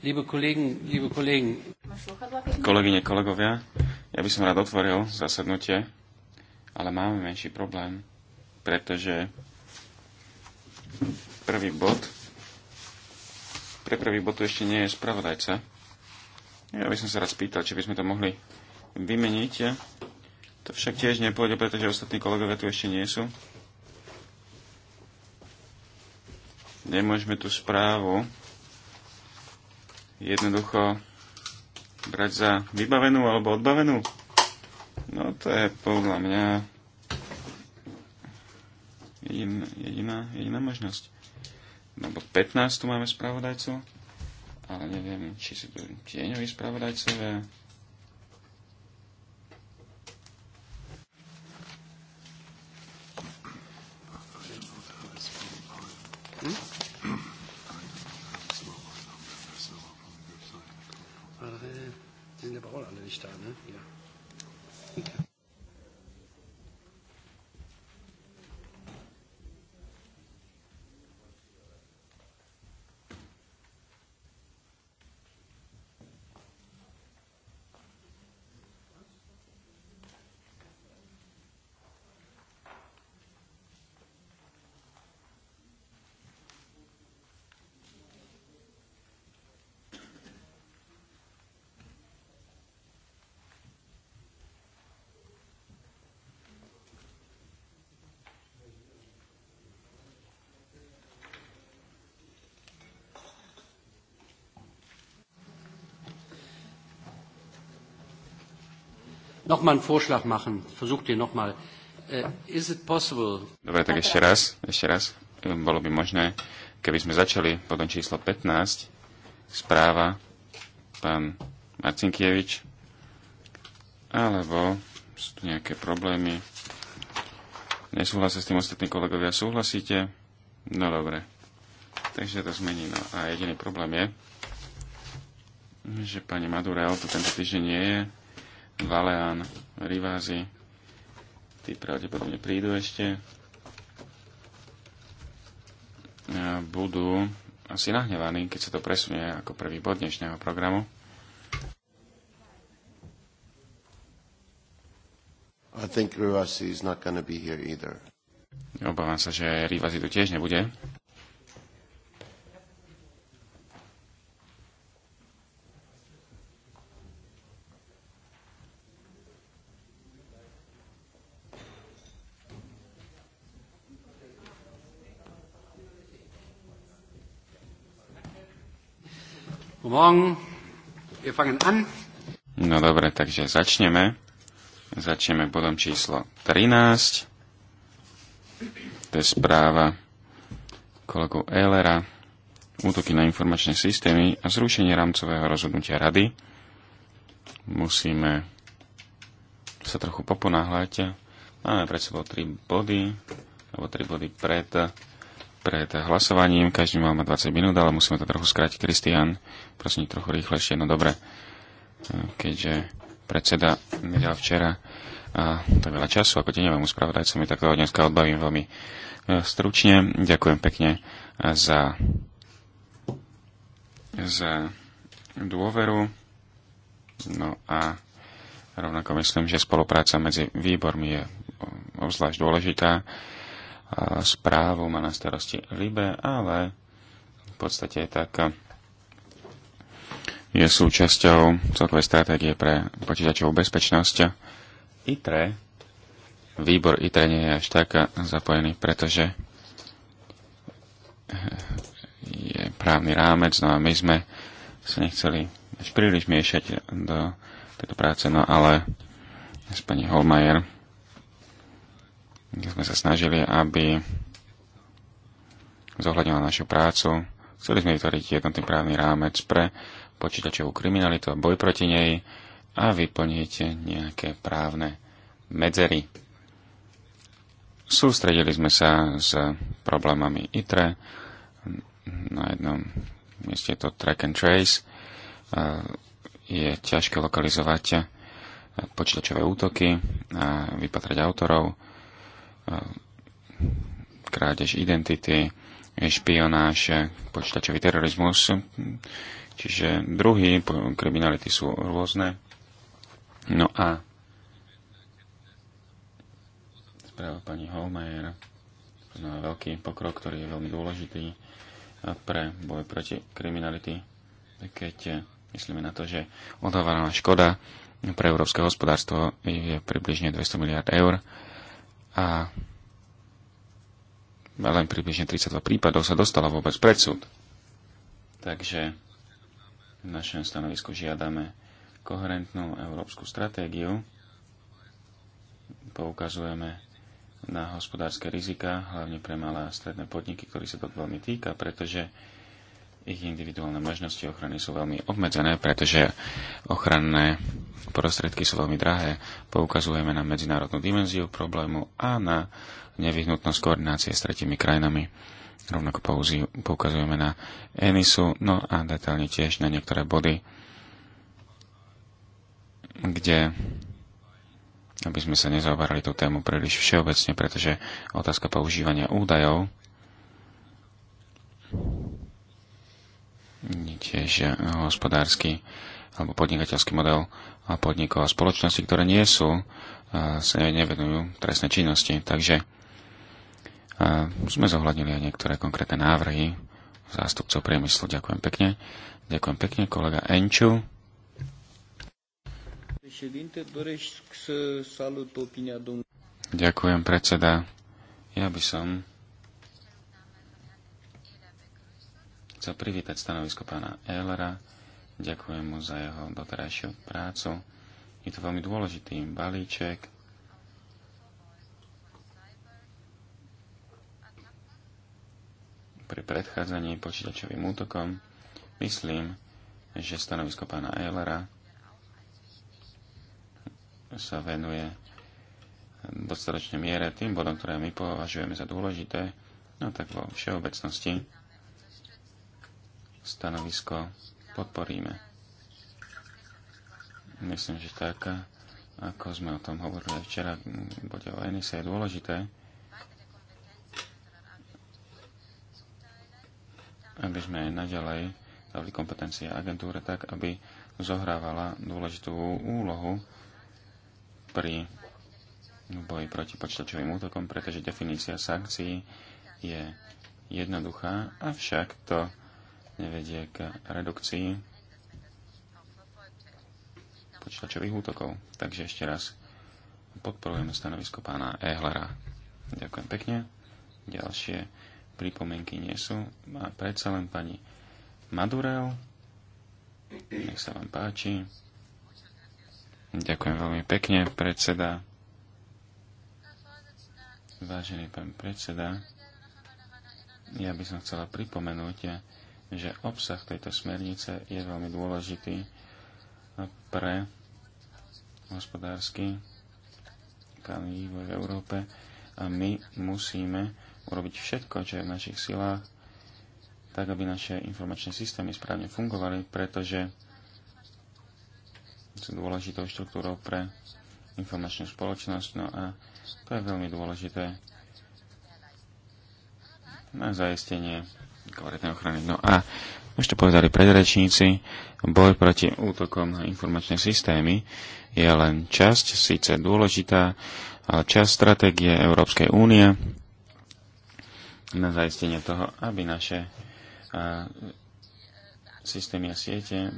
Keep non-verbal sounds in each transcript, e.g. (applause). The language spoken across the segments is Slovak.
Kolegyne, kolegovia, ja by som rád otvoril zasadnutie, ale máme menší problém, pretože prvý bod, pre prvý bod tu ešte nie je spravodajca. Ja by som sa rád spýtal, či by sme to mohli vymeniť. To však tiež nepôjde, pretože ostatní kolegovia tu ešte nie sú. Nemôžeme tú správu jednoducho brať za vybavenú alebo odbavenú? No to je podľa mňa jediná, jediná, jediná možnosť. No bo 15 tu máme spravodajcu, ale neviem, či sú tu tieňoví spravodajcovia. mal einen Vorschlag machen. Versucht ihr Uh, äh, Is it possible? Dobre, tak ešte raz, ešte raz. Ehm, bolo by možné, keby sme začali potom číslo 15, správa pán Marcinkievič, alebo sú tu nejaké problémy. Nesúhlasia s tým ostatní kolegovia, súhlasíte? No dobre. Takže to zmení. No a jediný problém je, že pani Madurel tu tento týždeň nie je. Valeán, Rivázy. Tí pravdepodobne prídu ešte. Budú asi nahnevaní, keď sa to presunie ako prvý bod dnešného programu. I think Rivasi is not going to be here either. Obávam sa, že Rivasi tu tiež nebude. No dobre, takže začneme. Začneme bodom číslo 13. To je správa kolegu Ehlera. Útoky na informačné systémy a zrušenie rámcového rozhodnutia rady. Musíme sa trochu poponáhľať. Máme pred sebou tri body, alebo tri body pred pred hlasovaním. Každý máme 20 minút, ale musíme to trochu skrátiť. Kristian, prosím, trochu rýchlejšie. No dobre, e, keďže predseda nedal včera a tak veľa času ako deňovému sa tak toho dneska odbavím veľmi e, stručne. Ďakujem pekne za, za dôveru. No a rovnako myslím, že spolupráca medzi výbormi je obzvlášť dôležitá správu má na starosti Libe, ale v podstate tak je súčasťou celkovej stratégie pre počítačovú bezpečnosť. ITRE, výbor ITRE nie je až tak zapojený, pretože je právny rámec, no a my sme sa nechceli až príliš miešať do tejto práce, no ale s pani Holmajer kde sme sa snažili, aby zohľadnila našu prácu. Chceli sme vytvoriť jednotný právny rámec pre počítačovú kriminalitu a boj proti nej a vyplniť nejaké právne medzery. Sústredili sme sa s problémami ITRE. Na jednom mieste je to track and trace. Je ťažké lokalizovať počítačové útoky a vypatrať autorov krádež identity, špionáž, počítačový terorizmus. Čiže druhy kriminality sú rôzne. No a správa pani Holmeier znamená no veľký pokrok, ktorý je veľmi dôležitý pre boj proti kriminality, keď myslíme na to, že odhovaná škoda pre európske hospodárstvo je približne 200 miliard eur a len približne 32 prípadov sa dostala vôbec pred súd. Takže v našom stanovisku žiadame koherentnú európsku stratégiu, poukazujeme na hospodárske rizika, hlavne pre malé a stredné podniky, ktorý sa to veľmi týka, pretože ich individuálne možnosti ochrany sú veľmi obmedzené, pretože ochranné prostriedky sú veľmi drahé. Poukazujeme na medzinárodnú dimenziu problému a na nevyhnutnosť koordinácie s tretimi krajinami. Rovnako poukazujeme na ENISu, no a detailne tiež na niektoré body, kde aby sme sa nezaoberali tú tému príliš všeobecne, pretože otázka používania údajov tiež eh, hospodársky alebo podnikateľský model podnikov a spoločnosti, ktoré nie sú, eh, sa nevenujú trestné činnosti. Takže eh, sme zohľadnili aj niektoré konkrétne návrhy zástupcov priemyslu. Ďakujem pekne. Ďakujem pekne, kolega Enču. Ďakujem, predseda. Ja by som chcel privítať stanovisko pána Ehlera. Ďakujem mu za jeho doterajšiu prácu. Je to veľmi dôležitý balíček. Pri predchádzaní počítačovým útokom myslím, že stanovisko pána Ehlera sa venuje dostatočnej miere tým bodom, ktoré my považujeme za dôležité, no tak vo všeobecnosti stanovisko podporíme. Myslím, že tak, ako sme o tom hovorili včera, bude o NSA je dôležité, aby sme naďalej dali kompetencie agentúre tak, aby zohrávala dôležitú úlohu pri boji proti počítačovým útokom, pretože definícia sankcií je jednoduchá, avšak to nevedie vlastne k redukcii počítačových útokov. Takže ešte raz podporujeme stanovisko pána Ehlera. Ďakujem pekne. Ďalšie pripomienky nie sú. A predsa len pani Madurel. Nech sa vám páči. Ďakujem veľmi pekne, predseda. Vážený pán predseda, ja by som chcela pripomenúť, že obsah tejto smernice je veľmi dôležitý pre hospodársky právny vývoj v Európe a my musíme urobiť všetko, čo je v našich silách, tak aby naše informačné systémy správne fungovali, pretože sú dôležitou štruktúrou pre informačnú spoločnosť. No a to je veľmi dôležité na zaistenie kvalitnej ochrany. No a už to povedali predrečníci, boj proti útokom na informačné systémy je len časť, síce dôležitá, ale časť stratégie Európskej únie na zaistenie toho, aby naše a, systémy a siete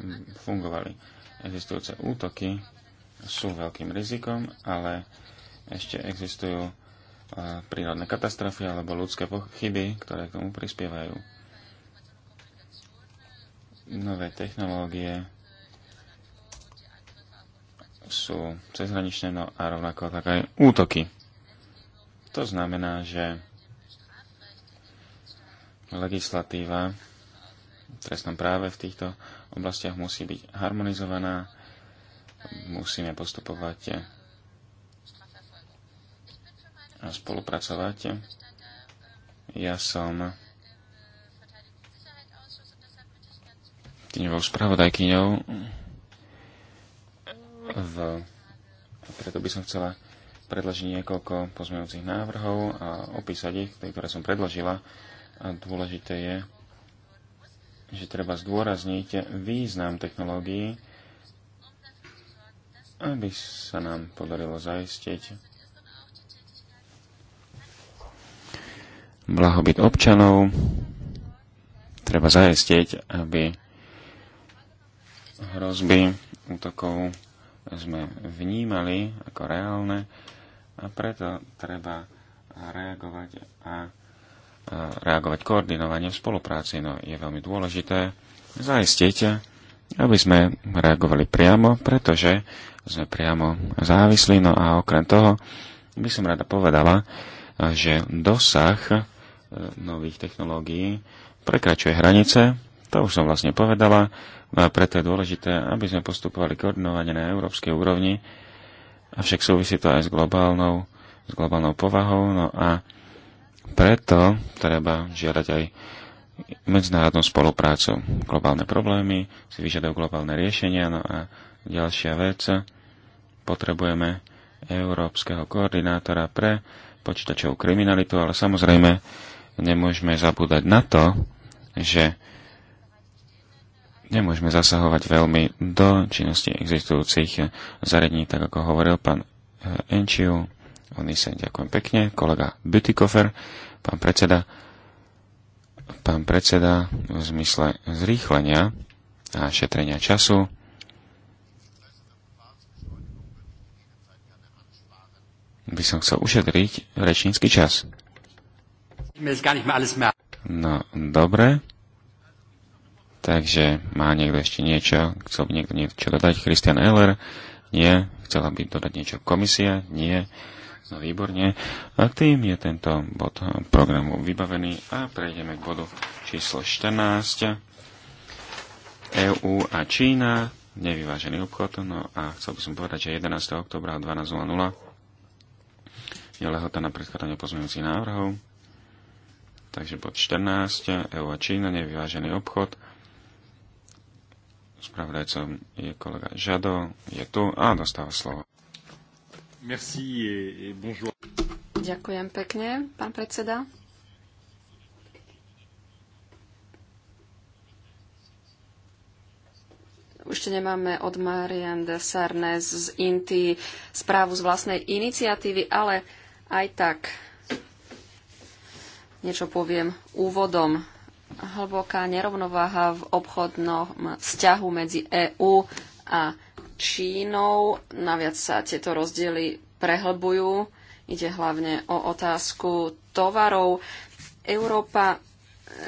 fungovali. Existujúce útoky sú veľkým rizikom, ale ešte existujú prírodné katastrofy alebo ľudské chyby, ktoré k tomu prispievajú nové technológie sú cezhraničné, no a rovnako tak aj útoky. To znamená, že legislatíva v trestnom práve v týchto oblastiach musí byť harmonizovaná, musíme postupovať a spolupracovať. Ja som tieňovou spravodajkyňou v preto by som chcela predložiť niekoľko pozmeňujúcich návrhov a opísať ich, ktoré som predložila. A dôležité je, že treba zdôrazniť význam technológií, aby sa nám podarilo zaistiť blahobyt občanov. Treba zaistiť, aby hrozby útokov sme vnímali ako reálne a preto treba reagovať a reagovať koordinovanie v spolupráci. No je veľmi dôležité zaistiť, aby sme reagovali priamo, pretože sme priamo závislí. No a okrem toho by som rada povedala, že dosah e, nových technológií prekračuje hranice, to už som vlastne povedala, a preto je dôležité, aby sme postupovali koordinovane na európskej úrovni, avšak súvisí to aj s globálnou, s globálnou povahou, no a preto treba žiadať aj medzinárodnú spoluprácu. Globálne problémy si vyžadajú globálne riešenia, no a ďalšia vec, potrebujeme európskeho koordinátora pre počítačovú kriminalitu, ale samozrejme nemôžeme zabúdať na to, že nemôžeme zasahovať veľmi do činnosti existujúcich zariadení, tak ako hovoril pán eh, Enčiu. Oni sa ďakujem pekne. Kolega Butikofer, pán predseda, pán predseda v zmysle zrýchlenia a šetrenia času. By som chcel ušetriť rečnícky čas. No, dobre. Takže má niekto ešte niečo? Chcel by niekto niečo dodať? Christian Eller? Nie. Chcela by dodať niečo komisia? Nie. No výborne. A tým je tento bod programu vybavený a prejdeme k bodu číslo 14. EU a Čína, nevyvážený obchod. No a chcel by som povedať, že 11. oktobra 12.00 je lehota na predkladanie pozmeňujúcich návrhov. Takže bod 14. EU a Čína, nevyvážený obchod. Spravodajcom je kolega Žado, je tu a dostáva slovo. Merci et bonjour. Ďakujem pekne, pán predseda. Ešte nemáme od Marian de Sarnes z Inti správu z vlastnej iniciatívy, ale aj tak niečo poviem úvodom hlboká nerovnováha v obchodnom vzťahu medzi EÚ a Čínou. Naviac sa tieto rozdiely prehlbujú. Ide hlavne o otázku tovarov. Európa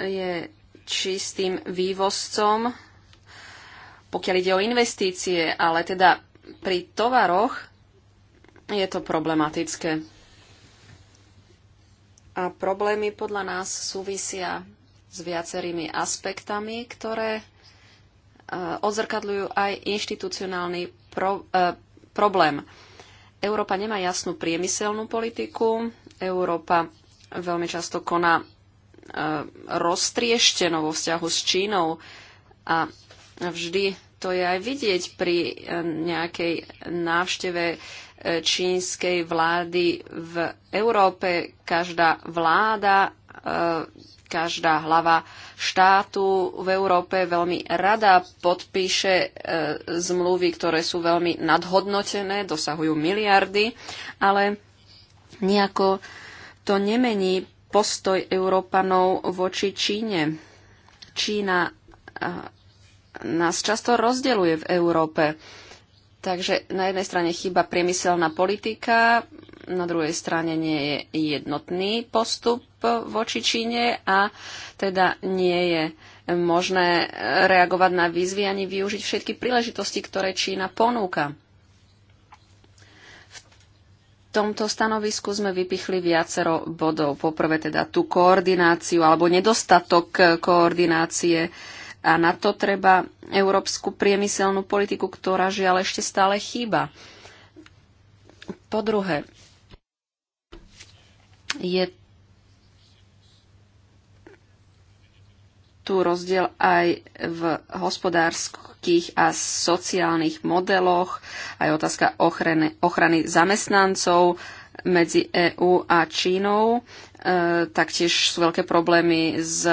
je čistým vývozcom, pokiaľ ide o investície, ale teda pri tovaroch je to problematické. A problémy podľa nás súvisia s viacerými aspektami, ktoré e, odzrkadľujú aj inštitucionálny pro, e, problém. Európa nemá jasnú priemyselnú politiku, Európa veľmi často koná e, roztrieštenou vo vzťahu s Čínou a vždy to je aj vidieť pri e, nejakej návšteve e, čínskej vlády v Európe. Každá vláda e, každá hlava štátu v Európe veľmi rada podpíše e, zmluvy, ktoré sú veľmi nadhodnotené, dosahujú miliardy, ale nejako to nemení postoj Európanov voči Číne. Čína e, nás často rozdeluje v Európe. Takže na jednej strane chýba priemyselná politika, na druhej strane nie je jednotný postup voči Číne a teda nie je možné e, reagovať na výzvy ani využiť všetky príležitosti, ktoré Čína ponúka. V tomto stanovisku sme vypichli viacero bodov. Poprvé teda tú koordináciu alebo nedostatok koordinácie a na to treba európsku priemyselnú politiku, ktorá žiaľ ešte stále chýba. Po druhé, je tu rozdiel aj v hospodárskych a sociálnych modeloch, aj otázka ochrany, ochrany zamestnancov medzi EÚ a Čínou. E, taktiež sú veľké problémy s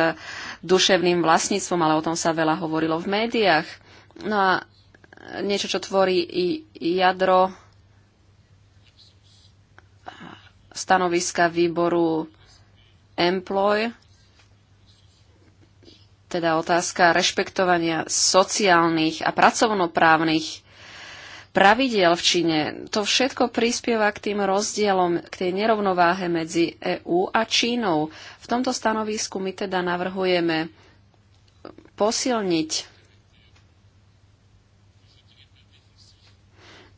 duševným vlastníctvom, ale o tom sa veľa hovorilo v médiách. No a niečo, čo tvorí i jadro stanoviska výboru Employ, teda otázka rešpektovania sociálnych a pracovnoprávnych pravidiel v Číne. To všetko prispieva k tým rozdielom, k tej nerovnováhe medzi EÚ a Čínou. V tomto stanovisku my teda navrhujeme posilniť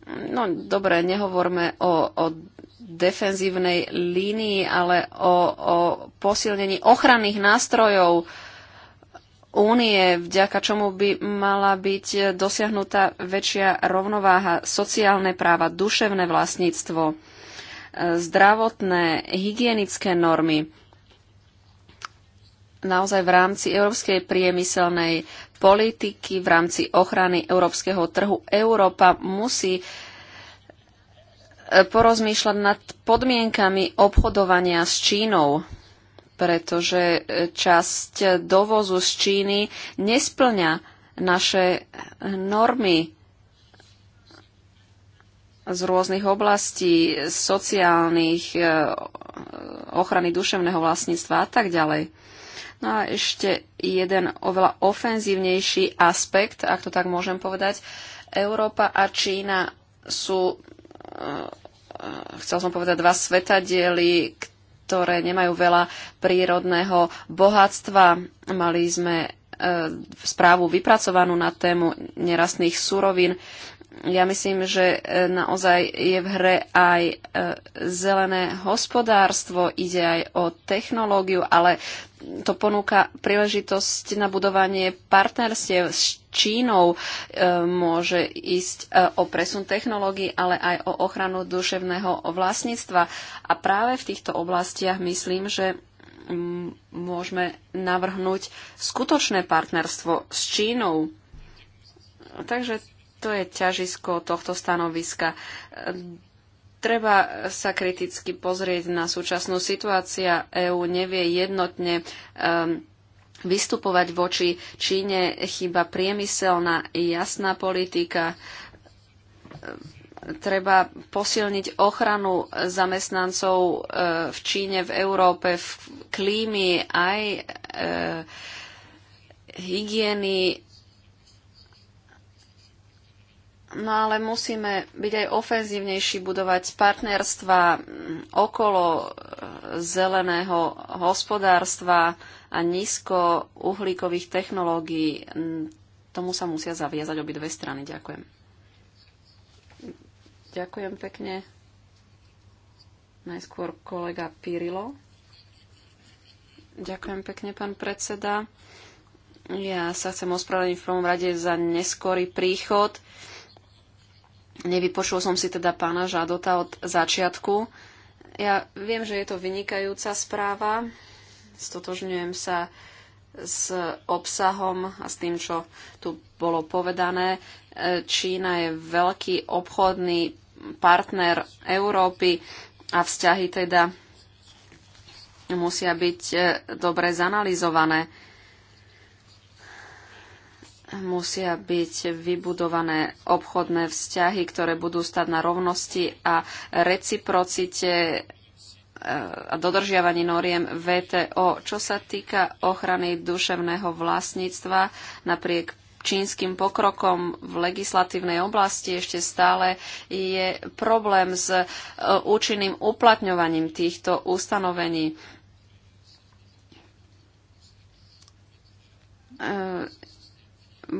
No dobre, nehovorme o, o defenzívnej línii, ale o, o posilnení ochranných nástrojov únie, vďaka čomu by mala byť dosiahnutá väčšia rovnováha sociálne práva, duševné vlastníctvo, e, zdravotné, hygienické normy. Naozaj v rámci európskej priemyselnej politiky, v rámci ochrany európskeho trhu, Európa musí uh, E, porozmýšľať nad podmienkami obchodovania s Čínou, pretože e, časť dovozu z Číny nesplňa naše normy z rôznych oblastí, sociálnych, e, ochrany duševného vlastníctva a tak ďalej. No a ešte jeden oveľa ofenzívnejší aspekt, ak to tak môžem povedať. Európa a Čína sú Eh, chcel som povedať, dva svetadiely, ktoré nemajú veľa prírodného bohatstva. Mali sme eh, správu vypracovanú na tému nerastných surovín ja myslím, že e, naozaj je v hre aj e, zelené hospodárstvo, ide aj o technológiu, ale to ponúka príležitosť na budovanie partnerstiev s Čínou. E, môže ísť o presun technológií, ale aj o ochranu duševného vlastníctva. A práve v týchto oblastiach myslím, že môžeme navrhnúť skutočné partnerstvo s Čínou. Takže to je ťažisko tohto stanoviska. Treba sa kriticky pozrieť na súčasnú situáciu. EÚ nevie jednotne um, vystupovať voči Číne. chyba priemyselná jasná politika treba posilniť ochranu zamestnancov e, v Číne, v Európe, v klímy, aj e, hygieny. No ale musíme byť aj ofenzívnejší, budovať partnerstva okolo e, zeleného hospodárstva a nízko uhlíkových technológií. Tomu sa musia zaviazať obidve strany. Ďakujem. Ďakujem pekne. Najskôr kolega Pirilo. Ďakujem pekne, pán predseda. Ja sa chcem ospravedlniť v prvom rade za neskorý príchod Nevypočul som si teda pána Žadota od začiatku. Ja viem, že je to vynikajúca správa. Stotožňujem sa s obsahom a s tým, čo tu bolo povedané. Čína je veľký obchodný partner Európy a vzťahy teda musia byť eh, dobre zanalizované musia byť vybudované obchodné vzťahy, ktoré budú stať na rovnosti a reciprocite e, a dodržiavaní noriem VTO. Čo sa týka ochrany duševného vlastníctva, napriek čínskym pokrokom v legislatívnej oblasti ešte stále je problém s e, účinným uplatňovaním týchto ustanovení e,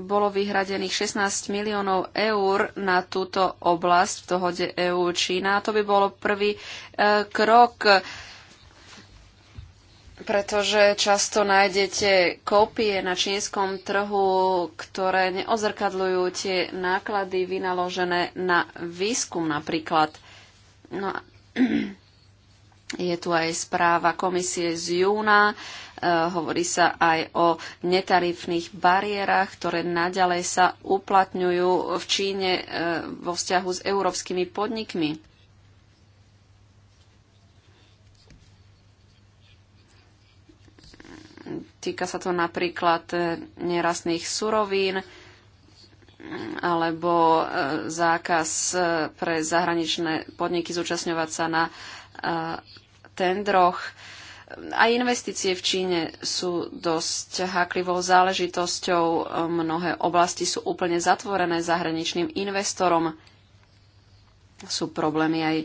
bolo vyhradených 16 miliónov eur na túto oblasť v dohode EU-Čína. To by bolo prvý e, krok, pretože často nájdete kópie na čínskom trhu, ktoré neozrkadľujú tie náklady vynaložené na výskum napríklad. No (clears throat) je tu aj správa komisie z júna, E, hovorí sa aj o netarifných bariérach, ktoré naďalej sa uplatňujú v Číne e, vo vzťahu s európskymi podnikmi. Týka sa to napríklad e, nerastných surovín, alebo zákaz pre zahraničné podniky zúčastňovať sa na tendroch. Aj investície v Číne sú dosť háklivou záležitosťou. Mnohé oblasti sú úplne zatvorené zahraničným investorom. Sú problémy aj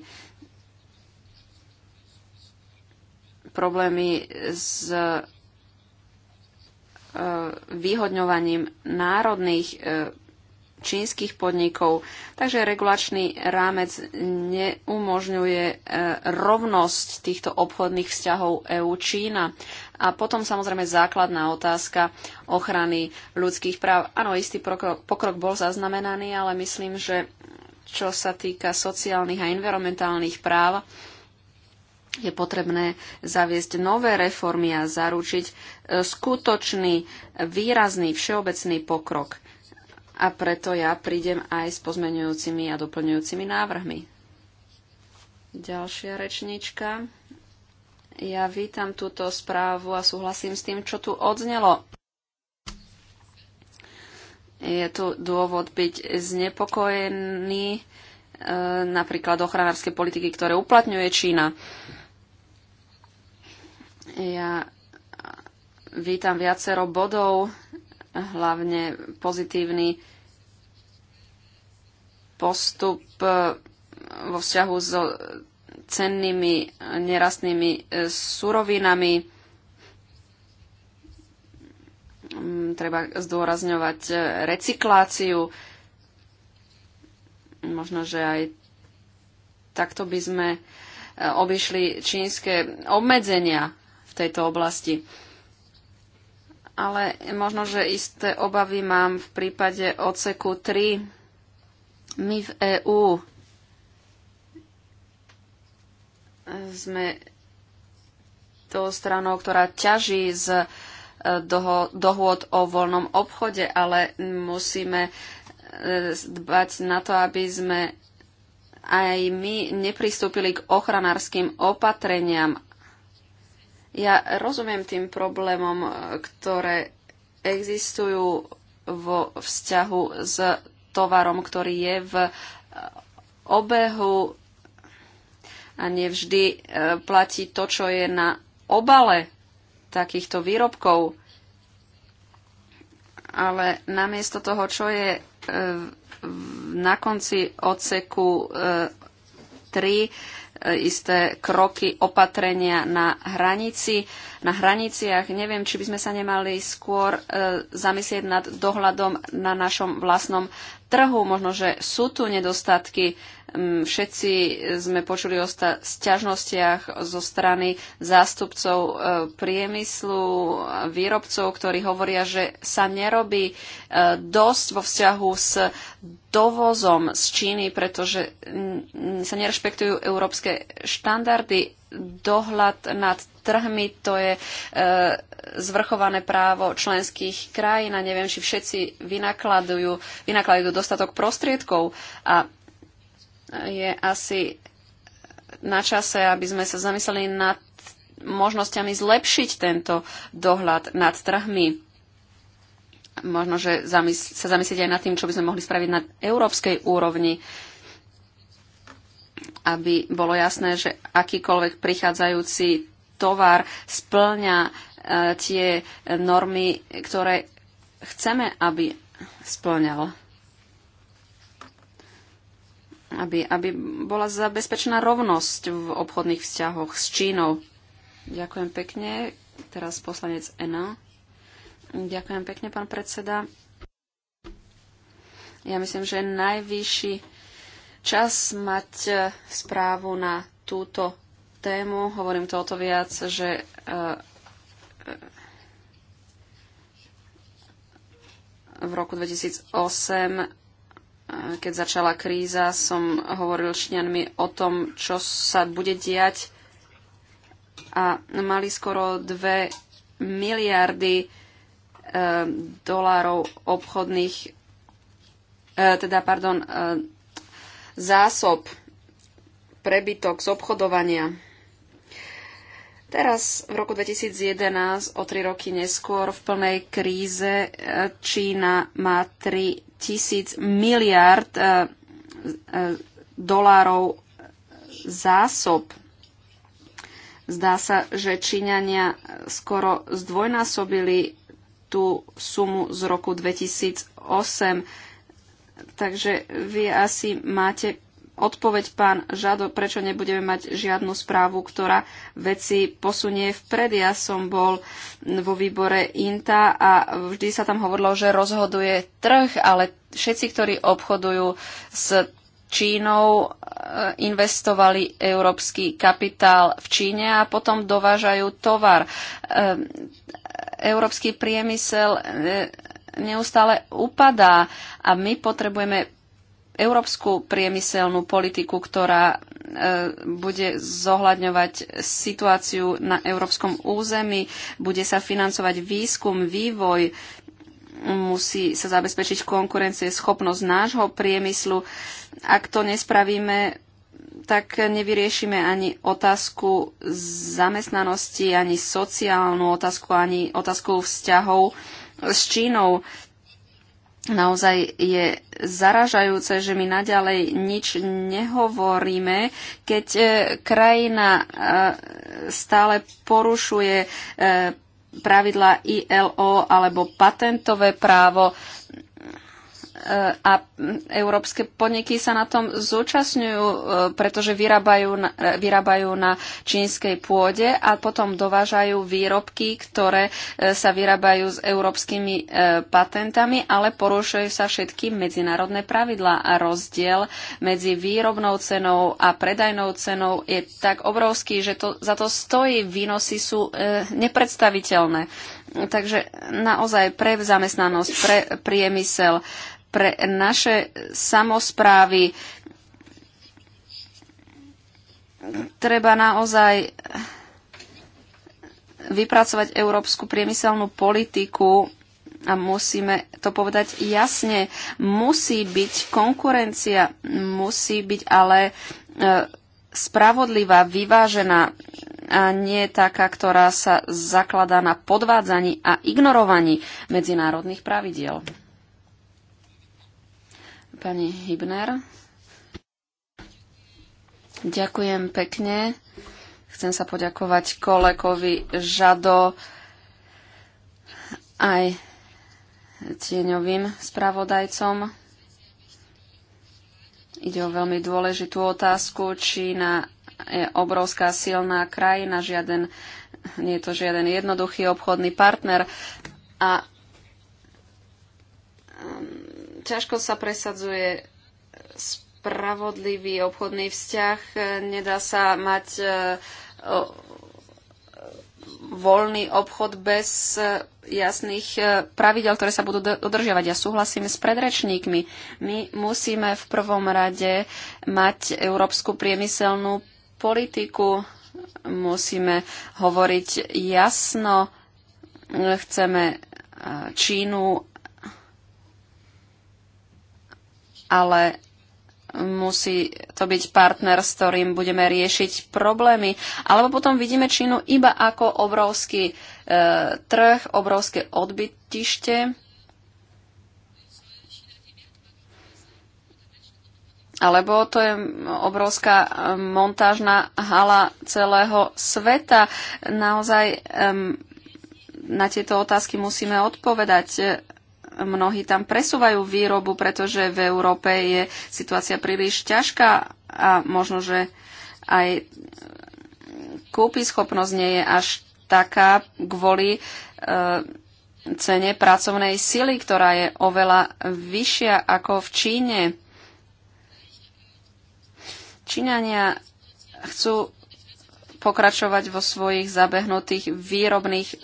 problémy s e, vyhodňovaním národných e, čínskych podnikov. Takže regulačný rámec neumožňuje e, rovnosť týchto obchodných vzťahov EU-Čína. A potom samozrejme základná otázka ochrany ľudských práv. Áno, istý pokrok, pokrok bol zaznamenaný, ale myslím, že čo sa týka sociálnych a environmentálnych práv, je potrebné zaviesť nové reformy a zaručiť e, skutočný, výrazný, všeobecný pokrok a preto ja prídem aj s pozmenujúcimi a doplňujúcimi návrhmi. Ďalšia rečníčka. Ja vítam túto správu a súhlasím s tým, čo tu odznelo. Je tu dôvod byť znepokojený, e, napríklad ochranárskej politiky, ktoré uplatňuje Čína. Ja vítam viacero bodov hlavne pozitívny postup e, vo vzťahu s so cennými nerastnými e, surovinami. Mm, treba zdôrazňovať e, recikláciu. Možno, že aj takto by sme obišli čínske obmedzenia v tejto oblasti ale možno, že isté obavy mám v prípade oceku 3. My v EÚ sme tou stranou, ktorá ťaží z e, dohôd o voľnom obchode, ale musíme e, dbať na to, aby sme aj my nepristúpili k ochranárskym opatreniam ja rozumiem tým problémom, ktoré existujú vo vzťahu s tovarom, ktorý je v obehu a nevždy e, platí to, čo je na obale takýchto výrobkov. Ale namiesto toho, čo je e, na konci odseku 3, e, E, isté kroky, opatrenia na hranici, na hraniciach. Neviem, či by sme sa nemali skôr e, zamyslieť nad dohľadom na našom vlastnom trhu. Možno, že sú tu nedostatky Mm, všetci sme počuli o sťažnostiach zo strany zástupcov e, priemyslu, výrobcov, ktorí hovoria, že sa nerobí e, dosť vo vzťahu s dovozom z Číny, pretože sa nerešpektujú európske štandardy. Dohľad nad trhmi, to je e, zvrchované právo členských krajín a neviem, či všetci vynakladujú, vynakladujú dostatok prostriedkov. A je asi na čase, aby sme sa zamysleli nad možnosťami zlepšiť tento dohľad nad trhmi. Možno, že sa zamyslieť aj nad tým, čo by sme mohli spraviť na európskej úrovni, aby bolo jasné, že akýkoľvek prichádzajúci tovar splňa e, tie normy, ktoré chceme, aby splňal aby, aby bola zabezpečená rovnosť v obchodných vzťahoch s Čínou. Ďakujem pekne. Teraz poslanec Ena. Ďakujem pekne, pán predseda. Ja myslím, že najvyšší čas mať e, správu na túto tému. Hovorím to o to viac, že e, e, v roku 2008 keď začala kríza, som hovoril šňanmi o tom, čo sa bude diať a mali skoro 2 miliardy e, dolárov obchodných, e, teda pardon, e, zásob, prebytok z obchodovania. Teraz v roku 2011, o tri roky neskôr, v plnej kríze e, Čína má 3 tisíc miliard e, e, dolárov zásob. Zdá sa, že Číňania skoro zdvojnásobili tú sumu z roku 2008. Takže vy asi máte odpoveď, pán Žado, prečo nebudeme mať žiadnu správu, ktorá veci posunie vpred. Ja som bol vo výbore INTA a vždy sa tam hovorilo, že rozhoduje trh, ale všetci, ktorí obchodujú s Čínou e, investovali európsky kapitál v Číne a potom dovážajú tovar. E, európsky priemysel e, neustále upadá a my potrebujeme európsku priemyselnú politiku, ktorá e, bude zohľadňovať situáciu na európskom území, bude sa financovať výskum, vývoj, musí sa zabezpečiť konkurencie, schopnosť nášho priemyslu. Ak to nespravíme, tak nevyriešime ani otázku zamestnanosti, ani sociálnu otázku, ani otázku vzťahov s Čínou. Naozaj je zaražajúce, že my naďalej nič nehovoríme, keď e, krajina e, stále porušuje e, pravidla ILO alebo patentové právo a európske podniky sa na tom zúčastňujú, e, pretože vyrábajú na, e, vyrábajú na čínskej pôde a potom dovážajú výrobky, ktoré e, sa vyrábajú s európskymi patentami, ale porušujú sa všetky medzinárodné pravidlá a rozdiel medzi výrobnou cenou a predajnou cenou je tak obrovský, že to, za to stojí, výnosy sú nepredstaviteľné. Takže naozaj pre zamestnanosť, pre priemysel, pre naše samozprávy. Treba naozaj vypracovať európsku priemyselnú politiku a musíme to povedať jasne. Musí byť konkurencia, musí byť ale e, spravodlivá, vyvážená a nie taká, ktorá sa zakladá na podvádzaní a ignorovaní medzinárodných pravidiel. Pani Hibner. Ďakujem pekne. Chcem sa poďakovať kolekovi Žado aj tieňovým spravodajcom. Ide o veľmi dôležitú otázku. Čína je obrovská silná krajina, žiaden, nie je to žiaden jednoduchý obchodný partner a ťažko sa presadzuje spravodlivý obchodný vzťah, nedá sa mať e, voľný obchod bez e, jasných e, pravidel, ktoré sa budú dodržiavať. Ja súhlasím s predrečníkmi. My musíme v prvom rade mať európsku priemyselnú politiku, musíme hovoriť jasno, chceme Čínu ale musí to byť partner, s ktorým budeme riešiť problémy. Alebo potom vidíme Čínu iba ako obrovský e, trh, obrovské odbytište. Alebo to je obrovská e, montážna hala celého sveta. Naozaj e, na tieto otázky musíme odpovedať mnohí tam presúvajú výrobu, pretože v Európe je situácia príliš ťažká a možno, že aj kúpi schopnosť nie je až taká kvôli e, cene pracovnej sily, ktorá je oveľa vyššia ako v Číne. Číňania chcú pokračovať vo svojich zabehnutých výrobných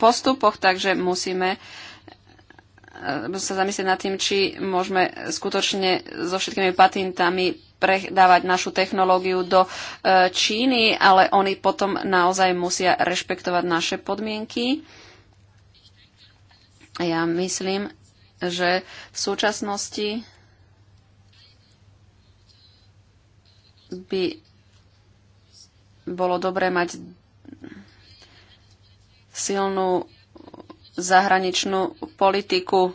postupoch, takže musíme e, E, sa zamyslieť nad tým, či môžeme skutočne so všetkými patentami predávať našu technológiu do e, Číny, ale oni potom naozaj musia rešpektovať naše podmienky. Ja myslím, že v súčasnosti by bolo dobré mať silnú zahraničnú politiku.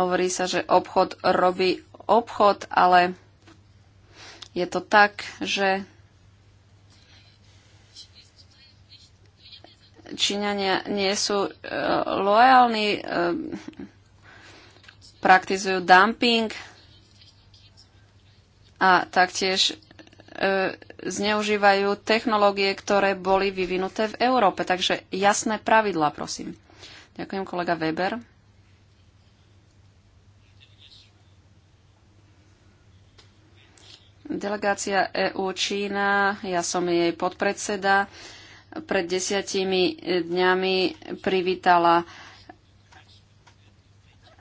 Hovorí sa, že obchod robí obchod, ale je to tak, že Číňania nie sú e, lojálni, e, praktizujú dumping a taktiež E, zneužívajú technológie, ktoré boli vyvinuté v Európe. Takže jasné pravidlá, prosím. Ďakujem, kolega Weber. Delegácia EU Čína, ja som jej podpredseda, pred desiatimi dňami privítala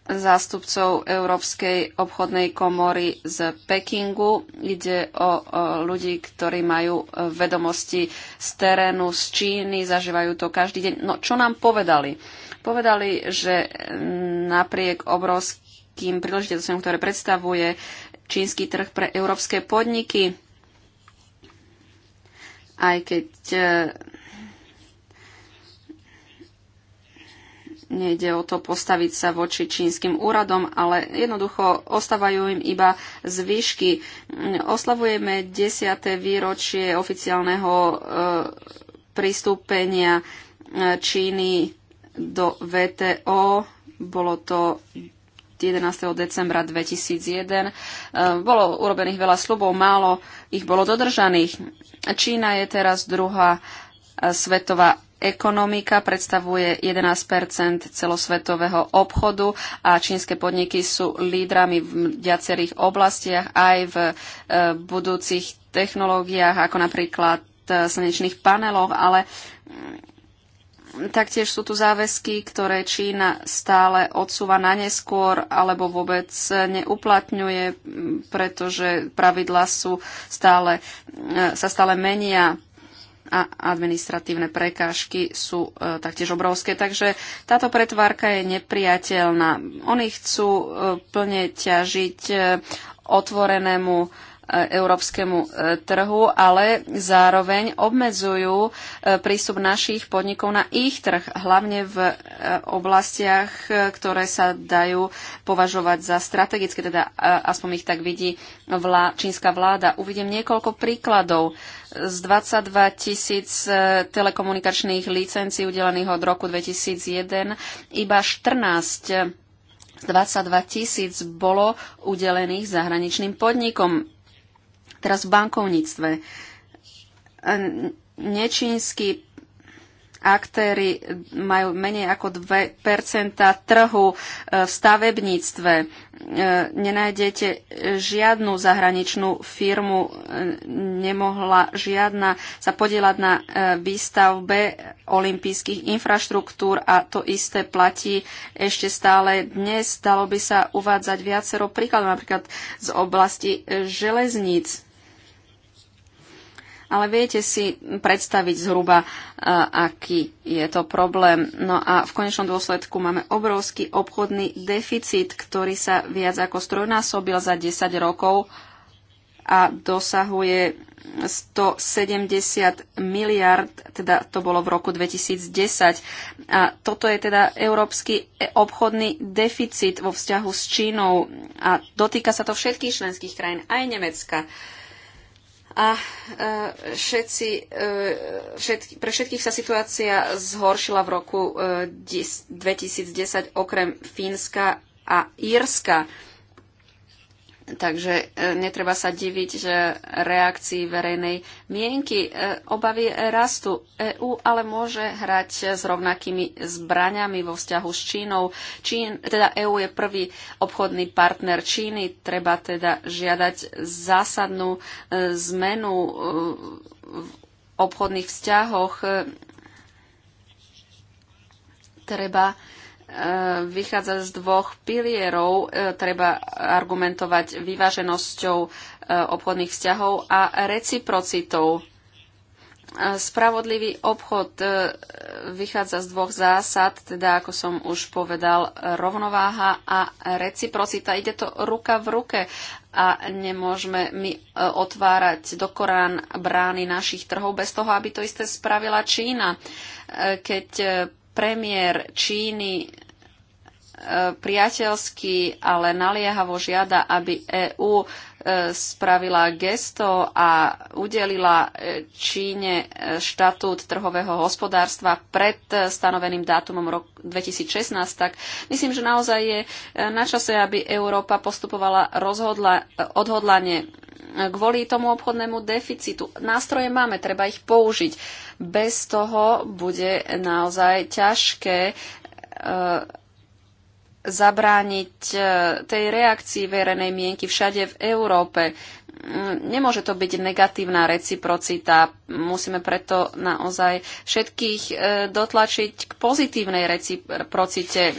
zástupcov Európskej obchodnej komory z Pekingu. Ide o, ľudí, ktorí majú e, vedomosti z terénu, z Číny, zažívajú to každý deň. No čo nám povedali? Povedali, že e, napriek obrovským príležitostiam, ktoré predstavuje čínsky trh pre európske podniky, aj keď e, Nejde o to postaviť sa voči čínskym úradom, ale jednoducho ostávajú im iba zvyšky. Oslavujeme 10. výročie oficiálneho e, pristúpenia e, Číny do VTO. Bolo to 11. decembra 2001. E, bolo urobených veľa slubov, málo ich bolo dodržaných. Čína je teraz druhá svetová ekonomika predstavuje 11 celosvetového obchodu a čínske podniky sú lídrami v viacerých oblastiach aj v e, budúcich technológiách, ako napríklad e, slnečných paneloch, ale mm, taktiež sú tu záväzky, ktoré Čína stále odsúva na neskôr alebo vôbec neuplatňuje, pretože pravidla sú stále, sa stále menia a administratívne prekážky sú e, taktiež obrovské. Takže táto pretvárka je nepriateľná. Oni chcú e, plne ťažiť e, otvorenému európskemu e, trhu, ale zároveň obmedzujú e, prístup našich podnikov na ich trh, hlavne v e, oblastiach, ktoré sa dajú považovať za strategické, teda aspoň ich tak vidí vlá, čínska vláda. Uvidím niekoľko príkladov. Z 22 tisíc telekomunikačných licencií udelených od roku 2001 iba 14 22 tisíc bolo udelených zahraničným podnikom. Teraz v bankovníctve. Nečínsky aktéry majú menej ako 2 trhu e, v stavebníctve. E, nenájdete žiadnu zahraničnú firmu, e, nemohla žiadna sa podielať na výstavbe olympijských infraštruktúr a to isté platí ešte stále dnes. Dalo by sa uvádzať viacero príkladov, napríklad z oblasti železníc ale viete si predstaviť zhruba, e, aký je to problém. No a v konečnom dôsledku máme obrovský obchodný deficit, ktorý sa viac ako strojnásobil za 10 rokov a dosahuje 170 miliard, teda to bolo v roku 2010. A toto je teda európsky e, obchodný deficit vo vzťahu s Čínou a dotýka sa to všetkých členských krajín, aj Nemecka. Uh, a e, všetci, e, všetky, pre všetkých sa situácia zhoršila v roku 2010 e, okrem Fínska a Írska. Takže e, netreba sa diviť, že reakcii verejnej mienky e, obavy rastu. EÚ ale môže hrať s rovnakými zbraňami vo vzťahu s Čínou. Čín, teda EÚ je prvý obchodný partner Číny. Treba teda žiadať zásadnú e, zmenu v obchodných vzťahoch. Treba vychádza z dvoch pilierov. E, treba argumentovať vyváženosťou e, obchodných vzťahov a reciprocitou. E, spravodlivý obchod vychádza z dvoch zásad, teda ako som už povedal, rovnováha a reciprocita. Ide to ruka v ruke a nemôžeme my otvárať do Korán brány našich trhov bez toho, aby to isté spravila Čína. Keď premiér Číny priateľsky, ale naliehavo žiada, aby EÚ e, spravila gesto a udelila e, Číne e, štatút trhového hospodárstva pred stanoveným dátumom roku 2016, tak myslím, že naozaj je na čase, aby Európa postupovala rozhodla, odhodlane kvôli tomu obchodnému deficitu. Nástroje máme, treba ich použiť. Bez toho bude naozaj ťažké zabrániť e, tej reakcii verejnej mienky všade v Európe. Mm, nemôže to byť negatívna reciprocita. Musíme preto naozaj všetkých e, dotlačiť k pozitívnej reciprocite.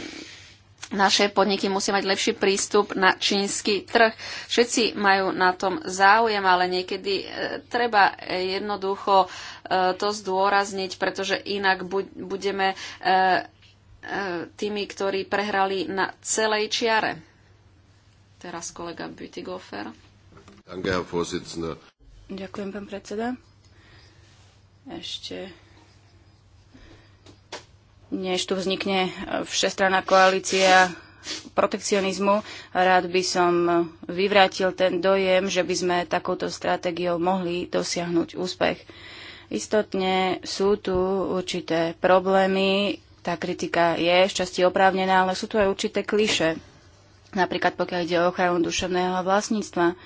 Naše podniky musia mať lepší prístup na čínsky trh. Všetci majú na tom záujem, ale niekedy e, treba jednoducho to zdôrazniť, pretože inak budeme tými, ktorí prehrali na celej čiare. Teraz kolega Bütigofer. Ďakujem, pán predseda. Ešte než tu vznikne všestranná koalícia protekcionizmu, rád by som vyvrátil ten dojem, že by sme takouto stratégiou mohli dosiahnuť úspech. Istotne sú tu určité problémy, tá kritika je časti oprávnená, ale sú tu aj určité kliše. Napríklad pokiaľ ide o ochranu duševného vlastníctva.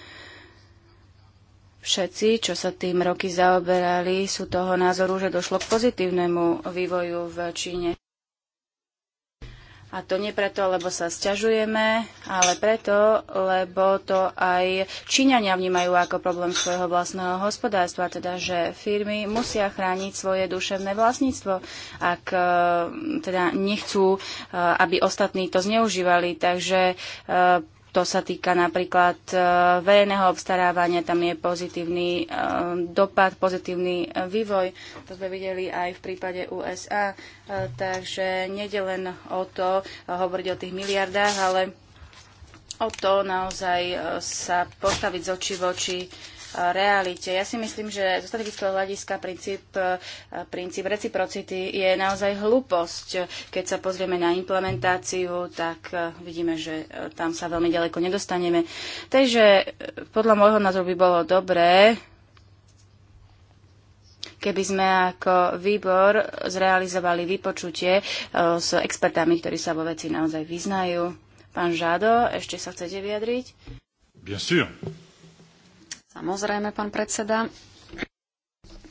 Všetci, čo sa tým roky zaoberali, sú toho názoru, že došlo k pozitívnemu vývoju v Číne. A to nie preto, lebo sa sťažujeme, ale preto, lebo to aj Číňania vnímajú ako problém svojho vlastného hospodárstva, teda že firmy musia chrániť svoje duševné vlastníctvo, ak e, teda nechcú, e, aby ostatní to zneužívali. Takže e, to sa týka napríklad e, verejného obstarávania, tam je pozitívny e, dopad, pozitívny e, vývoj. To sme videli aj v prípade USA. Takže nede len o to hovoriť o tých miliardách, ale o to naozaj sa postaviť z očí v oči realite. Ja si myslím, že zo strategického hľadiska princíp, e, princíp reciprocity je naozaj hlúposť. Keď sa pozrieme na implementáciu, tak e, vidíme, že e, tam sa veľmi ďaleko nedostaneme. Takže podľa môjho názoru by bolo dobré keby sme ako výbor zrealizovali vypočutie s expertami, ktorí sa vo veci naozaj vyznajú. Pán Žado, ešte sa chcete vyjadriť? Bien sûr. Samozrejme, pán predseda.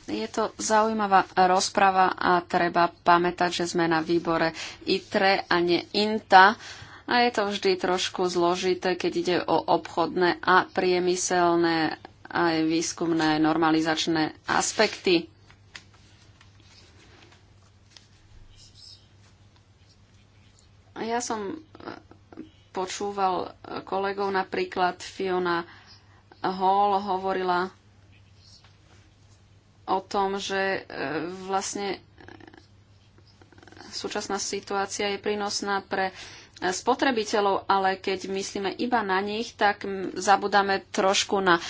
Je to zaujímavá rozprava a treba pamätať, že sme na výbore ITRE a nie INTA. A je to vždy trošku zložité, keď ide o obchodné a priemyselné aj výskumné normalizačné aspekty. Ja som eh, počúval kolegov napríklad Fiona Hall hovorila o tom, že e, vlastne e, súčasná situácia je prínosná pre e, spotrebiteľov, ale keď myslíme iba na nich, tak zabudáme trošku na e,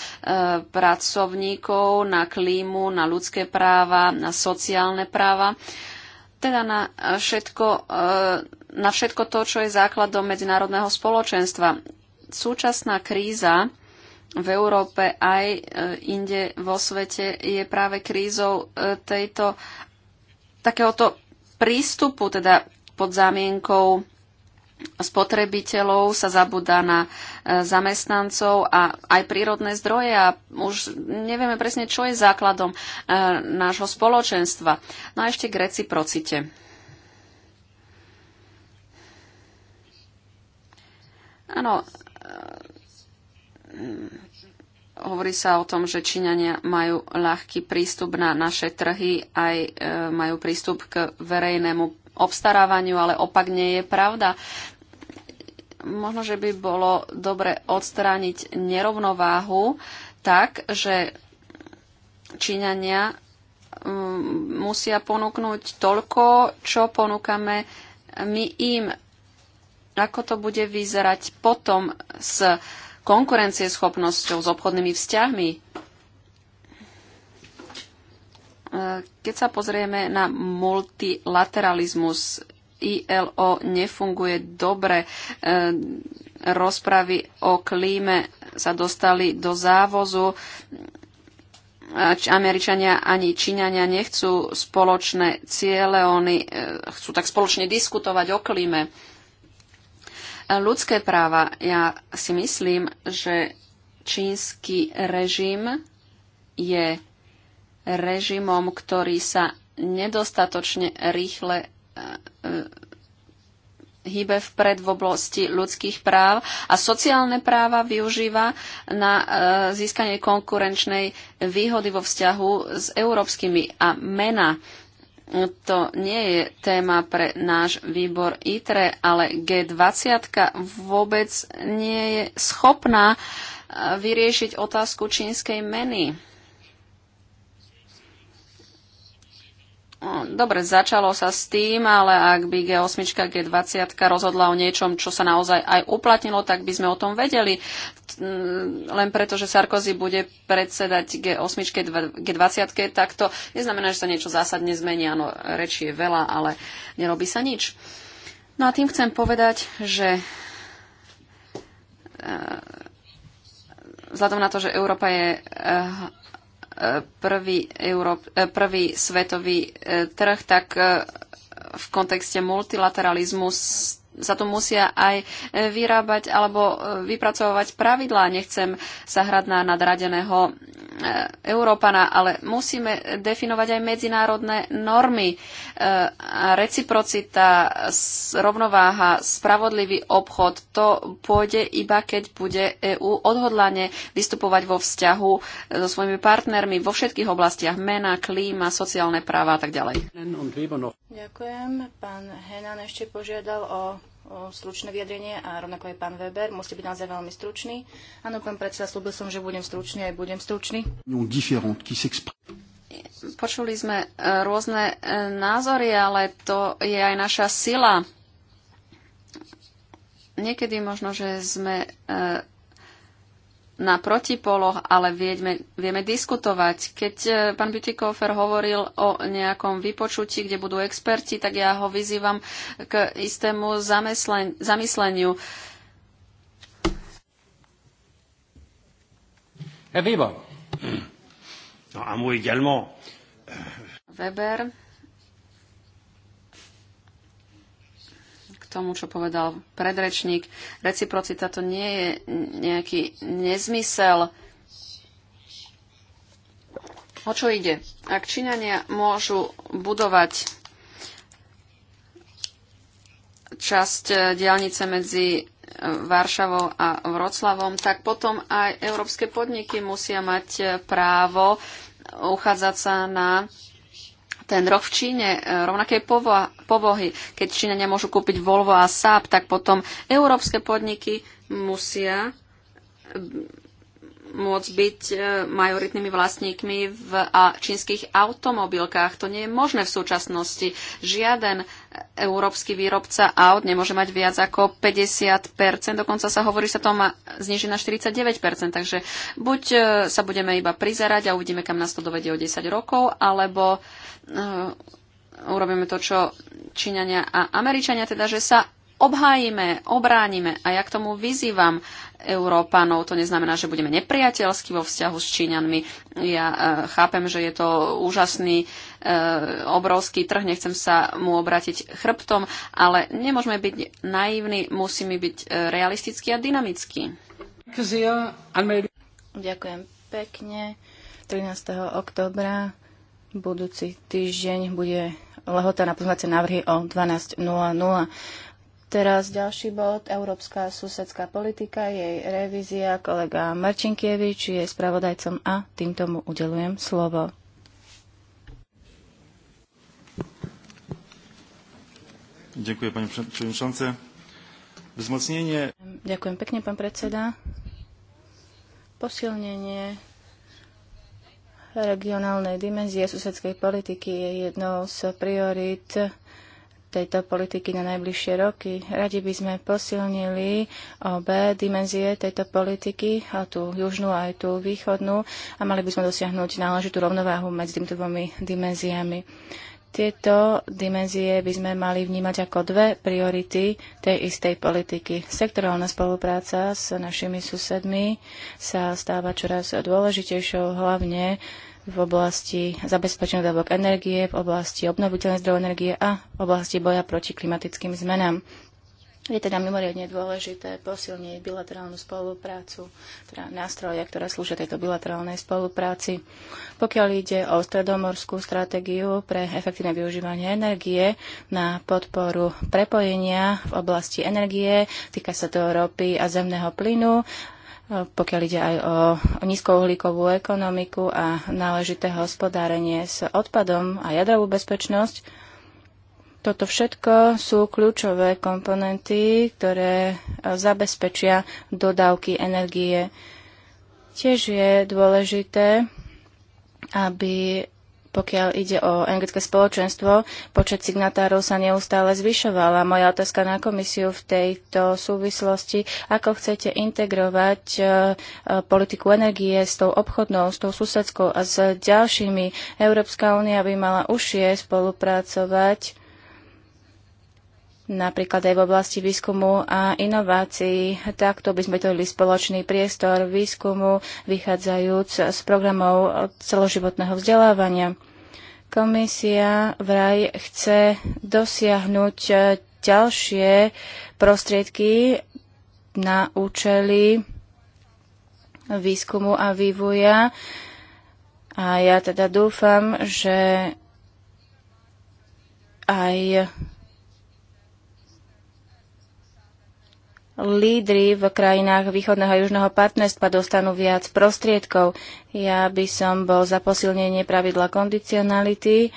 pracovníkov, na klímu, na ľudské práva, na sociálne práva, teda na všetko, e, na všetko to, čo je základom medzinárodného spoločenstva. Súčasná kríza v Európe aj e, inde vo svete je práve krízou e, tejto takéhoto prístupu, teda pod zámienkou spotrebiteľov sa zabúda na e, zamestnancov a aj prírodné zdroje a už nevieme presne, čo je základom nášho spoločenstva. No a ešte k reciprocite. Áno, Hovorí sa o tom, že Číňania majú ľahký prístup na naše trhy, aj e, majú prístup k verejnému obstarávaniu, ale opak nie je pravda. Možno, že by bolo dobre odstrániť nerovnováhu tak, že Číňania mm, musia ponúknuť toľko, čo ponúkame my im. Ako to bude vyzerať potom s konkurencieschopnosťou, s obchodnými vzťahmi. E, keď sa pozrieme na multilateralizmus, ILO nefunguje dobre. E, rozpravy o klíme sa dostali do závozu. Američania ani Číňania nechcú spoločné ciele, oni e, chcú tak spoločne diskutovať o klíme ľudské práva. Ja si myslím, že čínsky režim je režimom, ktorý sa nedostatočne rýchle e, e, hýbe vpred v oblasti ľudských práv a sociálne práva využíva na e, získanie konkurenčnej výhody vo vzťahu s európskymi a mena to nie je téma pre náš výbor ITRE, ale G20 vôbec nie je schopná eh, vyriešiť otázku čínskej meny. Dobre, začalo sa s tým, ale ak by G8, G20 rozhodla o niečom, čo sa naozaj aj uplatnilo, tak by sme o tom vedeli. Mm, len preto, že Sarkozy bude predsedať G8, G20, tak to neznamená, že sa niečo zásadne zmení. Áno, reči je veľa, ale nerobí sa nič. No a tým chcem povedať, že e, vzhľadom na to, že Európa je e, prvý, Euró- eh, prvý svetový eh, trh, tak eh, v kontexte multilateralizmu sa tu musia aj e, vyrábať alebo e, vypracovať pravidlá. Nechcem sa hrať na nadradeného e, Európana, ale musíme definovať aj medzinárodné normy. Reciprocita, rovnováha, spravodlivý obchod, to pôjde iba keď bude EÚ odhodlane vystupovať vo vzťahu so svojimi partnermi vo všetkých oblastiach mena, klíma, sociálne práva a tak ďalej. Ďakujem. Pán Henan ešte požiadal o stručné vyjadrenie a rovnako aj pán Weber. Musíte byť naozaj veľmi stručný. Áno, pán predseda, slúbil som, že budem stručný, aj budem stručný. Počuli sme e, rôzne e, názory, ale to je aj naša sila. Niekedy možno, že sme e, na protipoloch, ale vieme, vieme diskutovať. Keď e, pán Bütikofer hovoril o nejakom vypočutí, kde budú experti, tak ja ho vyzývam k istému zamyslen- zamysleniu. Weber. No, a Weber. tomu, čo povedal predrečník. Reciprocita to nie je nejaký nezmysel. O čo ide? Ak Číňania môžu budovať časť e, diálnice medzi e, Varšavou a Vroclavom, tak potom aj európske podniky musia mať e, právo uchádzať sa na ten rok v Číne e, rovnakej povohy. Keď Číne nemôžu kúpiť Volvo a Saab, tak potom európske podniky musia môcť byť e, majoritnými vlastníkmi v čínskych automobilkách. To nie je možné v súčasnosti. Žiaden európsky výrobca aut nemôže mať viac ako 50%, dokonca sa hovorí, že sa to má zniží na 49%, takže buď e, sa budeme iba prizerať a uvidíme, kam nás to dovedie o 10 rokov, alebo uh, urobíme to, čo Číňania a Američania, teda, že sa obhájime, obránime a ja k tomu vyzývam uh, Európanov. To neznamená, že budeme nepriateľskí vo vzťahu s Číňanmi. Ja e, chápem, že je to úžasný, e, obrovský trh, nechcem sa mu obratiť chrbtom, ale nemôžeme byť naivní, musíme byť e, realistickí a dynamickí. Ďakujem pekne. 13. oktobra budúci týždeň bude lehota na pozmeňovacie návrhy o 12.00. Teraz ďalší bod, Európska susedská politika, jej revízia, kolega Marčinkievič je spravodajcom a týmto mu udelujem slovo. Ďakujem, pani predsedajúca. Vzmocnenie... Ďakujem pekne, pán predseda. Posilnenie regionálnej dimenzie susedskej politiky je jednou z priorít tejto politiky na najbližšie roky. Radi by sme posilnili obe dimenzie tejto politiky, a tú južnú a aj tú východnú, a mali by sme dosiahnuť náležitú rovnováhu medzi týmto dvomi dimenziami. Tieto dimenzie by sme mali vnímať ako dve priority tej istej politiky. Sektorálna spolupráca s našimi susedmi sa stáva čoraz dôležitejšou, hlavne v oblasti zabezpečenia dávok energie, v oblasti obnoviteľnej zdrojov energie a v oblasti boja proti klimatickým zmenám. Je teda mimoriadne dôležité posilniť bilaterálnu spoluprácu, teda nástroje, ktoré slúžia tejto bilaterálnej spolupráci. Pokiaľ ide o stredomorskú stratégiu pre efektívne využívanie energie na podporu prepojenia v oblasti energie, týka sa to ropy a zemného plynu, pokiaľ ide aj o, nízkouhlíkovú ekonomiku a náležité hospodárenie s odpadom a jadrovú bezpečnosť. Toto všetko sú kľúčové komponenty, ktoré zabezpečia dodávky energie. Tiež je dôležité, aby pokiaľ ide o energetické spoločenstvo, počet signatárov sa neustále zvyšoval a moja otázka na komisiu v tejto súvislosti, ako chcete integrovať e, e, politiku energie s tou obchodnou, s tou susedskou a s ďalšími. Európska únia by mala užšie spolupracovať napríklad aj v oblasti výskumu a inovácií. Takto by sme to tvorili spoločný priestor výskumu, vychádzajúc z programov celoživotného vzdelávania. Komisia vraj chce dosiahnuť e, ďalšie prostriedky na účely výskumu a vývoja. A ja teda dúfam, že aj lídry v krajinách východného a južného partnerstva dostanú viac prostriedkov. Ja by som bol za posilnenie pravidla kondicionality,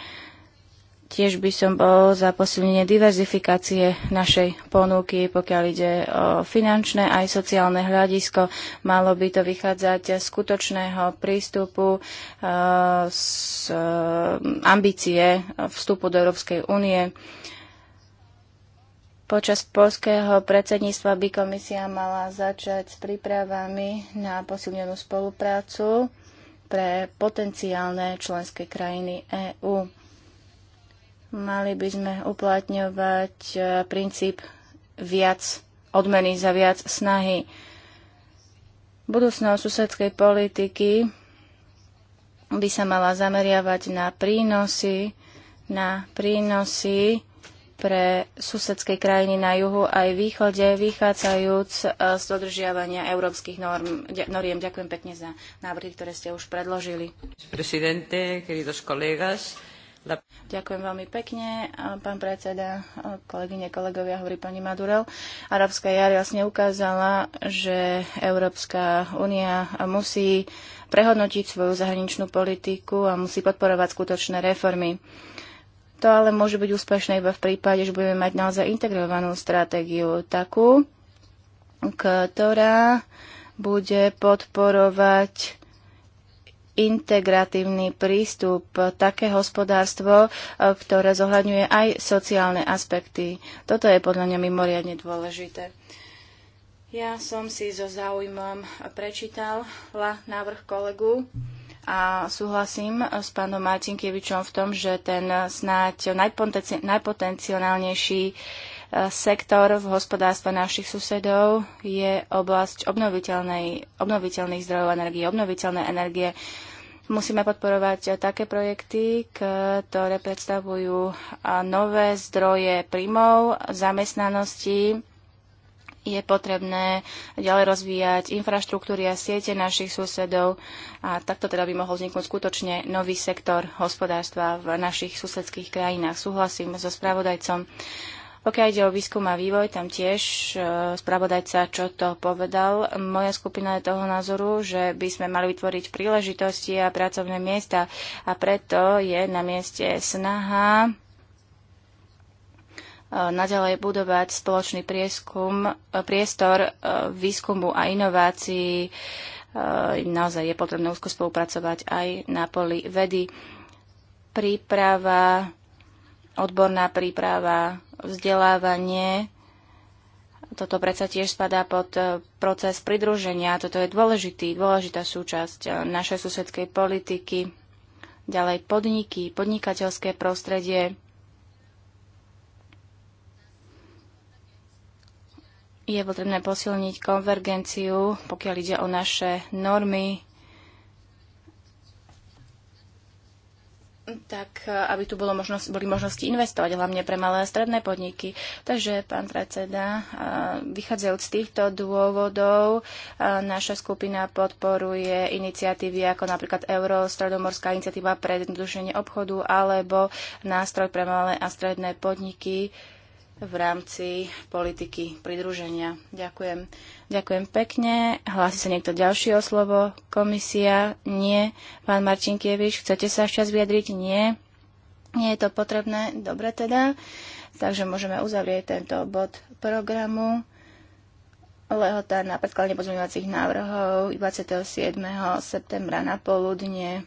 tiež by som bol za posilnenie diverzifikácie našej ponuky, pokiaľ ide o finančné aj sociálne hľadisko. Malo by to vychádzať z skutočného prístupu, e, z e, ambície vstupu do Európskej únie. Počas polského predsedníctva by komisia mala začať s prípravami na posilnenú spoluprácu pre potenciálne členské krajiny EÚ. Mali by sme uplatňovať e, princíp viac odmeny za viac snahy. Budúcnosť susedskej politiky by sa mala zameriavať na prínosy, na prínosy pre susedské krajiny na juhu aj východe, vychádzajúc e, z dodržiavania európskych norm, noriem. Ďakujem pekne za návrhy, ktoré ste už predložili. Presidente, queridos kolegas, Ďakujem veľmi pekne, e, pán predseda, e, kolegyne, kolegovia, hovorí pani Madurel. Arabská jar jasne ukázala, že Európska únia musí prehodnotiť svoju zahraničnú politiku a musí podporovať skutočné reformy. To ale môže byť úspešné iba v prípade, že budeme mať naozaj integrovanú stratégiu takú, ktorá bude podporovať integratívny prístup, také hospodárstvo, ktoré zohľadňuje aj sociálne aspekty. Toto je podľa mňa mimoriadne dôležité. Ja som si so záujmom prečítala návrh kolegu a súhlasím s pánom Martinkevičom v tom, že ten snáď najpotenciálnejší e, sektor v hospodárstve našich susedov je oblasť obnoviteľných zdrojov energie, obnoviteľné energie. Musíme podporovať také projekty, ktoré predstavujú nové zdroje príjmov, zamestnanosti, je potrebné ďalej rozvíjať infraštruktúry a siete našich susedov a takto teda by mohol vzniknúť skutočne nový sektor hospodárstva v našich susedských krajinách. Súhlasím so spravodajcom. Pokiaľ ide o výskum a vývoj, tam tiež e, spravodajca čo to povedal. Moja skupina je toho názoru, že by sme mali vytvoriť príležitosti a pracovné miesta a preto je na mieste snaha naďalej budovať spoločný prieskum, priestor e, výskumu a inovácií. E, naozaj je potrebné úzko spolupracovať aj na poli vedy. Príprava, odborná príprava, vzdelávanie, toto predsa tiež spadá pod e, proces pridruženia. Toto je dôležitý, dôležitá súčasť našej susedskej politiky. Ďalej podniky, podnikateľské prostredie. je potrebné posilniť konvergenciu, pokiaľ ide o naše normy, tak e, aby tu bolo možnosť, boli možnosti investovať, hlavne pre malé a stredné podniky. Takže, pán predseda, e, vychádzajúc z týchto dôvodov, e, naša skupina podporuje iniciatívy ako napríklad Euro, Stredomorská iniciatíva pre jednodušenie obchodu alebo nástroj pre malé a stredné podniky, v rámci politiky pridruženia. Ďakujem. Ďakujem pekne. Hlási sa niekto ďalší o slovo? Komisia? Nie. Pán Martinkievič, chcete sa ešte vyjadriť? Nie. Nie je to potrebné. Dobre teda. Takže môžeme uzavrieť tento bod programu. Lehota na predkladne pozmeňovacích návrhov 27. septembra na poludne.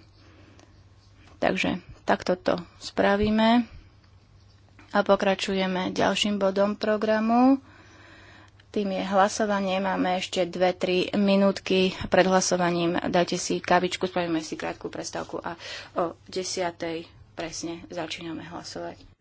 Takže takto to spravíme. A pokračujeme ďalším bodom programu. Tým je hlasovanie. Máme ešte 2-3 minútky pred hlasovaním. Dajte si kavičku, spravíme si krátku prestávku a o 10. presne začíname hlasovať.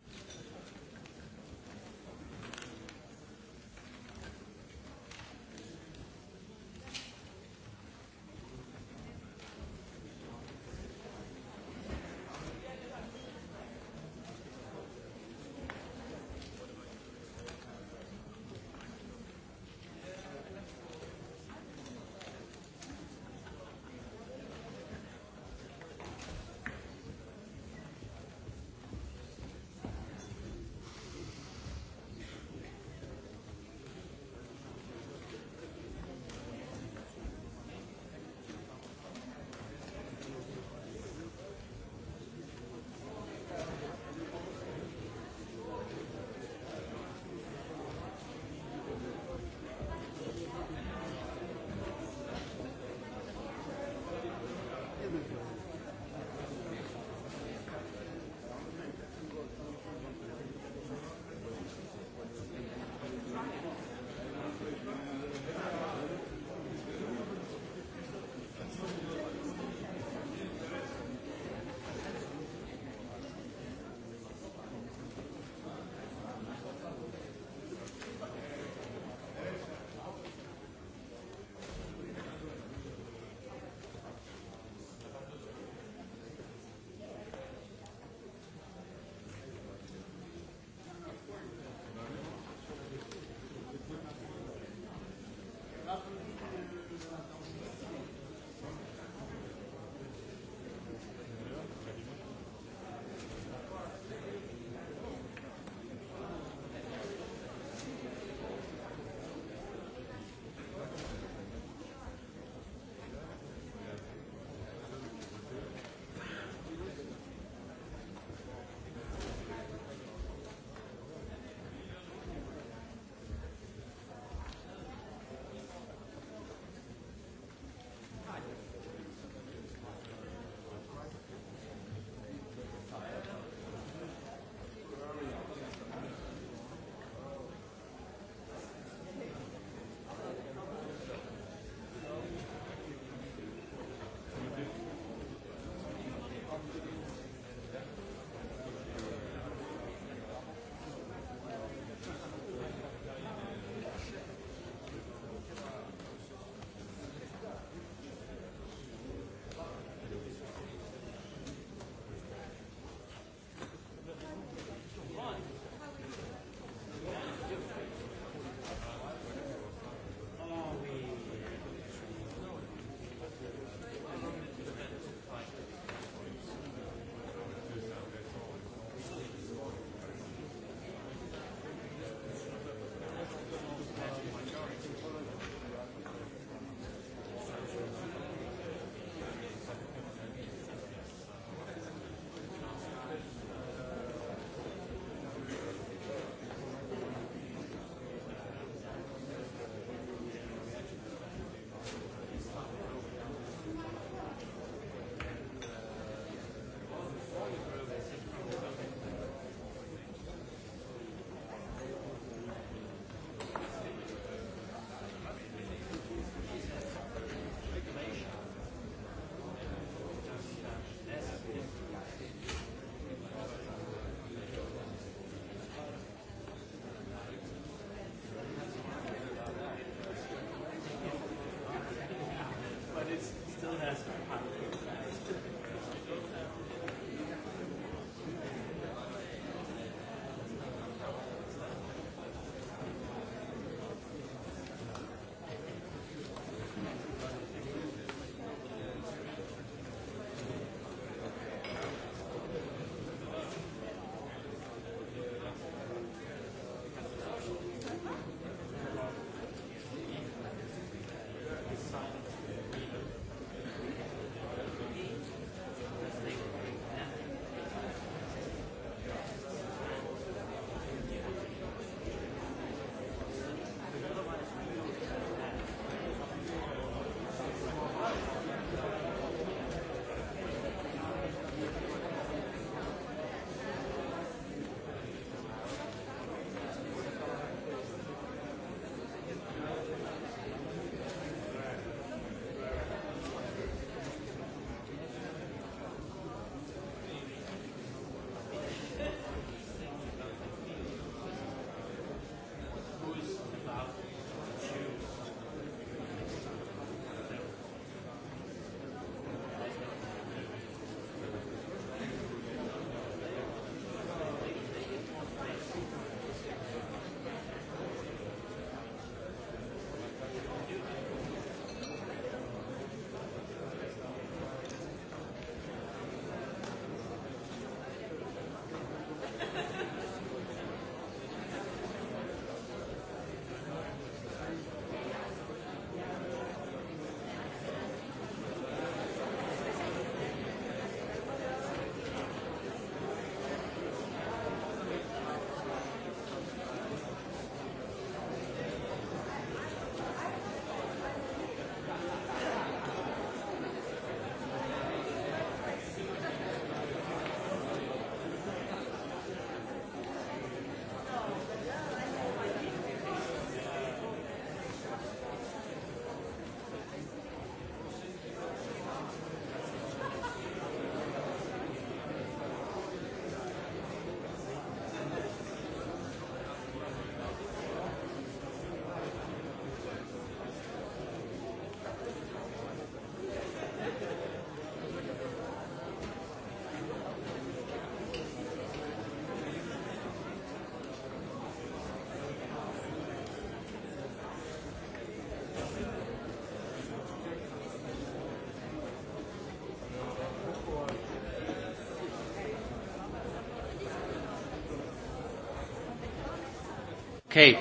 Okay.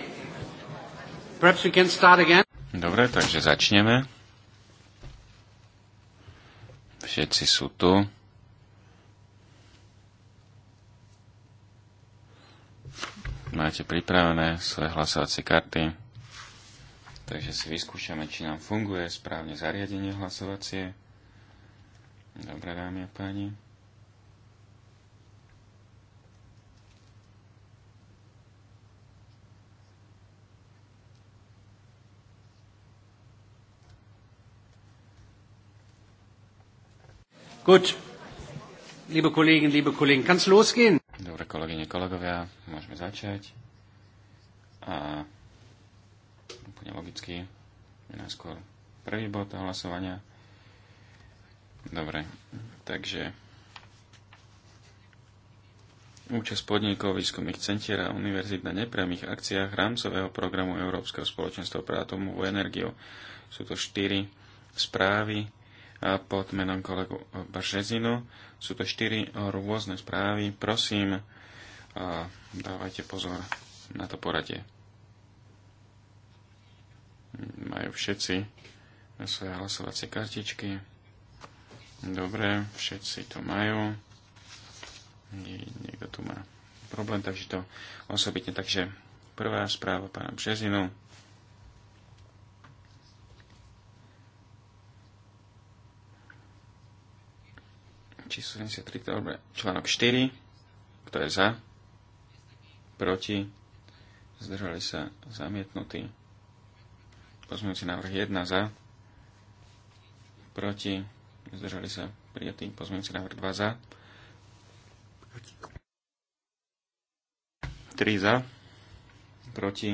Perhaps we can start again. Dobre, takže začneme. Všetci sú tu. Máte pripravené svoje hlasovacie karty. Takže si vyskúšame, či nám funguje správne zariadenie hlasovacie. Dobre, dámy a páni. Gut. Liebe Kollegen, liebe Kollegen, losgehen? Dobre, kolegyne, kolegovia, môžeme začať. A úplne logicky je najskôr prvý bod hlasovania. Dobre, takže účasť podnikov výskumných centier a univerzít na nepriamých akciách rámcového programu Európskeho spoločenstva pre atomovú energiu. Sú to štyri správy pod menom kolegu Bržezinu. Sú to štyri rôzne správy. Prosím, dávajte pozor na to poradie. Majú všetci svoje hlasovacie kartičky. Dobre, všetci to majú. Niekto tu má problém, takže to osobitne. Takže prvá správa pána Březinu číslo 73, to dobre, článok 4, kto je za, proti, zdržali sa zamietnutí. Pozmeňujúci návrh 1 za, proti, zdržali sa prijatí. Pozmeňujúci návrh 2 za, 3 za, proti,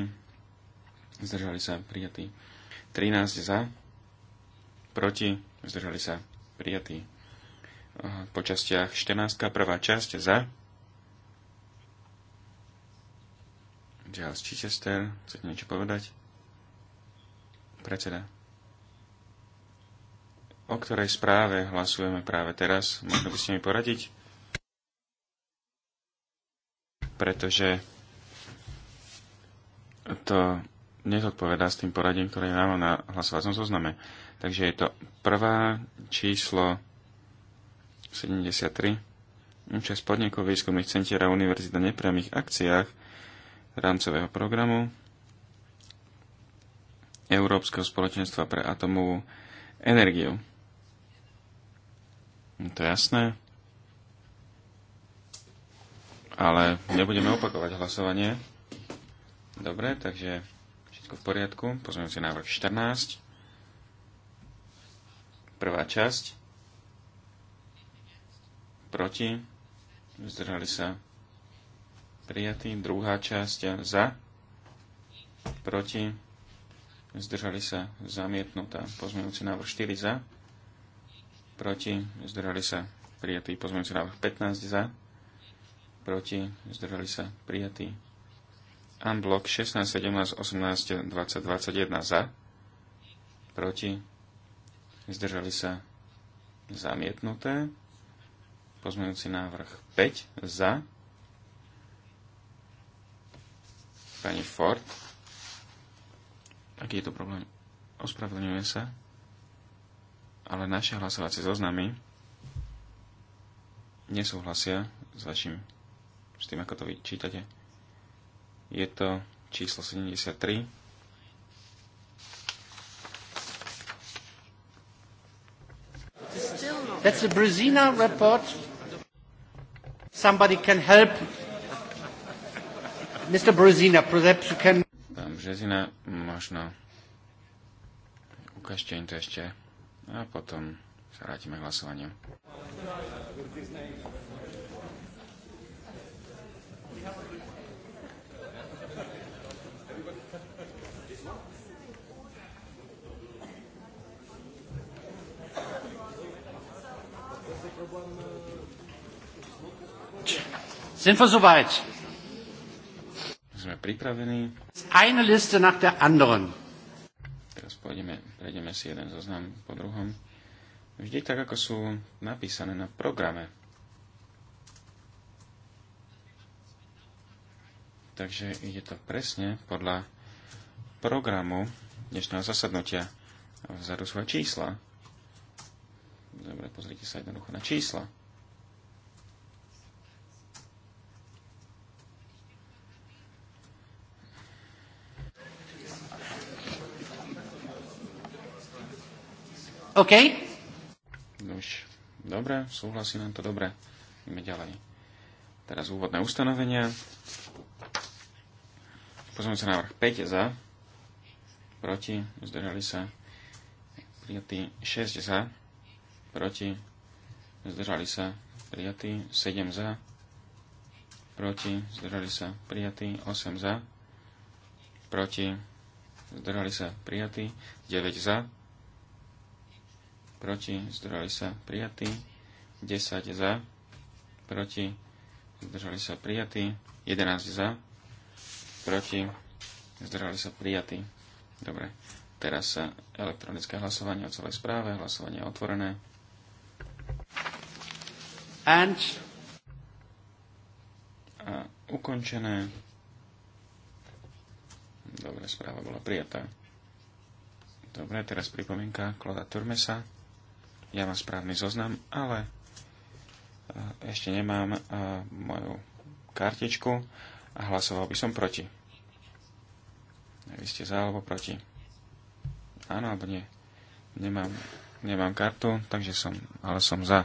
zdržali sa prijatí. 13 za, proti, zdržali sa prijatí po častiach 14. prvá časť za Giles Chichester, chcete niečo povedať? Predseda. O ktorej správe hlasujeme práve teraz? Možno by ste mi poradiť? Pretože to nezodpovedá s tým poradím, ktoré je nám na hlasovacom zozname. Takže je to prvá číslo 73. Účasť podnikov výskumných centier a univerzita v nepriamých akciách rámcového programu Európskeho spoločenstva pre atomovú energiu. No, je to jasné? Ale nebudeme opakovať hlasovanie. Dobre, takže všetko v poriadku. Pozmeňujúci návrh 14. Prvá časť proti, zdržali sa prijatí, druhá časť za, proti, zdržali sa zamietnutá, pozmeňujúci návrh 4 za, proti, zdržali sa prijatý, pozmeňujúci návrh 15 za, proti, zdržali sa prijatý. Unblock 16, 17, 18, 20, 21 za, proti, zdržali sa zamietnuté. Pozmeňujúci návrh 5 za. Pani Ford. Aký je to problém? Ospravedlňuje sa. Ale naše hlasovacie zoznamy nesúhlasia s vašim, s tým, ako to vy čítate. Je to číslo 73. That's a Brezina report Somebody can help. Mr. Brezina, perhaps you can... Pán Brezina, možno ukážte im to ešte a potom sa vrátime k hlasovaniu. Sind wir soweit? Eine Liste nach der anderen. Teraz pôjdeme, prejdeme si jeden zoznam po druhom. Vždy tak, ako sú napísané na programe. Takže ide to presne podľa programu dnešného zasadnutia. Vzadu sú čísla. Dobre, pozrite sa jednoducho na čísla. OK? Nož. dobre, súhlasím nám to dobre. Ideme ďalej. Teraz úvodné ustanovenia. Pozrieme sa návrh 5 za, proti, zdržali sa, prijatý 6 za, proti, zdržali sa, prijatý 7 za, proti, zdržali sa, prijatý 8 za, proti, zdržali sa, prijatý 9 za, proti, zdržali sa prijatí, 10 za, proti, zdržali sa prijatí, 11 za, proti, zdržali sa prijatí. Dobre, teraz sa elektronické hlasovanie o celej správe, hlasovanie otvorené. And a ukončené. Dobre, správa bola prijatá. Dobre, teraz pripomienka Kloda Turmesa. Ja mám správny zoznam, ale e, ešte nemám e, moju kartičku a hlasoval by som proti. Vy ste za alebo proti? Áno alebo nie? Nemám, nemám kartu, takže som, ale som za.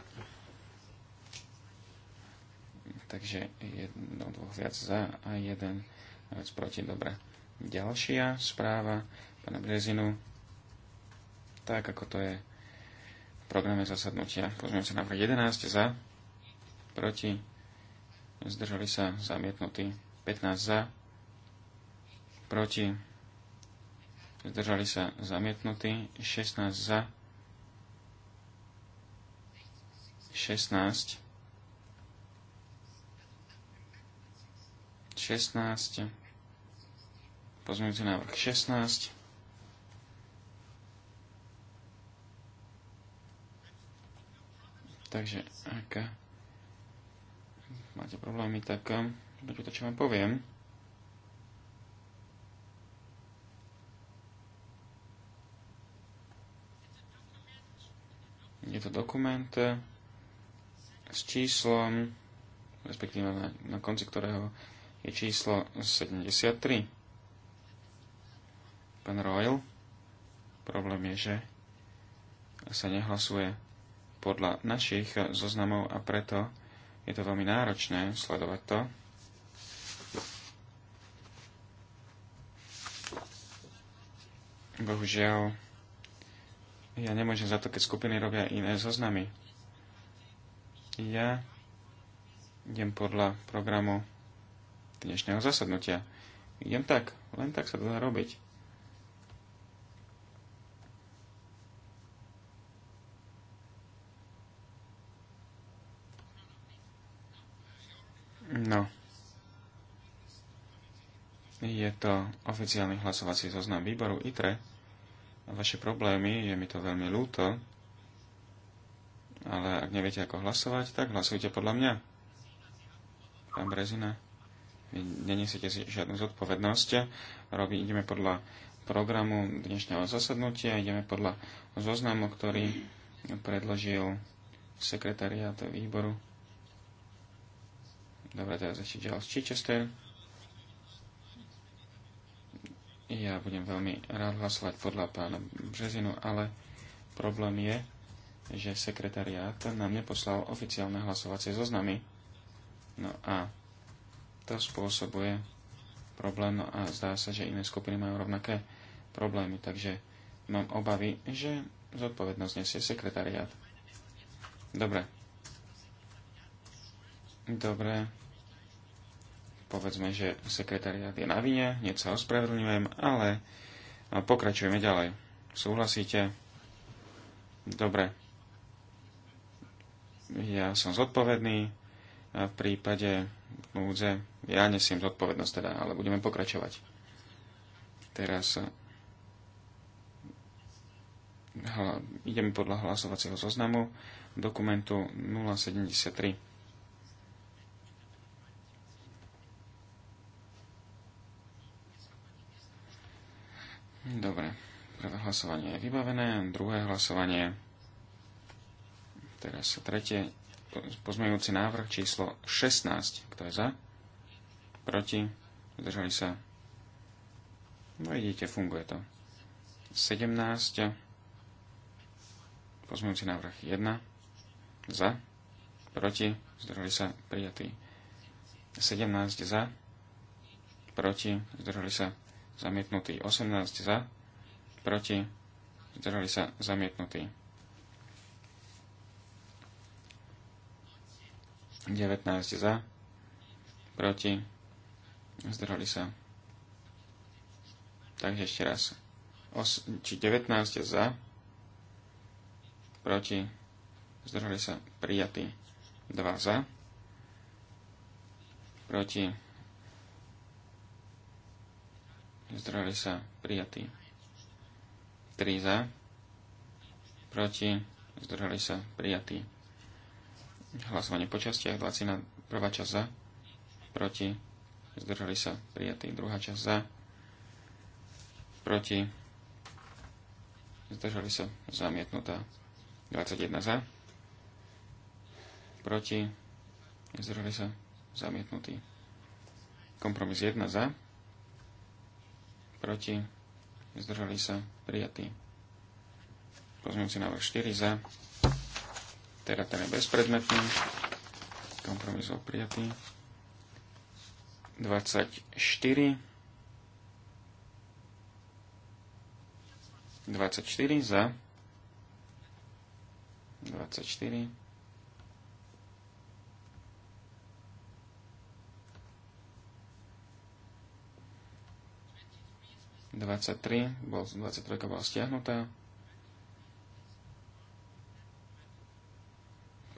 Takže jedno, dvoch viac za a jeden viac proti. Dobre. Ďalšia správa pána Brezinu. Tak, ako to je programe zasadnutia. Pozrieme sa návrh 11 za, proti, zdržali sa zamietnutí 15 za, proti, zdržali sa zamietnutí 16 za, 16 16 pozmeňujúci návrh 16 Takže ak máte problémy, tak um, to, čo vám poviem. Je to dokument s číslom, respektíve na, na konci ktorého je číslo 73. Pán Royal, problém je, že sa nehlasuje podľa našich zoznamov a preto je to veľmi náročné sledovať to. Bohužiaľ, ja nemôžem za to, keď skupiny robia iné zoznamy. Ja idem podľa programu dnešného zasadnutia. Idem tak, len tak sa to dá robiť. No. Je to oficiálny hlasovací zoznam výboru ITRE. Vaše problémy, je mi to veľmi ľúto, ale ak neviete, ako hlasovať, tak hlasujte podľa mňa. Pán Brezina, vy nenesiete si žiadnu zodpovednosť. Robí, ideme podľa programu dnešného zasadnutia, ideme podľa zoznamu, ktorý predložil sekretariát výboru. Dobre, teraz ešte ďalej z Chichester. Ja budem veľmi rád hlasovať podľa pána Březinu, ale problém je, že sekretariát nám neposlal oficiálne hlasovacie zoznamy. No a to spôsobuje problém no a zdá sa, že iné skupiny majú rovnaké problémy, takže mám obavy, že zodpovednosť nesie sekretariát. Dobre. Dobre povedzme, že sekretariat je na vine, hneď sa ospravedlňujem, ale pokračujeme ďalej. Súhlasíte? Dobre. Ja som zodpovedný a v prípade núdze ja nesiem zodpovednosť teda, ale budeme pokračovať. Teraz ideme podľa hlasovacieho zoznamu dokumentu 073. Dobre, prvé hlasovanie je vybavené, druhé hlasovanie, teraz tretie, pozmejúci návrh číslo 16. Kto je za? Proti? Zdržali sa? No vidíte, funguje to. 17. Pozmejúci návrh 1. Za? Proti? Zdržali sa? Prijatý. 17 za? Proti? Zdržali sa? zamietnutý. 18 za, proti, zdržali sa, zamietnutý. 19 za, proti, zdržali sa. Takže ešte raz. Os, či 19 za, proti, zdržali sa, prijatý. 2 za, proti, zdržali sa prijatí. 3 za, proti, zdržali sa prijatí. Hlasovanie po častiach, 20 prvá časť za, proti, zdržali sa prijatí, druhá časť za, proti, zdržali sa zamietnutá, 21 za, proti, zdržali sa zamietnutí. Kompromis 1 za, proti, zdržali sa, prijatý. Pozmúci návrh 4 za, teda ten je bezpredmetný, kompromis bol prijatý. 24 24 za 24 23, bol, 23 bola stiahnutá.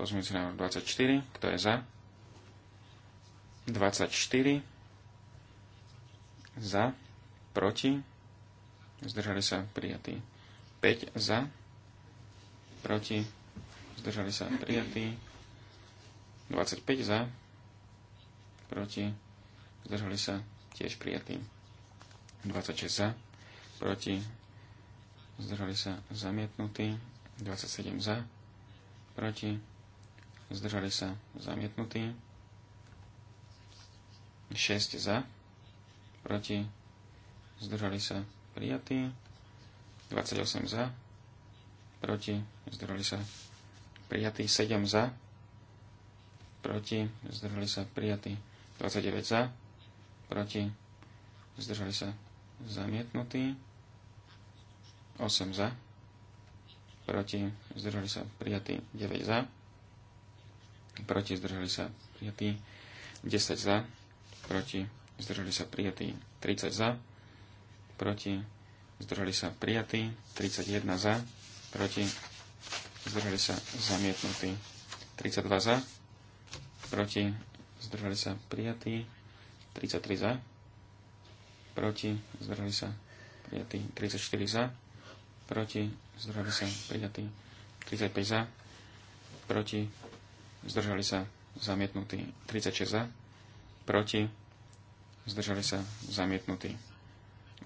si návrh 24, kto je za? 24, za, proti, zdržali sa prijatí. 5 za, proti, zdržali sa prijatí. 25 za, proti, zdržali sa tiež prijatí. 26 za, proti, zdržali sa zamietnutí, 27 za, proti, zdržali sa zamietnutí, 6 za, proti, zdržali sa prijatí, 28 za, proti, zdržali sa prijatí, 7 za, proti, zdržali sa prijatí, 29 za, proti, zdržali sa zamietnutý, 8 za, proti, zdržali sa prijatí 9 za, proti, zdržali sa prijatí 10 za, proti, zdržali sa prijatí 30 za, proti, zdržali sa prijatí 31 za, proti, zdržali sa zamietnutí 32 za, proti, zdržali sa prijatí 33 za, proti, zdržali sa prijatí 34 za, proti, zdržali sa prijatí 35 za, proti, zdržali sa zamietnutí 36 za, proti, zdržali sa zamietnutí.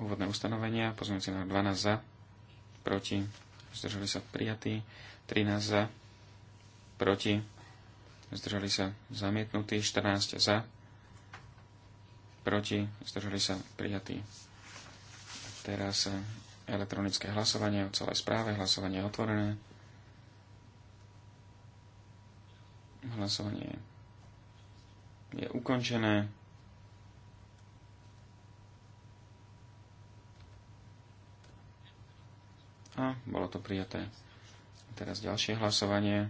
Úvodné ustanovenia, pozmeňujúci na 12 za, proti, zdržali sa prijatí 13 za, proti, zdržali sa zamietnutí 14 za, proti, zdržali sa prijatí. Teraz eh, elektronické hlasovanie o celej správe, hlasovanie je otvorené. Hlasovanie je ukončené. A bolo to prijaté. Teraz ďalšie hlasovanie.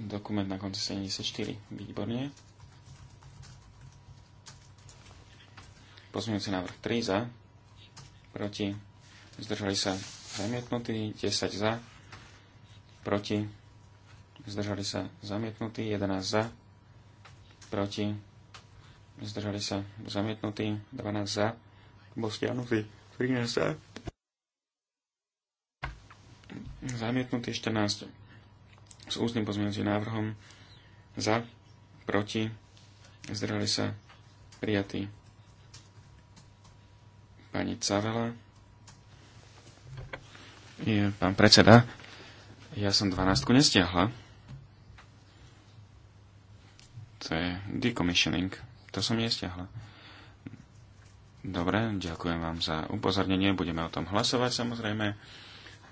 dokument na konci 74. Výborne. Pozmeňujúci návrh 3 za, proti, zdržali sa zamietnutí, 10 za, proti, zdržali sa zamietnutí, 11 za, proti, zdržali sa zamietnutí, 12 za, bol stiahnutý, 13 za, zamietnutý, 14 s ústnym pozmeňujúcim návrhom za, proti, zdrali sa prijatí pani Cavela. Je pán predseda, ja som 12 nestiahla. To je decommissioning. To som nestiahla. Dobre, ďakujem vám za upozornenie. Budeme o tom hlasovať samozrejme.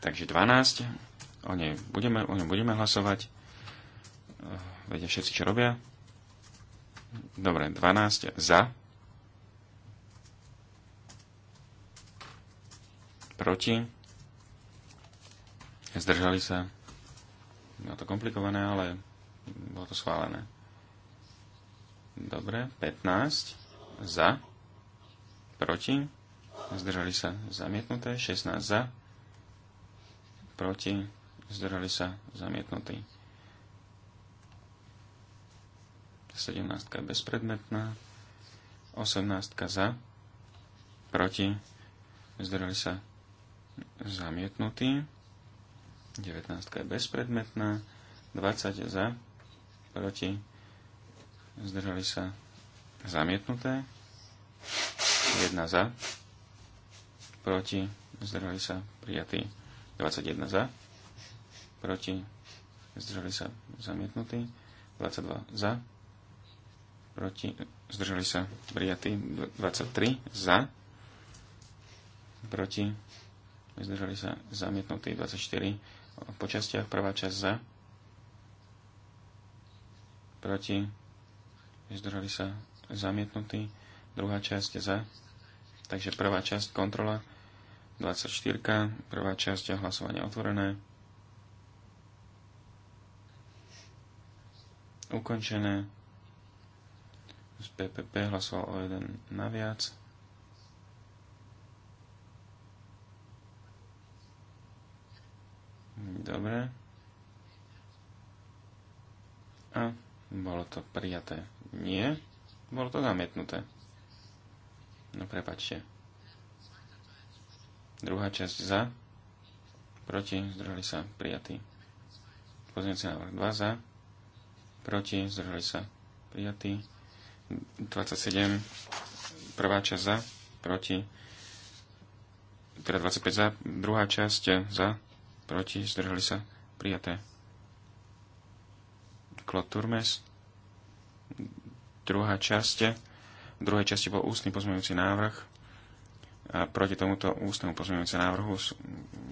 Takže 12 o, nej budeme, o ňom budeme hlasovať. Eh, vedia všetci, čo robia. Dobre, 12 za. Proti. Zdržali sa. Bolo to komplikované, ale bolo to schválené. Dobre, 15 za. Proti. Zdržali sa zamietnuté. 16 za. Proti zdržali sa zamietnutí. 17 je bezpredmetná, 18 za, proti, zdržali sa zamietnutí, 19 je bezpredmetná, 20 za, proti, zdržali sa zamietnuté, 1 za, proti, zdržali sa prijatí, 21 za proti, zdržali sa zamietnutí, 22 za, proti, zdržali sa prijatí, 23 za, proti, zdržali sa zamietnutí, 24 po častiach, prvá časť za, proti, zdržali sa zamietnutí, druhá časť za, takže prvá časť kontrola, 24, prvá časť hlasovania otvorené, ukončené. Z PPP hlasoval o jeden naviac. Dobre. A bolo to prijaté. Nie, bolo to zamietnuté. No prepačte. Druhá časť za, proti, zdrhli sa, prijatý. Pozrieme sa návrh 2 za, proti, zdržali sa prijatí. 27, prvá časť za, proti, teda 25 za, druhá časť za, proti, zdržali sa prijaté. Klod Turmes, druhá časť, v druhej časti bol ústny pozmeňujúci návrh a proti tomuto ústnemu pozmeňujúcemu návrhu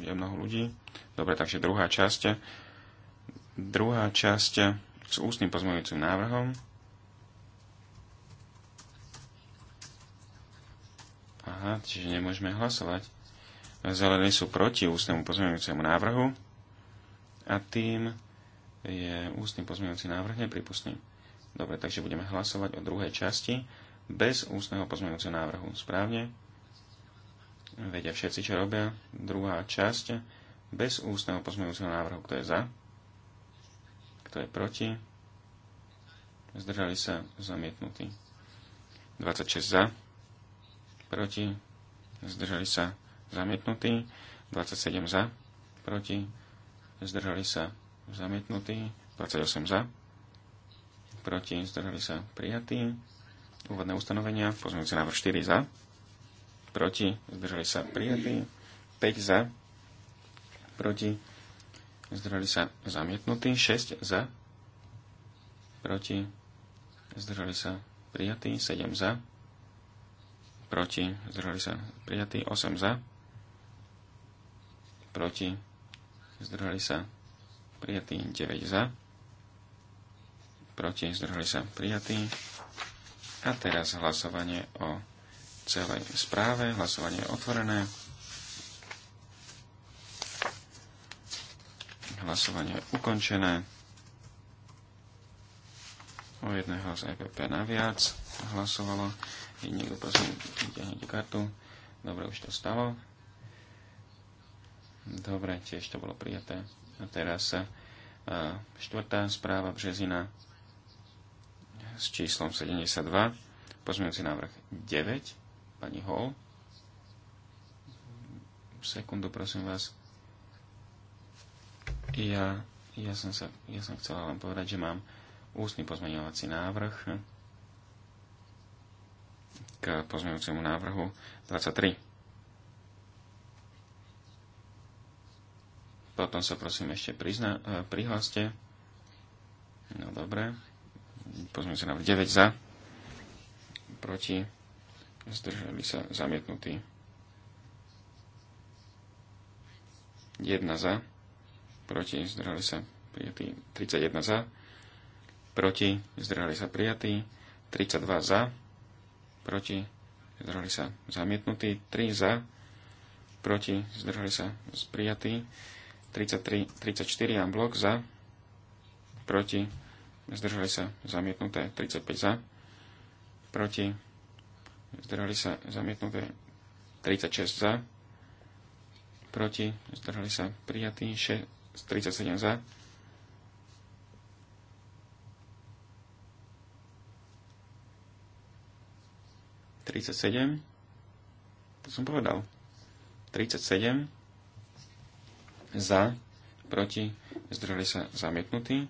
je mnoho ľudí. Dobre, takže druhá časť. Druhá časť s ústnym pozmeňujúcim návrhom. Aha, čiže nemôžeme hlasovať. Zelení sú proti ústnemu pozmeňujúcemu návrhu a tým je ústny pozmeňujúci návrh nepripustný. Dobre, takže budeme hlasovať o druhej časti bez ústneho pozmeňujúceho návrhu. Správne? Vedia všetci, čo robia. Druhá časť bez ústneho pozmeňujúceho návrhu. Kto je za? Kto je proti? Zdržali sa zamietnutí. 26 za. Proti. Zdržali sa zamietnutí. 27 za. Proti. Zdržali sa zamietnutí. 28 za. Proti. Zdržali sa prijatí. Úvodné ustanovenia. Pozmeňujúci návrh 4 za. Proti. Zdržali sa prijatí. 5 za. Proti zdržali sa zamietnutí, 6 za, proti, zdržali sa prijatí, 7 za, proti, zdržali sa prijatí, 8 za, proti, zdržali sa prijatí, 9 za, proti, zdržali sa prijatí. A teraz hlasovanie o celej správe, hlasovanie je otvorené. Hlasovanie je ukončené. O jedné hlas EPP naviac hlasovalo. Je niekto prosím, vyťahnuť kartu. Dobre, už to stalo. Dobre, tiež to bolo prijaté. A teraz sa e, štvrtá správa Březina s číslom 72, pozmeňujúci návrh 9, pani Hall. Sekundu, prosím vás. Ja, ja, som sa, ja som chcela len povedať, že mám ústny pozmeňovací návrh k pozmeňujúcemu návrhu 23. Potom sa prosím ešte prizna, e, prihláste. No dobre. sa návrh 9 za. Proti. Zdržali sa zamietnutí. 1 za proti, zdržali sa prijatí 31 za, proti, zdržali sa prijatí 32 za, proti, zdržali sa zamietnutí 3 za, proti, zdržali sa prijatí 33, 34 a blok za, proti, zdržali sa zamietnuté 35 za, proti, zdržali sa zamietnuté 36 za, proti, zdržali sa prijatí 37 za. sedem. To som povedal. sedem, za, proti, zdržali sa zamietnutí.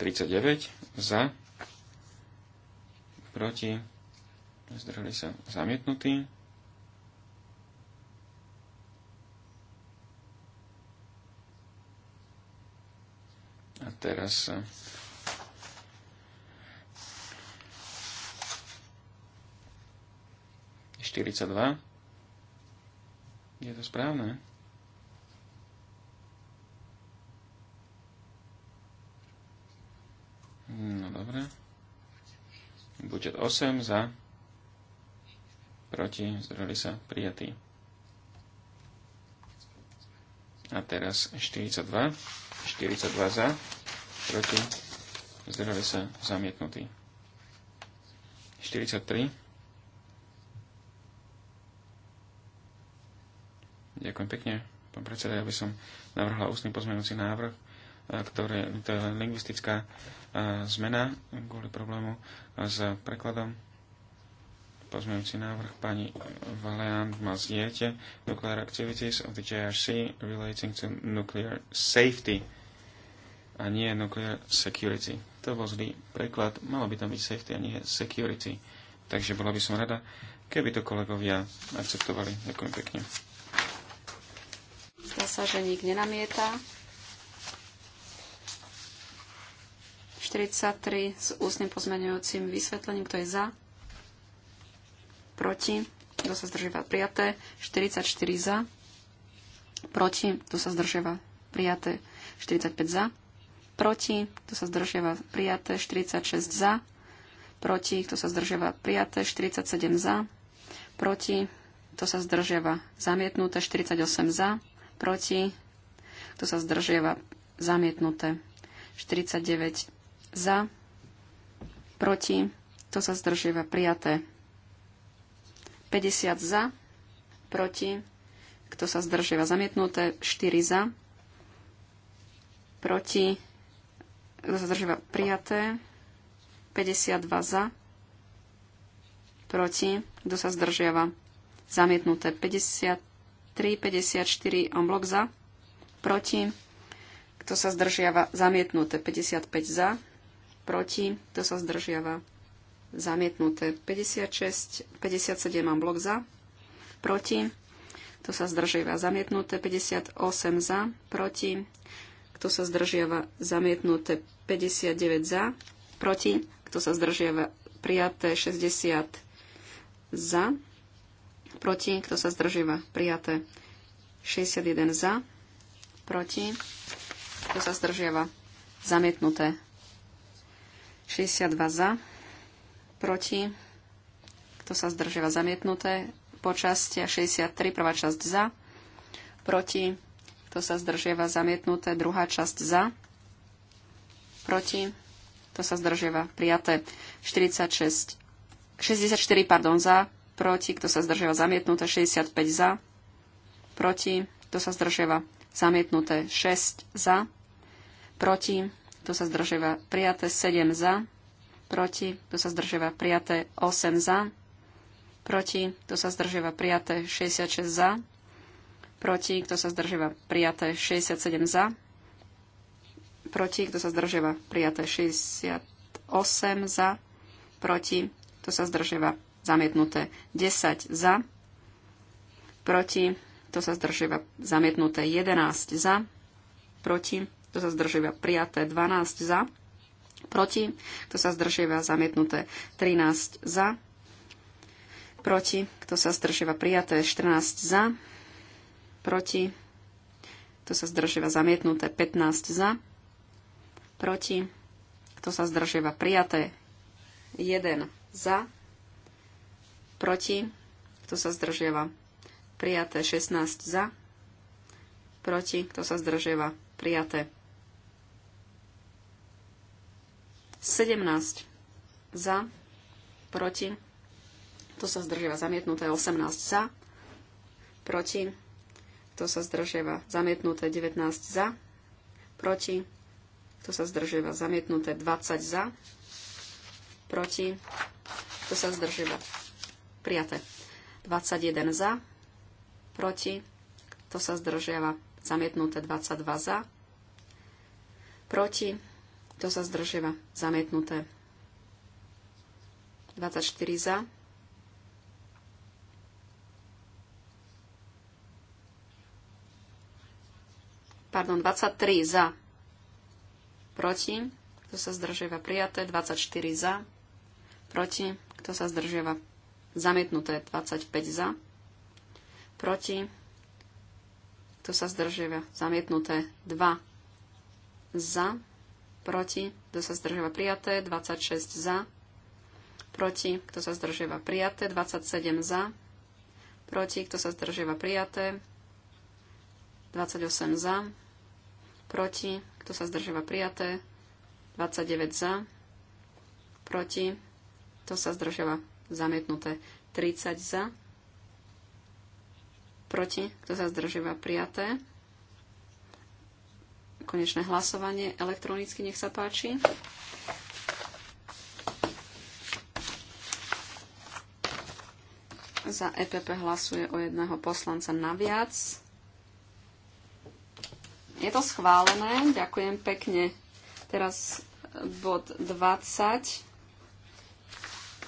deväť. za, proti, zdržali sa zamietnutí. A teraz eh, Štyridsaťdva. Je to správne? No dobre. Budžet 8 za, proti, Zdrali sa, prijatý. A teraz 42. 42 za, proti, zdržali sa zamietnutí. 43. Ďakujem pekne, pán predseda, ja by som navrhla ústny pozmenujúci návrh, eh, ktoré, to je lingvistická eh, zmena kvôli problému s prekladom pozmeňujúci návrh pani má Maziete, Nuclear Activities of the JRC Relating to Nuclear Safety a nie Nuclear Security. To bol zlý preklad, malo by tam byť safety a nie security. Takže bola by som rada, keby to kolegovia akceptovali. Ďakujem pekne. Zdá sa, že nik nenamieta. 43 s ústnym pozmeňujúcim vysvetlením, kto je za proti, kto sa zdržiava prijaté, 44 za, proti, kto sa zdržiava prijaté, 45 za, proti, kto sa zdržiava prijaté, 46 za, proti, kto sa zdržiava prijaté, 47 za, proti, kto sa zdržiava zamietnuté, 48 za, proti, kto sa zdržiava zamietnuté, 49 za, proti, kto sa zdržiava prijaté, 50 za, proti, kto sa zdržiava zamietnuté, 4 za, proti, kto sa zdržiava prijaté, 52 za, proti, kto sa zdržiava zamietnuté, 53, 54 en blok za, proti, kto sa zdržiava zamietnuté, 55 za, proti, kto sa zdržiava zamietnuté. 56, 57 mám blok za, proti, kto sa zdržiava zamietnuté, 58 za, proti, kto sa zdržiava zamietnuté, 59 za, proti, kto sa zdržiava prijaté, 60 za, proti, kto sa zdržiava prijaté, 61 za, proti, kto sa zdržiava zamietnuté, 62 za, proti, kto sa zdržiava zamietnuté, počasť 63, prvá časť za, proti, kto sa zdržiava zamietnuté, druhá časť za, proti, kto sa zdržiava prijaté, 46, 64, pardon, za, proti, kto sa zdržiava zamietnuté, 65 za, proti, kto sa zdržiava zamietnuté, 6 za, proti, kto sa zdržiava prijaté, 7 za, proti, kto sa zdržiava prijaté 8 za, proti, kto sa zdržiava prijaté 66 za, proti, kto sa zdržiava prijaté 67 za, proti, kto sa zdržiava prijaté 68 za, proti, kto sa zdržiava zamietnuté 10 za, proti, kto sa zdržiava zamietnuté 11 za, proti, kto sa zdržiava prijaté 12 za, proti, kto sa zdržieva, zamietnuté 13 za, proti, kto sa zdržieva, prijaté 14 za, proti, kto sa zdržieva, zamietnuté 15 za, proti, kto sa zdržieva, prijaté 1 za, proti, kto sa zdržieva, prijaté 16 za, proti, kto sa zdržieva, prijaté 17 za, proti, to sa zdržiava zamietnuté, 18 za, proti, to sa zdržiava zamietnuté, 19 za, proti, to sa zdržiava zamietnuté, 20 za, proti, to sa zdržiava prijaté, 21 za, proti, to sa zdržiava zamietnuté, 22 za, proti, kto sa zdržiava? Zamietnuté. 24 za. Pardon, 23 za. Proti. Kto sa zdržiava? Prijaté. 24 za. Proti. Kto sa zdržiava? Zamietnuté. 25 za. Proti. Kto sa zdržiava? Zamietnuté. 2 za proti, kto sa zdržiava prijaté, 26 za, proti, kto sa zdržiava prijaté, 27 za, proti, kto sa zdržiava prijaté, 28 za, proti, kto sa zdržiava prijaté, 29 za, proti, kto sa zdržiava zamietnuté, 30 za, proti, kto sa zdržiava prijaté, konečné hlasovanie elektronicky, nech sa páči. Za EPP hlasuje o jedného poslanca naviac. Je to schválené, ďakujem pekne. Teraz bod 20.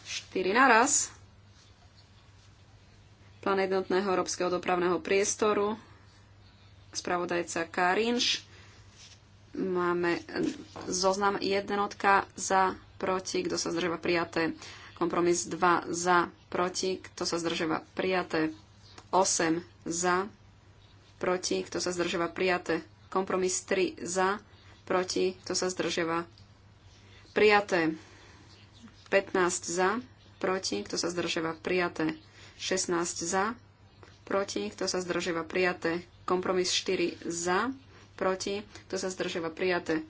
4 naraz. Plán jednotného európskeho dopravného priestoru. Spravodajca Karinš. Máme eh, zoznam jednotka za, proti, kto sa zdržíva prijaté. Kompromis 2 za, proti, kto sa zdržíva prijaté. 8 za, proti, kto sa zdržíva prijaté. Kompromis 3 za, proti, kto sa zdržíva prijaté. 15 za, proti, kto sa zdržíva prijaté. 16 za, proti, kto sa zdržíva prijaté. Kompromis 4 za, proti, kto sa zdržiava prijaté.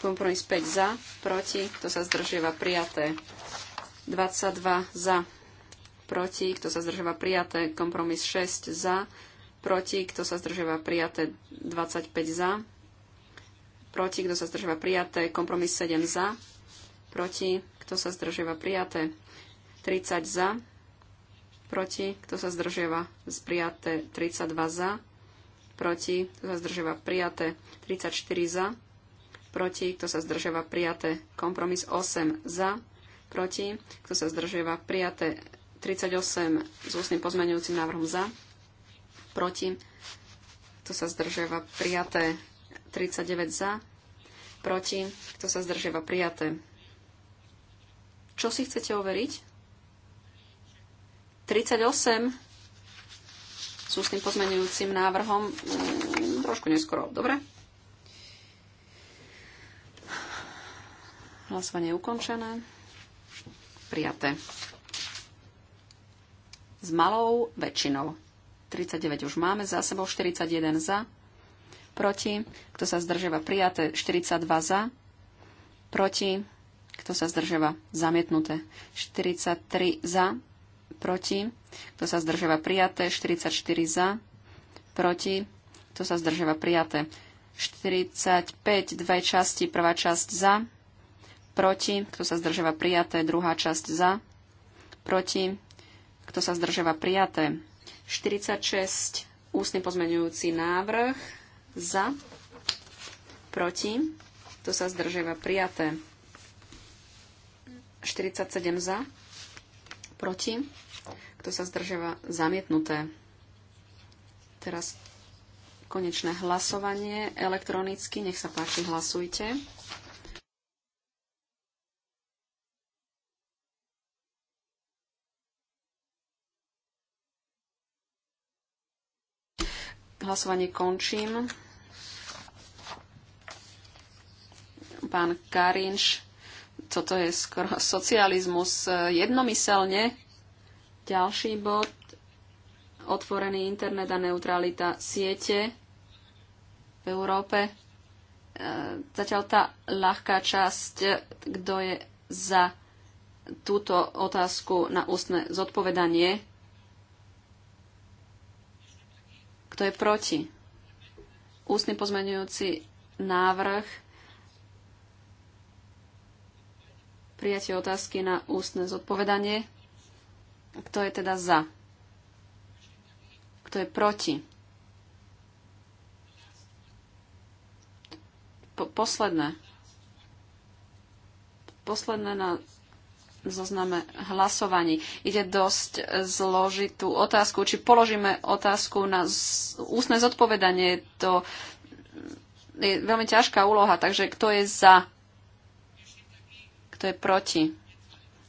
Kompromis 5 za, proti, kto sa zdržiava prijaté. 22 za, proti, kto sa zdržiava prijaté. Kompromis 6 za, proti, kto sa zdržiava prijaté. 25 za, proti, kto sa zdržiava prijaté. Kompromis 7 za, proti, kto sa zdržiava prijaté. 30 za, proti, kto sa zdržiava prijaté. 32 za, proti, kto sa zdržiava prijaté, 34 za, proti, kto sa zdržiava prijaté, kompromis 8 za, proti, kto sa zdržiava prijaté, 38 s ústnym pozmeňujúcim návrhom za, proti, kto sa zdržiava prijaté, 39 za, proti, kto sa zdržiava prijaté. Čo si chcete overiť? 38 s tým pozmenujúcim návrhom mm, trošku neskoro. Dobre? Hlasovanie je ukončené. Prijaté. S malou väčšinou. 39 už máme za sebou, 41 za, proti, kto sa zdržiava prijaté, 42 za, proti, kto sa zdržiava zamietnuté, 43 za, proti, kto sa zdržiava prijaté, 44 za, proti, kto sa zdržiava prijaté, 45, dve časti, prvá časť za, proti, kto sa zdržiava prijaté, druhá časť za, proti, kto sa zdržiava prijaté, 46, ústny pozmeňujúci návrh, za, proti, kto sa zdržiava prijaté, 47 za, proti, kto sa zdržiava? Zamietnuté. Teraz konečné hlasovanie elektronicky. Nech sa páči, hlasujte. Hlasovanie končím. Pán Karinš, toto je skoro (laughs) socializmus eh, jednomyselne. Ďalší bod, otvorený internet a neutralita siete v Európe. E, zatiaľ tá ľahká časť, kto je za túto otázku na ústne zodpovedanie. Kto je proti? Ústny pozmenujúci návrh prijatie otázky na ústne zodpovedanie. Kto je teda za? Kto je proti? Po- posledné. Posledné na zozname hlasovaní. Ide dosť zložitú otázku, či položíme otázku na ústne zodpovedanie. To je veľmi ťažká úloha, takže kto je za? Kto je proti?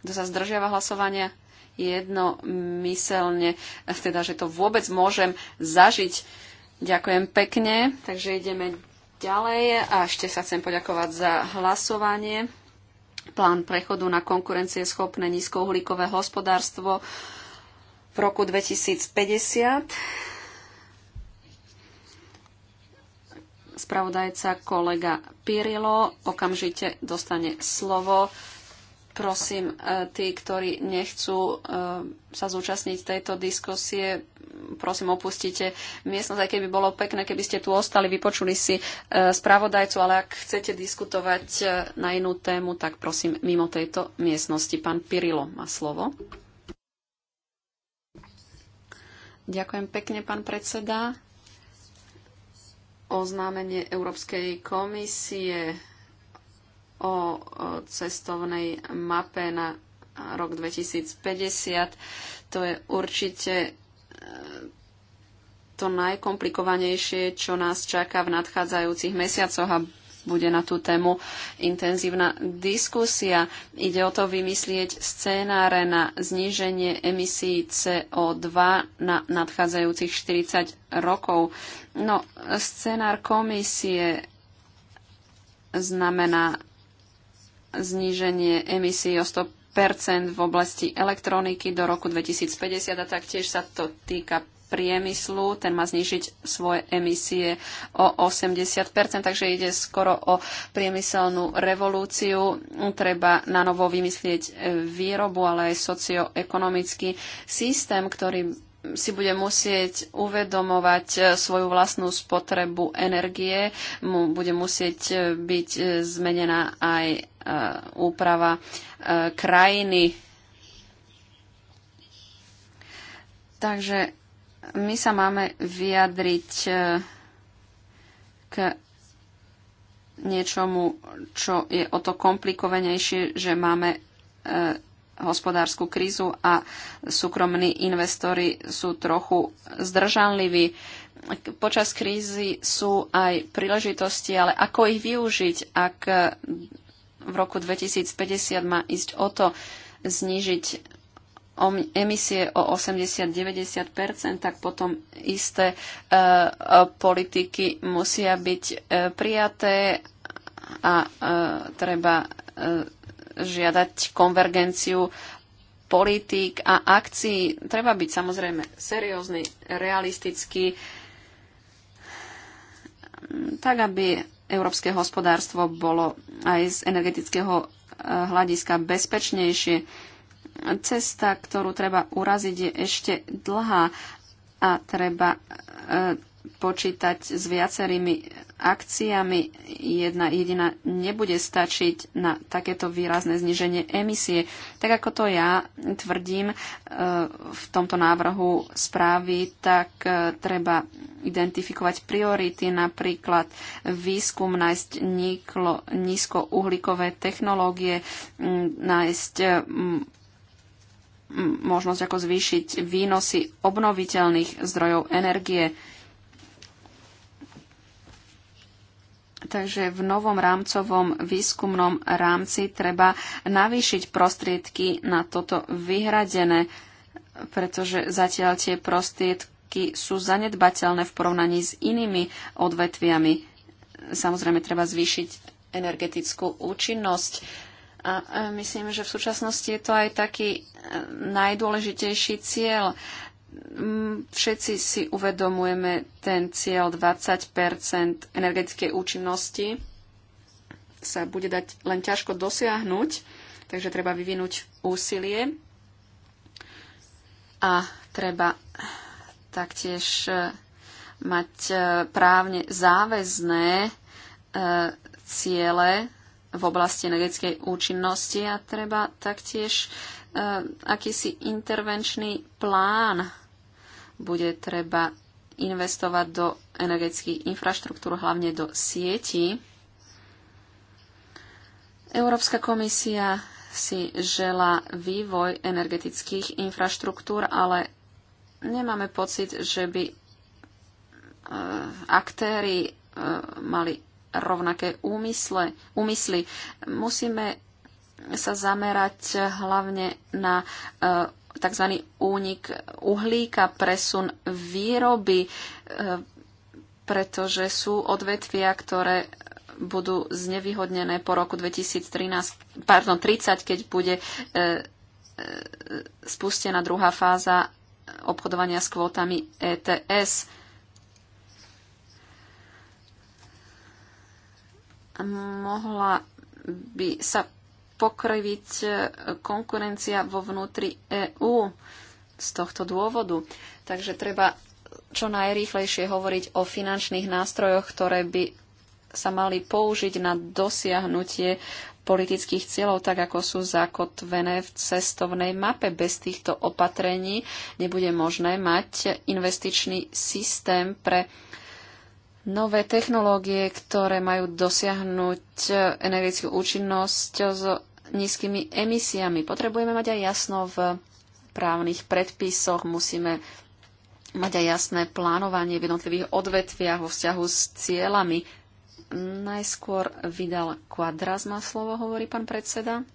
Kto sa zdržiava hlasovania? jednomyselne, teda, že to vôbec môžem zažiť. Ďakujem pekne, takže ideme ďalej a ešte sa chcem poďakovať za hlasovanie. Plán prechodu na konkurencieschopné nízkouhlíkové hospodárstvo v roku 2050. spravodajca kolega Pirilo okamžite dostane slovo. Prosím, e, tí, ktorí nechcú e, sa zúčastniť tejto diskusie, prosím, opustite miestnosť, aj keby bolo pekné, keby ste tu ostali, vypočuli si e, spravodajcu, ale ak chcete diskutovať na inú tému, tak prosím, mimo tejto miestnosti. Pán Pirilo má slovo. Ďakujem pekne, pán predseda. Oznámenie Európskej komisie o cestovnej mape na rok 2050. To je určite e, to najkomplikovanejšie, čo nás čaká v nadchádzajúcich mesiacoch a bude na tú tému intenzívna diskusia. Ide o to vymyslieť scénáre na zníženie emisí CO2 na nadchádzajúcich 40 rokov. No, scénár komisie znamená zníženie emisí o 100 v oblasti elektroniky do roku 2050 a taktiež sa to týka priemyslu, ten má znižiť svoje emisie o 80%, takže ide skoro o priemyselnú revolúciu. Treba na novo vymyslieť e, výrobu, ale aj socioekonomický systém, ktorý si bude musieť uvedomovať e, svoju vlastnú spotrebu energie, bude musieť e, byť zmenená aj Eh, úprava eh, krajiny. Takže my sa máme vyjadriť eh, k niečomu, čo je o to komplikovanejšie, že máme hospodárskú krízu a súkromní investori sú trochu zdržanliví. Počas krízy sú aj príležitosti, ale ako ich využiť, ak v roku 2050 má ísť o to znížiť emisie o 80-90%, tak potom isté e, e, politiky musia byť e, prijaté a treba žiadať konvergenciu politík a akcií. Treba byť samozrejme seriózny, realistický, tak aby európske hospodárstvo bolo aj z energetického eh, hľadiska bezpečnejšie. Cesta, ktorú treba uraziť, je ešte dlhá a treba eh, počítať s viacerými akciami jedna jediná nebude stačiť na takéto výrazné zniženie emisie. Tak ako to ja tvrdím e, v tomto návrhu správy, tak e, treba identifikovať priority, napríklad výskum, nájsť nízkouhlíkové technológie, nájsť e, možnosť ako zvýšiť výnosy obnoviteľných zdrojov energie Takže v novom rámcovom výskumnom rámci treba navýšiť prostriedky na toto vyhradené, pretože zatiaľ tie prostriedky sú zanedbateľné v porovnaní s inými odvetviami. Samozrejme, treba zvýšiť energetickú účinnosť. A e, myslím, že v súčasnosti je to aj taký e, najdôležitejší cieľ. Mm, všetci si uvedomujeme ten cieľ 20 energetickej účinnosti sa bude dať len ťažko dosiahnuť, takže treba vyvinúť úsilie a treba taktiež e, mať e, právne záväzné e, ciele v oblasti energetickej účinnosti a treba taktiež akýsi intervenčný plán bude treba investovať do energetických infraštruktúr, hlavne do sietí. Európska komisia si žela vývoj energetických infraštruktúr, ale nemáme pocit, že by e, aktéry e, mali rovnaké úmysle, úmysly. Musíme sa zamerať hlavne na e, tzv. únik uhlíka, presun výroby, e, pretože sú odvetvia, ktoré budú znevýhodnené po roku 2013, pardon, 30, keď bude e, e, spustená druhá fáza obchodovania s kvótami ETS. Mohla by sa pokriviť e, konkurencia vo vnútri EÚ z tohto dôvodu. Takže treba čo najrýchlejšie hovoriť o finančných nástrojoch, ktoré by sa mali použiť na dosiahnutie politických cieľov, tak ako sú zakotvené v cestovnej mape. Bez týchto opatrení nebude možné mať investičný systém pre nové technológie, ktoré majú dosiahnuť e, energetickú účinnosť s nízkymi emisiami. Potrebujeme mať aj jasno v právnych predpisoch, musíme mať aj jasné plánovanie v jednotlivých odvetviach vo vzťahu s cieľami. Najskôr vydal kvadraz má slovo, hovorí pán predseda.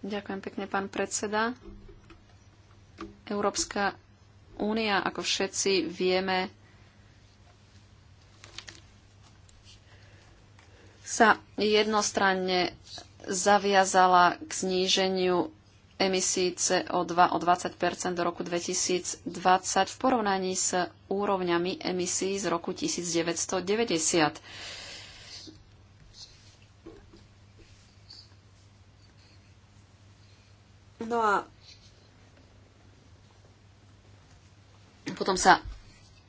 Ďakujem pekne, pán predseda. Európska únia, ako všetci vieme, sa jednostranne zaviazala k zníženiu emisí CO2 o 20 do roku 2020 v porovnaní s úrovňami emisí z roku 1990. No a potom sa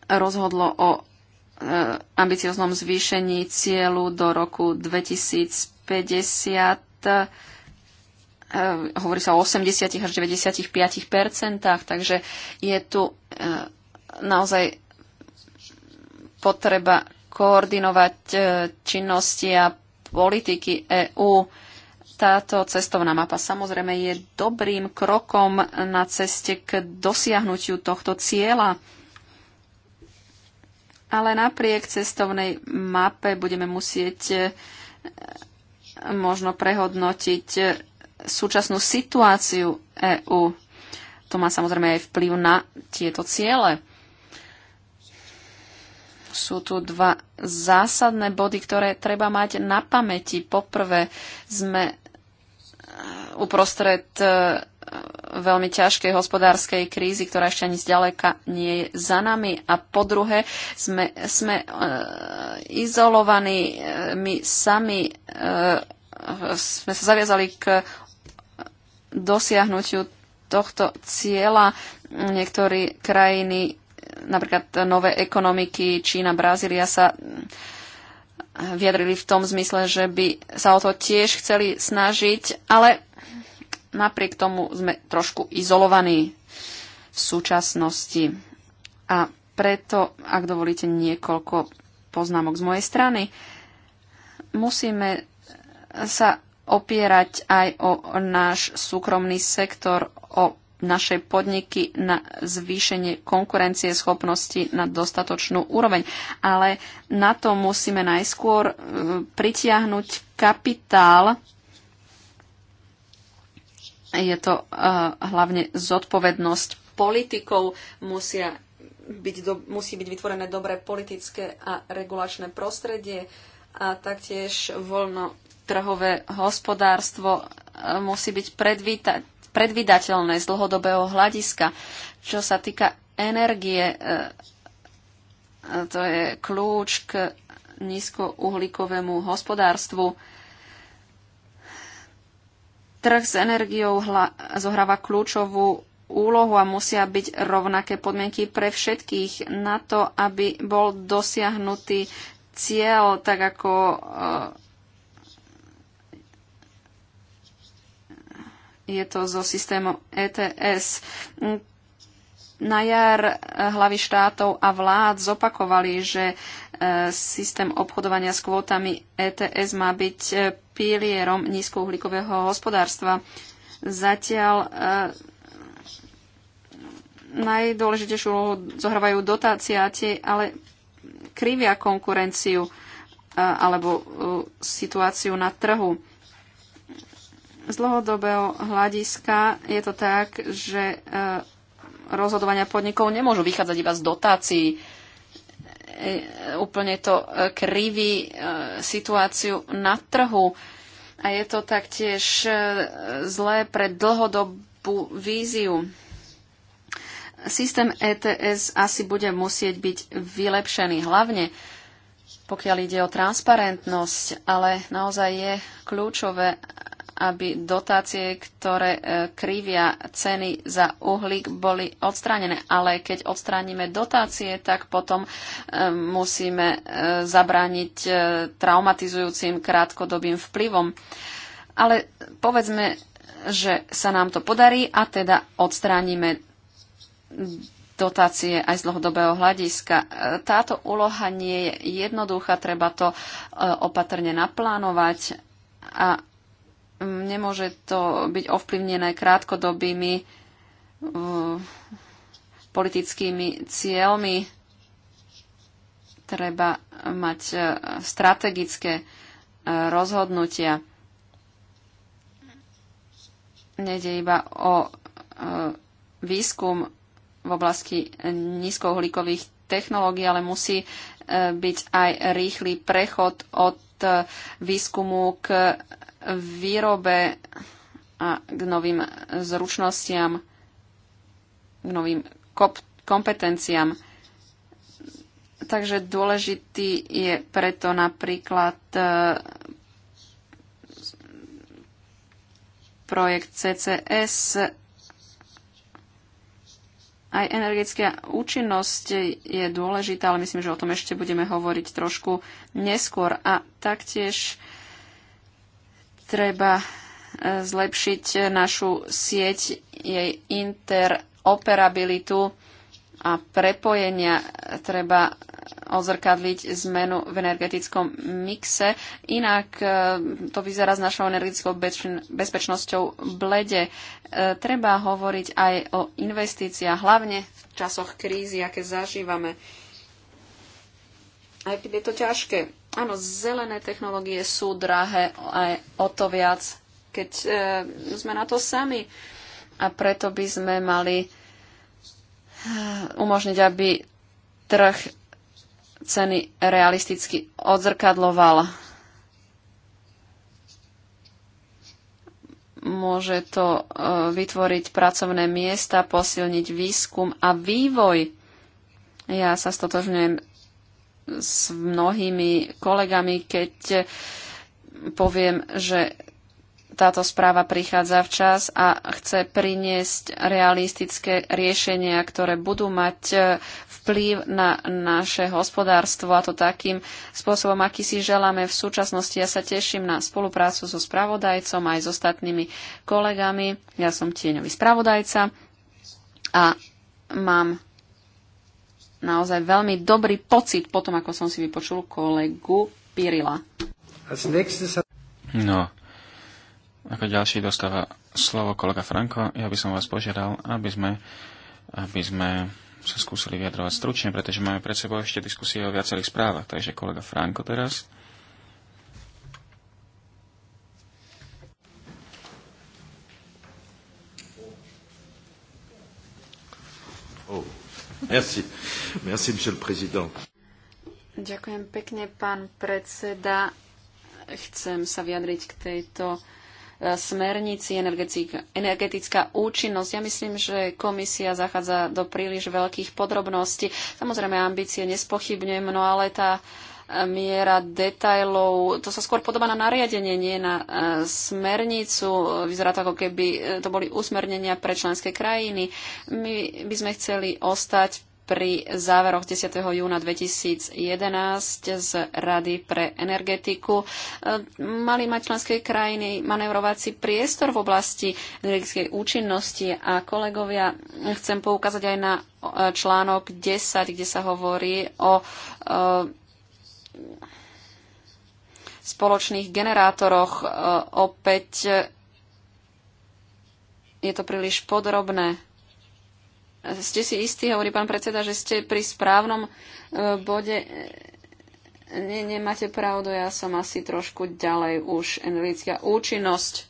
rozhodlo o ambicioznom zvýšení cieľu do roku 2050. Eh, hovorí sa o 80 až 95 percentách, takže je tu eh, naozaj potreba koordinovať eh, činnosti a politiky EÚ. Táto cestovná mapa samozrejme je dobrým krokom na ceste k dosiahnutiu tohto cieľa ale napriek cestovnej mape budeme musieť e, možno prehodnotiť e, súčasnú situáciu EÚ. To má samozrejme aj vplyv na tieto ciele. Sú tu dva zásadné body, ktoré treba mať na pamäti. Poprvé sme e, uprostred veľmi ťažkej hospodárskej krízy, ktorá ešte ani zďaleka nie je za nami. A po druhé, sme, sme e, izolovaní, e, my sami e, sme sa zaviazali k dosiahnutiu tohto cieľa. Niektorí krajiny, napríklad nové ekonomiky, Čína, Brazília sa vyjadrili v tom zmysle, že by sa o to tiež chceli snažiť, ale napriek tomu sme trošku izolovaní v súčasnosti. A preto, ak dovolíte niekoľko poznámok z mojej strany, musíme sa opierať aj o náš súkromný sektor, o naše podniky na zvýšenie konkurencie schopnosti na dostatočnú úroveň. Ale na to musíme najskôr e, pritiahnuť kapitál je to eh, hlavne zodpovednosť politikov. Musia byť do, musí byť vytvorené dobré politické a regulačné prostredie a taktiež voľno trhové hospodárstvo eh, musí byť predvíta, predvídateľné z dlhodobého hľadiska. Čo sa týka energie, eh, to je kľúč k nízkouhlíkovému hospodárstvu. Trh s energiou zohráva kľúčovú úlohu a musia byť rovnaké podmienky pre všetkých na to, aby bol dosiahnutý cieľ, tak ako eh, je to so systémom ETS. Na jar hlavy štátov a vlád zopakovali, že E, systém obchodovania s kvótami ETS má byť e, pilierom nízkouhlíkového hospodárstva. Zatiaľ e, najdôležitejšiu úlohu zohrávajú dotácie, ale krivia konkurenciu alebo situáciu na trhu. Z dlhodobého hľadiska je to tak, že rozhodovania podnikov nemôžu vychádzať iba z dotácií. E, úplne to e, kriví e, situáciu na trhu. A je to taktiež zlé pre dlhodobú víziu. Systém ETS asi bude musieť byť vylepšený, hlavne pokiaľ ide o transparentnosť, ale naozaj je kľúčové, aby dotácie, ktoré e, krivia ceny za uhlík, boli odstránené. Ale keď odstránime dotácie, tak potom e, musíme e, zabrániť traumatizujúcim krátkodobým vplyvom. Ale povedzme, že sa nám to podarí a teda odstránime dotácie aj z dlhodobého hľadiska. Táto úloha nie je jednoduchá, treba to opatrne naplánovať a Mm, nemôže to byť ovplyvnené krátkodobými mm, politickými cieľmi. Treba mať e, strategické e, rozhodnutia. Nede iba o e, výskum v oblasti nízkouhlíkových technológií, ale musí byť aj rýchly prechod od výskumu k výrobe a k novým zručnostiam, k novým kompetenciám. Takže dôležitý je preto napríklad e, projekt CCS aj energetická účinnosť je dôležitá, ale myslím, že o tom ešte budeme hovoriť trošku neskôr. A taktiež treba e, zlepšiť našu sieť, jej interoperabilitu a prepojenia treba ozrkadliť zmenu v energetickom mixe. Inak e, to vyzerá s našou energetickou bezpečnosťou blede. E, treba hovoriť aj o investíciách, hlavne v časoch krízy, aké zažívame. Aj keď je to ťažké. Áno, zelené technológie sú drahé aj o to viac, keď e, sme na to sami. A preto by sme mali umožniť, aby trh ceny realisticky odzrkadloval. Môže to e, vytvoriť pracovné miesta, posilniť výskum a vývoj. Ja sa stotožňujem s mnohými kolegami, keď poviem, že táto správa prichádza včas a chce priniesť realistické riešenia, ktoré budú mať e, vplyv na naše hospodárstvo a to takým spôsobom, aký si želáme v súčasnosti. Ja sa teším na spoluprácu so spravodajcom aj s so ostatnými kolegami. Ja som tieňový spravodajca a mám naozaj veľmi dobrý pocit potom, ako som si vypočul kolegu Pirila. No, ako ďalší dostáva slovo kolega Franko. Ja by som vás požiadal, aby sme, aby sme sa skúsili vyjadrovať stručne, pretože máme pred sebou ešte diskusie o viacerých správach. Takže kolega Franko teraz. Oh. Merci. Merci, monsieur le président. Ďakujem pekne, pán predseda. Chcem sa vyjadriť k tejto smernici energetická účinnosť. Ja myslím, že komisia zachádza do príliš veľkých podrobností. Samozrejme, ambície nespochybnem, no ale tá e, miera detajlov, to sa skôr podobá na nariadenie, nie na e, smernicu. Vyzerá to ako keby e, to boli usmernenia pre členské krajiny. My by sme chceli ostať pri záveroch 10. júna 2011 z Rady pre energetiku. E, mali mať členské krajiny manevrovací priestor v oblasti energetickej účinnosti a kolegovia, chcem poukázať aj na e, článok 10, kde sa hovorí o e, spoločných generátoroch. Opäť je to príliš podrobné ste si istí, hovorí pán predseda, že ste pri správnom e, bode. Nie, nemáte pravdu, ja som asi trošku ďalej už. Energetická účinnosť.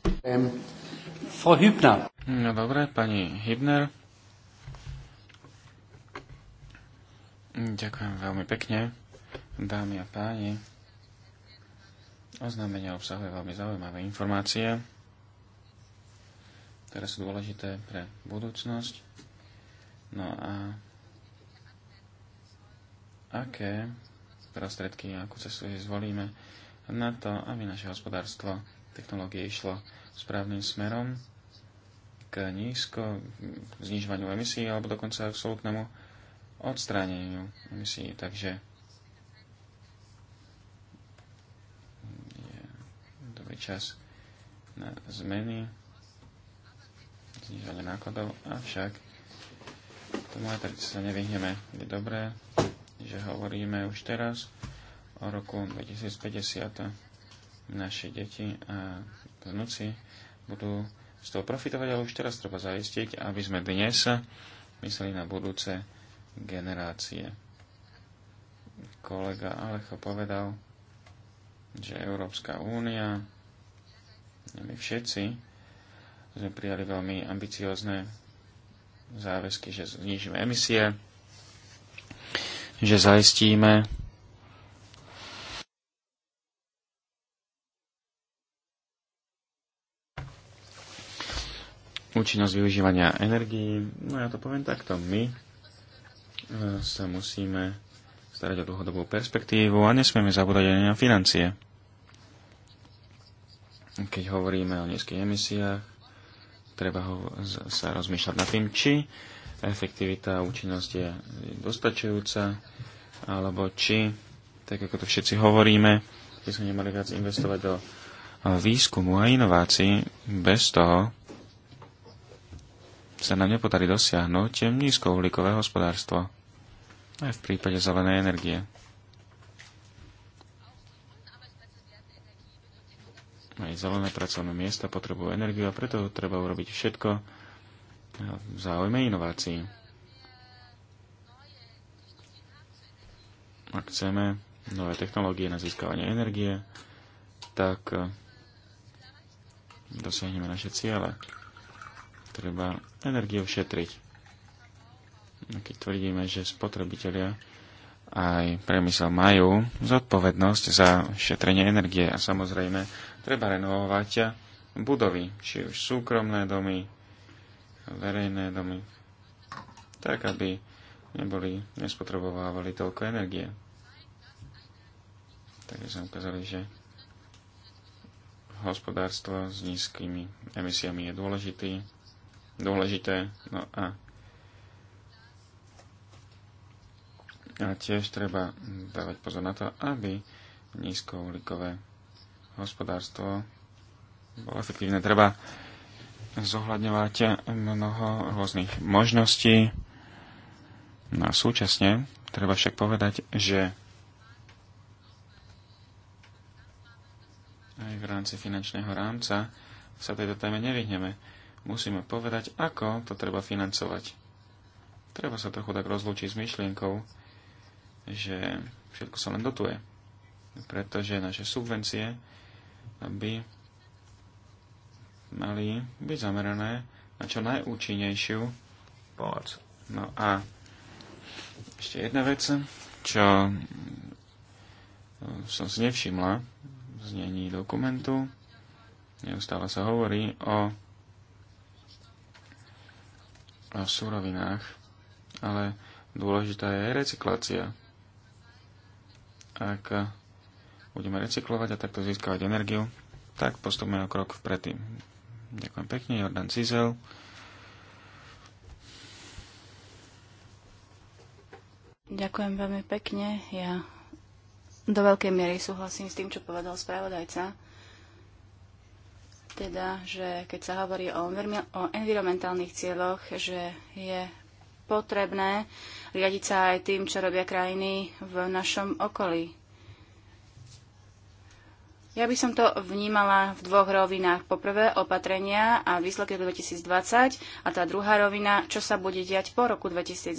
Frau Hübner. No dobré, pani Hübner. Ďakujem veľmi pekne, dámy a páni. Oznámenie obsahuje veľmi zaujímavé informácie, ktoré sú dôležité pre budúcnosť. No a aké a akú cestu zvolíme na to, aby naše hospodárstvo technológie išlo správnym smerom k nízko k znižovaniu emisí alebo dokonca absolútnemu odstráneniu emisí. Takže je dobrý čas na zmeny, znižovanie nákladov, avšak tomu tak sa nevyhneme. Je dobré, že hovoríme už teraz o roku 2050. Naši deti a vnúci budú z toho profitovať, ale už teraz treba zaistiť, aby sme dnes mysleli na budúce generácie. Kolega Alecho povedal, že Európska únia, my všetci, sme prijali veľmi ambiciozne záväzky, že znížime emisie, že zaistíme účinnosť využívania energií. No ja to poviem takto. My e, sa musíme starať o dlhodobú perspektívu a nesmieme zabúdať ani na financie. Keď hovoríme o nízkych emisiách, treba ho, sa rozmýšľať nad tým, či efektivita a účinnosť je dostačujúca, alebo či, tak ako to všetci hovoríme, by sme nemali viac investovať do výskumu a inovácií. Bez toho sa nám nepodarí dosiahnuť nízkouhlíkové hospodárstvo. Aj v prípade zelenej energie. aj zelené pracovné miesta potrebujú energiu a preto treba urobiť všetko v záujme inovácií. Ak chceme nové technológie na získavanie energie, tak eh, dosiahneme naše ciele. Treba energiu šetriť. Keď tvrdíme, že spotrebitelia aj premysel majú zodpovednosť za šetrenie energie a samozrejme treba renovovať budovy, či už súkromné domy, verejné domy, tak aby neboli, nespotrebovávali toľko energie. Takže sa ukázali, že hospodárstvo s nízkymi emisiami je dôležitý, dôležité. No a, a tiež treba dávať pozor na to, aby nízkouhlíkové hospodárstvo bolo efektívne. Treba zohľadňovať mnoho rôznych možností. No a súčasne treba však povedať, že aj v rámci finančného rámca sa tejto téme nevyhneme. Musíme povedať, ako to treba financovať. Treba sa trochu tak rozlúčiť s myšlienkou, že všetko sa len dotuje. Pretože naše subvencie aby mali byť zamerané na čo najúčinnejšiu pomoc. No a ešte jedna vec, čo som si nevšimla v znení dokumentu. Neustále sa hovorí o, o súrovinách, ale dôležitá je recyklácia. Ak budeme recyklovať a takto získavať energiu, tak postupme o krok vpred. Ďakujem pekne, Jordan Cizel. Ďakujem veľmi pekne. Ja do veľkej miery súhlasím s tým, čo povedal spravodajca. Teda, že keď sa hovorí o, o environmentálnych cieľoch, že je potrebné riadiť sa aj tým, čo robia krajiny v našom okolí. Ja by som to vnímala v dvoch rovinách. Poprvé opatrenia a výsledky 2020 a tá druhá rovina, čo sa bude diať po roku 2020.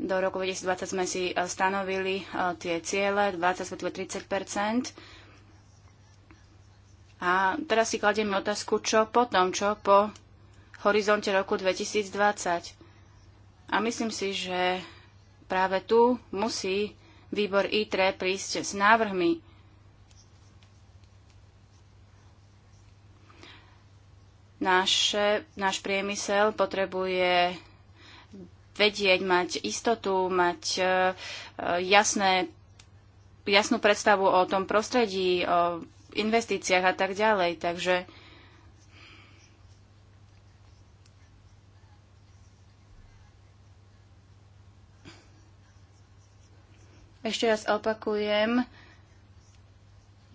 Do roku 2020 sme si e, stanovili e, tie ciele 20-30 A teraz si kladieme otázku, čo potom, čo po horizonte roku 2020. A myslím si, že práve tu musí výbor ITRE prísť s návrhmi, Naše, náš priemysel potrebuje vedieť, mať istotu, mať e, e, jasné, jasnú predstavu o tom prostredí, o investíciách a tak ďalej. Takže ešte raz opakujem,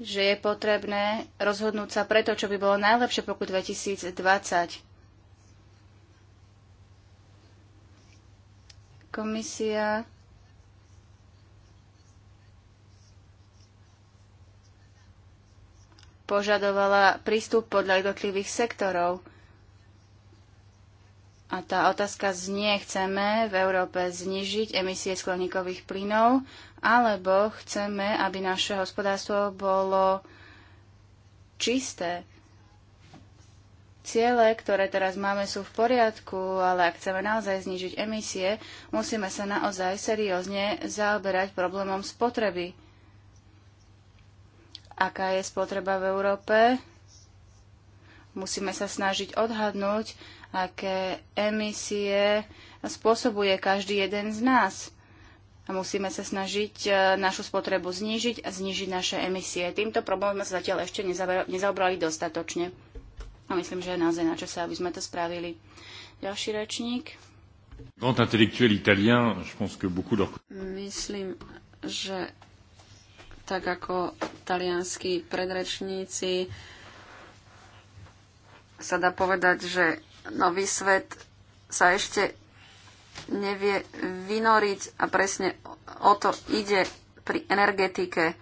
že je potrebné rozhodnúť sa pre to, čo by bolo najlepšie v roku 2020. Komisia požadovala prístup podľa jednotlivých sektorov. A tá otázka znie, chceme v Európe znižiť emisie skleníkových plynov, alebo chceme, aby naše hospodárstvo bolo čisté. Ciele, ktoré teraz máme, sú v poriadku, ale ak chceme naozaj znižiť emisie, musíme sa naozaj seriózne zaoberať problémom spotreby. Aká je spotreba v Európe? Musíme sa snažiť odhadnúť, aké emisie spôsobuje každý jeden z nás. A musíme sa snažiť e, našu spotrebu znížiť a znížiť naše emisie. Týmto problémom sa zatiaľ ešte nezaobrali dostatočne. A myslím, že je naozaj na čase, aby sme to spravili. Ďalší rečník. Myslím, že tak ako talianskí predrečníci sa dá povedať, že nový svet sa ešte nevie vynoriť a presne o to ide pri energetike.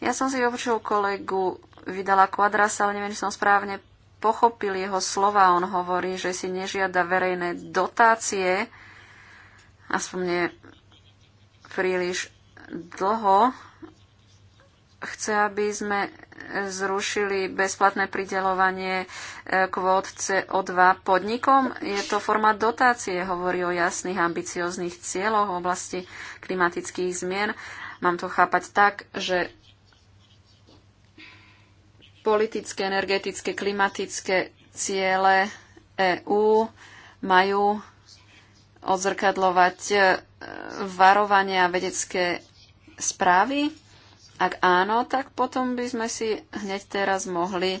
Ja som si vypočul kolegu Vydala Quadrasa, ale neviem, či som správne pochopil jeho slova. On hovorí, že si nežiada verejné dotácie, aspoň nie príliš dlho, chce, aby sme zrušili bezplatné pridelovanie e, kvót CO2 podnikom. Je to forma dotácie, hovorí o jasných ambicióznych cieľoch v oblasti klimatických zmien. Mám to chápať tak, že politické, energetické, klimatické ciele EÚ majú odzrkadlovať e, varovania a vedecké správy ak áno, tak potom by sme si hneď teraz mohli e,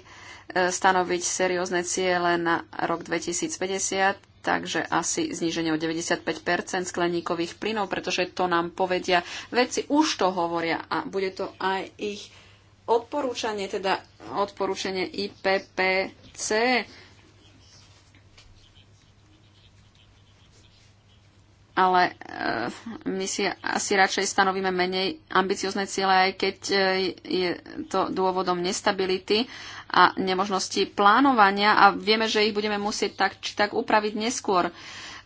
stanoviť seriózne ciele na rok 2050, takže asi zníženie o 95 skleníkových plynov, pretože to nám povedia vedci, už to hovoria a bude to aj ich odporúčanie, teda odporúčanie IPPC ale e, my si asi radšej stanovíme menej ambiciozne ciele, aj keď e, je to dôvodom nestability a nemožnosti plánovania a vieme, že ich budeme musieť tak či tak upraviť neskôr. E,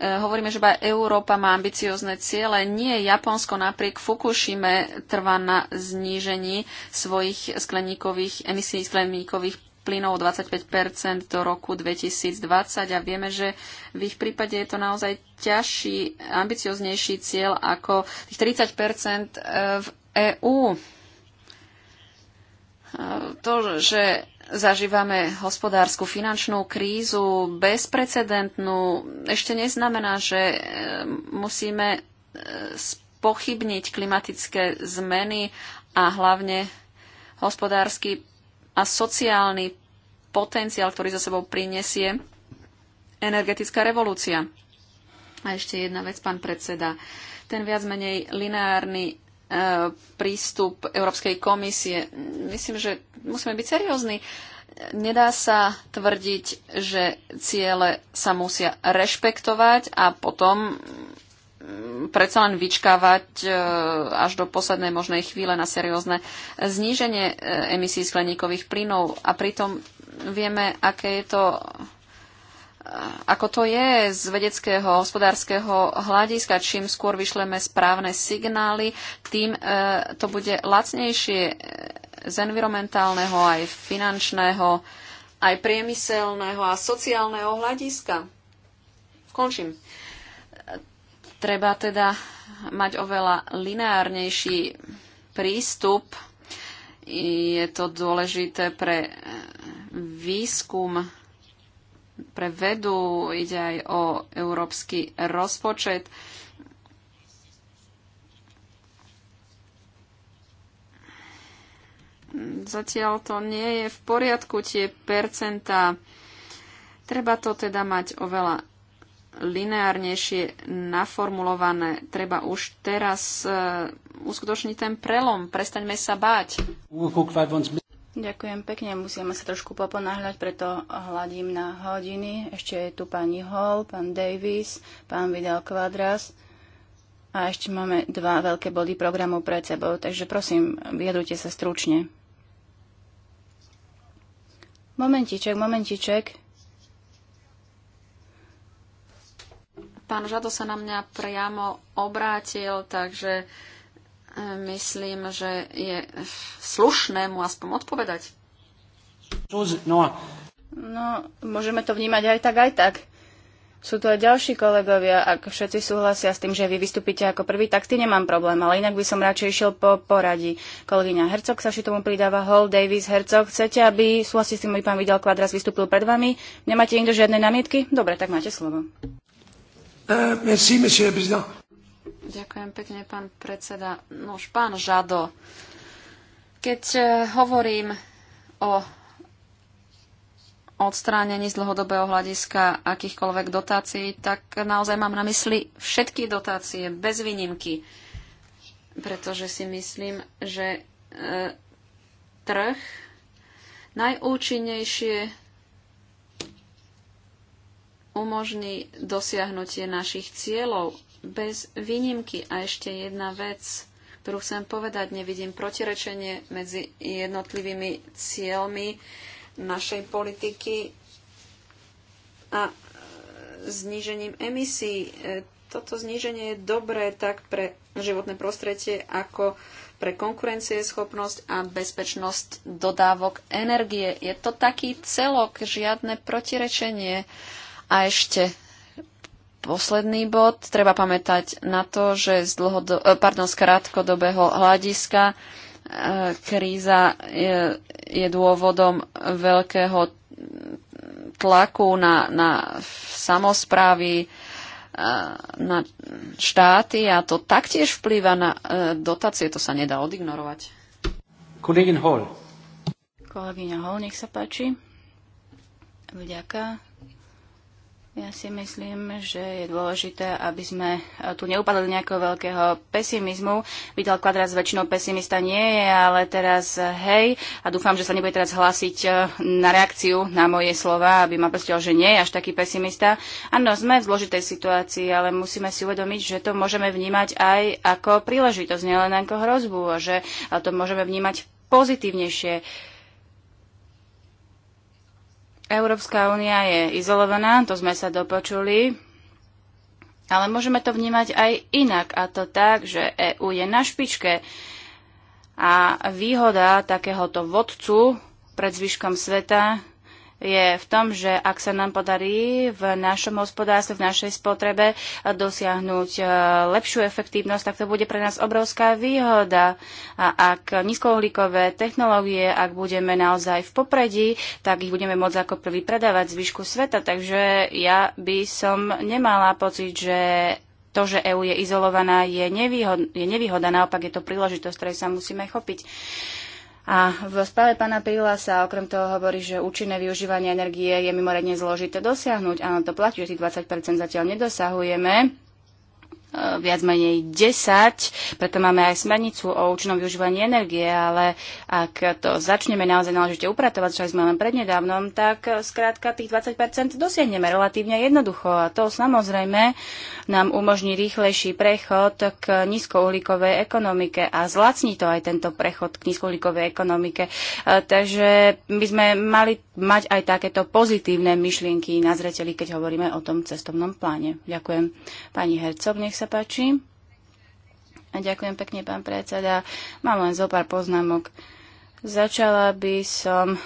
hovoríme, že iba Európa má ambiciozne ciele. Nie, Japonsko napriek Fukushime trvá na znížení svojich skleníkových, emisí skleníkových plynov 25 do roku 2020 a vieme, že v ich prípade je to naozaj ťažší, ambicioznejší cieľ ako tých 30 e, v EÚ. E, to, že zažívame hospodárskú finančnú krízu bezprecedentnú, ešte neznamená, že e, musíme spochybniť klimatické zmeny a hlavne hospodársky a sociálny potenciál, ktorý za sebou prinesie energetická revolúcia. A ešte jedna vec, pán predseda. Ten viac menej lineárny e, prístup Európskej komisie. Myslím, že musíme byť seriózni. Nedá sa tvrdiť, že ciele sa musia rešpektovať a potom predsa len vyčkávať e, až do poslednej možnej chvíle na seriózne zníženie e, emisí skleníkových plynov. A pritom vieme, aké je to e, ako to je z vedeckého, hospodárskeho hľadiska, čím skôr vyšleme správne signály, tým to bude lacnejšie z environmentálneho, aj finančného, aj priemyselného a sociálneho hľadiska. Končím. Treba teda mať oveľa lineárnejší prístup. Je to dôležité pre eh, výskum, pre vedu, ide aj o európsky rozpočet. Zatiaľ to nie je v poriadku, tie percentá. Treba to teda mať oveľa lineárnejšie naformulované. Treba už teraz uh, uskutočniť ten prelom. Prestaňme sa báť. Ďakujem pekne, musíme sa trošku poponáhľať, preto hľadím na hodiny. Ešte je tu pani Hall, pán Davis, pán Vidal Quadras a ešte máme dva veľké body programu pred sebou, takže prosím, vyjadrujte sa stručne. Momentiček, momentiček. Pán Žado sa na mňa priamo obrátil, takže e, myslím, že je slušné mu aspoň odpovedať. No, no, môžeme to vnímať aj tak, aj tak. Sú to aj ďalší kolegovia, ak všetci súhlasia s tým, že vy vystúpite ako prvý, tak ty nemám problém, ale inak by som radšej išiel po poradí. Kolegyňa Hercog sa tomu pridáva Hall, Davis, Hercog. Chcete, aby súhlasí s tým, aby pán Vidal Kvadras vystúpil pred vami? Nemáte nikto žiadne namietky? Dobre, tak máte slovo. Euh, merci, monsieur le président. Ďakujem pekne, pán predseda. No už pán Žado, keď e, hovorím o odstránení z dlhodobého hľadiska akýchkoľvek dotácií, tak naozaj mám na mysli všetky dotácie, bez výnimky. Pretože si myslím, že e, trh najúčinnejšie umožní dosiahnutie našich cieľov bez výnimky. A ešte jedna vec, ktorú chcem povedať, nevidím protirečenie medzi jednotlivými cieľmi našej politiky a e, znížením emisí. E, toto zníženie je dobré tak pre životné prostredie, ako pre konkurencieschopnosť a bezpečnosť dodávok energie. Je to taký celok, žiadne protirečenie. Uh, a ešte posledný bod. Treba pamätať na to, že z, dlhodo, eh, pardon, z krátkodobého hľadiska eh, kríza je, eh, je dôvodom veľkého tlaku na, na samozprávy, na štáty a to taktiež vplýva na dotácie. To sa nedá odignorovať. Kolegin Hall. Kolegyňa Hall, nech sa páči. Vďaka. Ja si myslím, že je dôležité, aby sme tu neupadli do nejakého veľkého pesimizmu. Videl kvadrát s väčšinou pesimista nie je, ale teraz hej. A dúfam, že sa nebude teraz hlásiť eh, na reakciu na moje slova, aby ma prstiel, že nie je až taký pesimista. Áno, sme v zložitej situácii, ale musíme si uvedomiť, že to môžeme vnímať aj ako príležitosť, nielen ako hrozbu, a že eh, to môžeme vnímať pozitívnejšie Európska únia je izolovaná, to sme sa dopočuli, ale môžeme to vnímať aj inak, a to tak, že EÚ je na špičke a výhoda takéhoto vodcu pred zvyškom sveta je v tom, že ak sa nám podarí v našom hospodárstve, v našej spotrebe dosiahnuť e, lepšiu efektívnosť, tak to bude pre nás obrovská výhoda. A ak nízkouhlíkové technológie, ak budeme naozaj v popredí, tak ich budeme môcť ako prvý predávať zvyšku sveta. Takže ja by som nemala pocit, že to, že EÚ je izolovaná, je, nevýhod, je nevýhoda, naopak je to príležitosť, ktorej sa musíme chopiť. Uh, a v správe pána Príla sa okrem toho hovorí, že účinné využívanie energie je mimoriadne zložité dosiahnuť. Áno, to platí, že tých 20 zatiaľ nedosahujeme. Eh, viac menej 10, preto máme aj smernicu o účinnom využívaní energie, ale ak to začneme naozaj náležite upratovať, čo sme len prednedávnom, tak eh, skrátka tých 20% dosiahneme relatívne jednoducho a to samozrejme nám umožní rýchlejší prechod k nízkouhlíkovej ekonomike a zlacní to aj tento prechod k nízkouhlíkovej ekonomike. Eh, takže by sme mali mať aj takéto pozitívne myšlienky na zreteli, keď hovoríme o tom cestovnom pláne. Ďakujem. Pani Hercov, nech sa sa páči. A ďakujem pekne, pán predseda. Mám len zo pár poznámok. Začala by som e,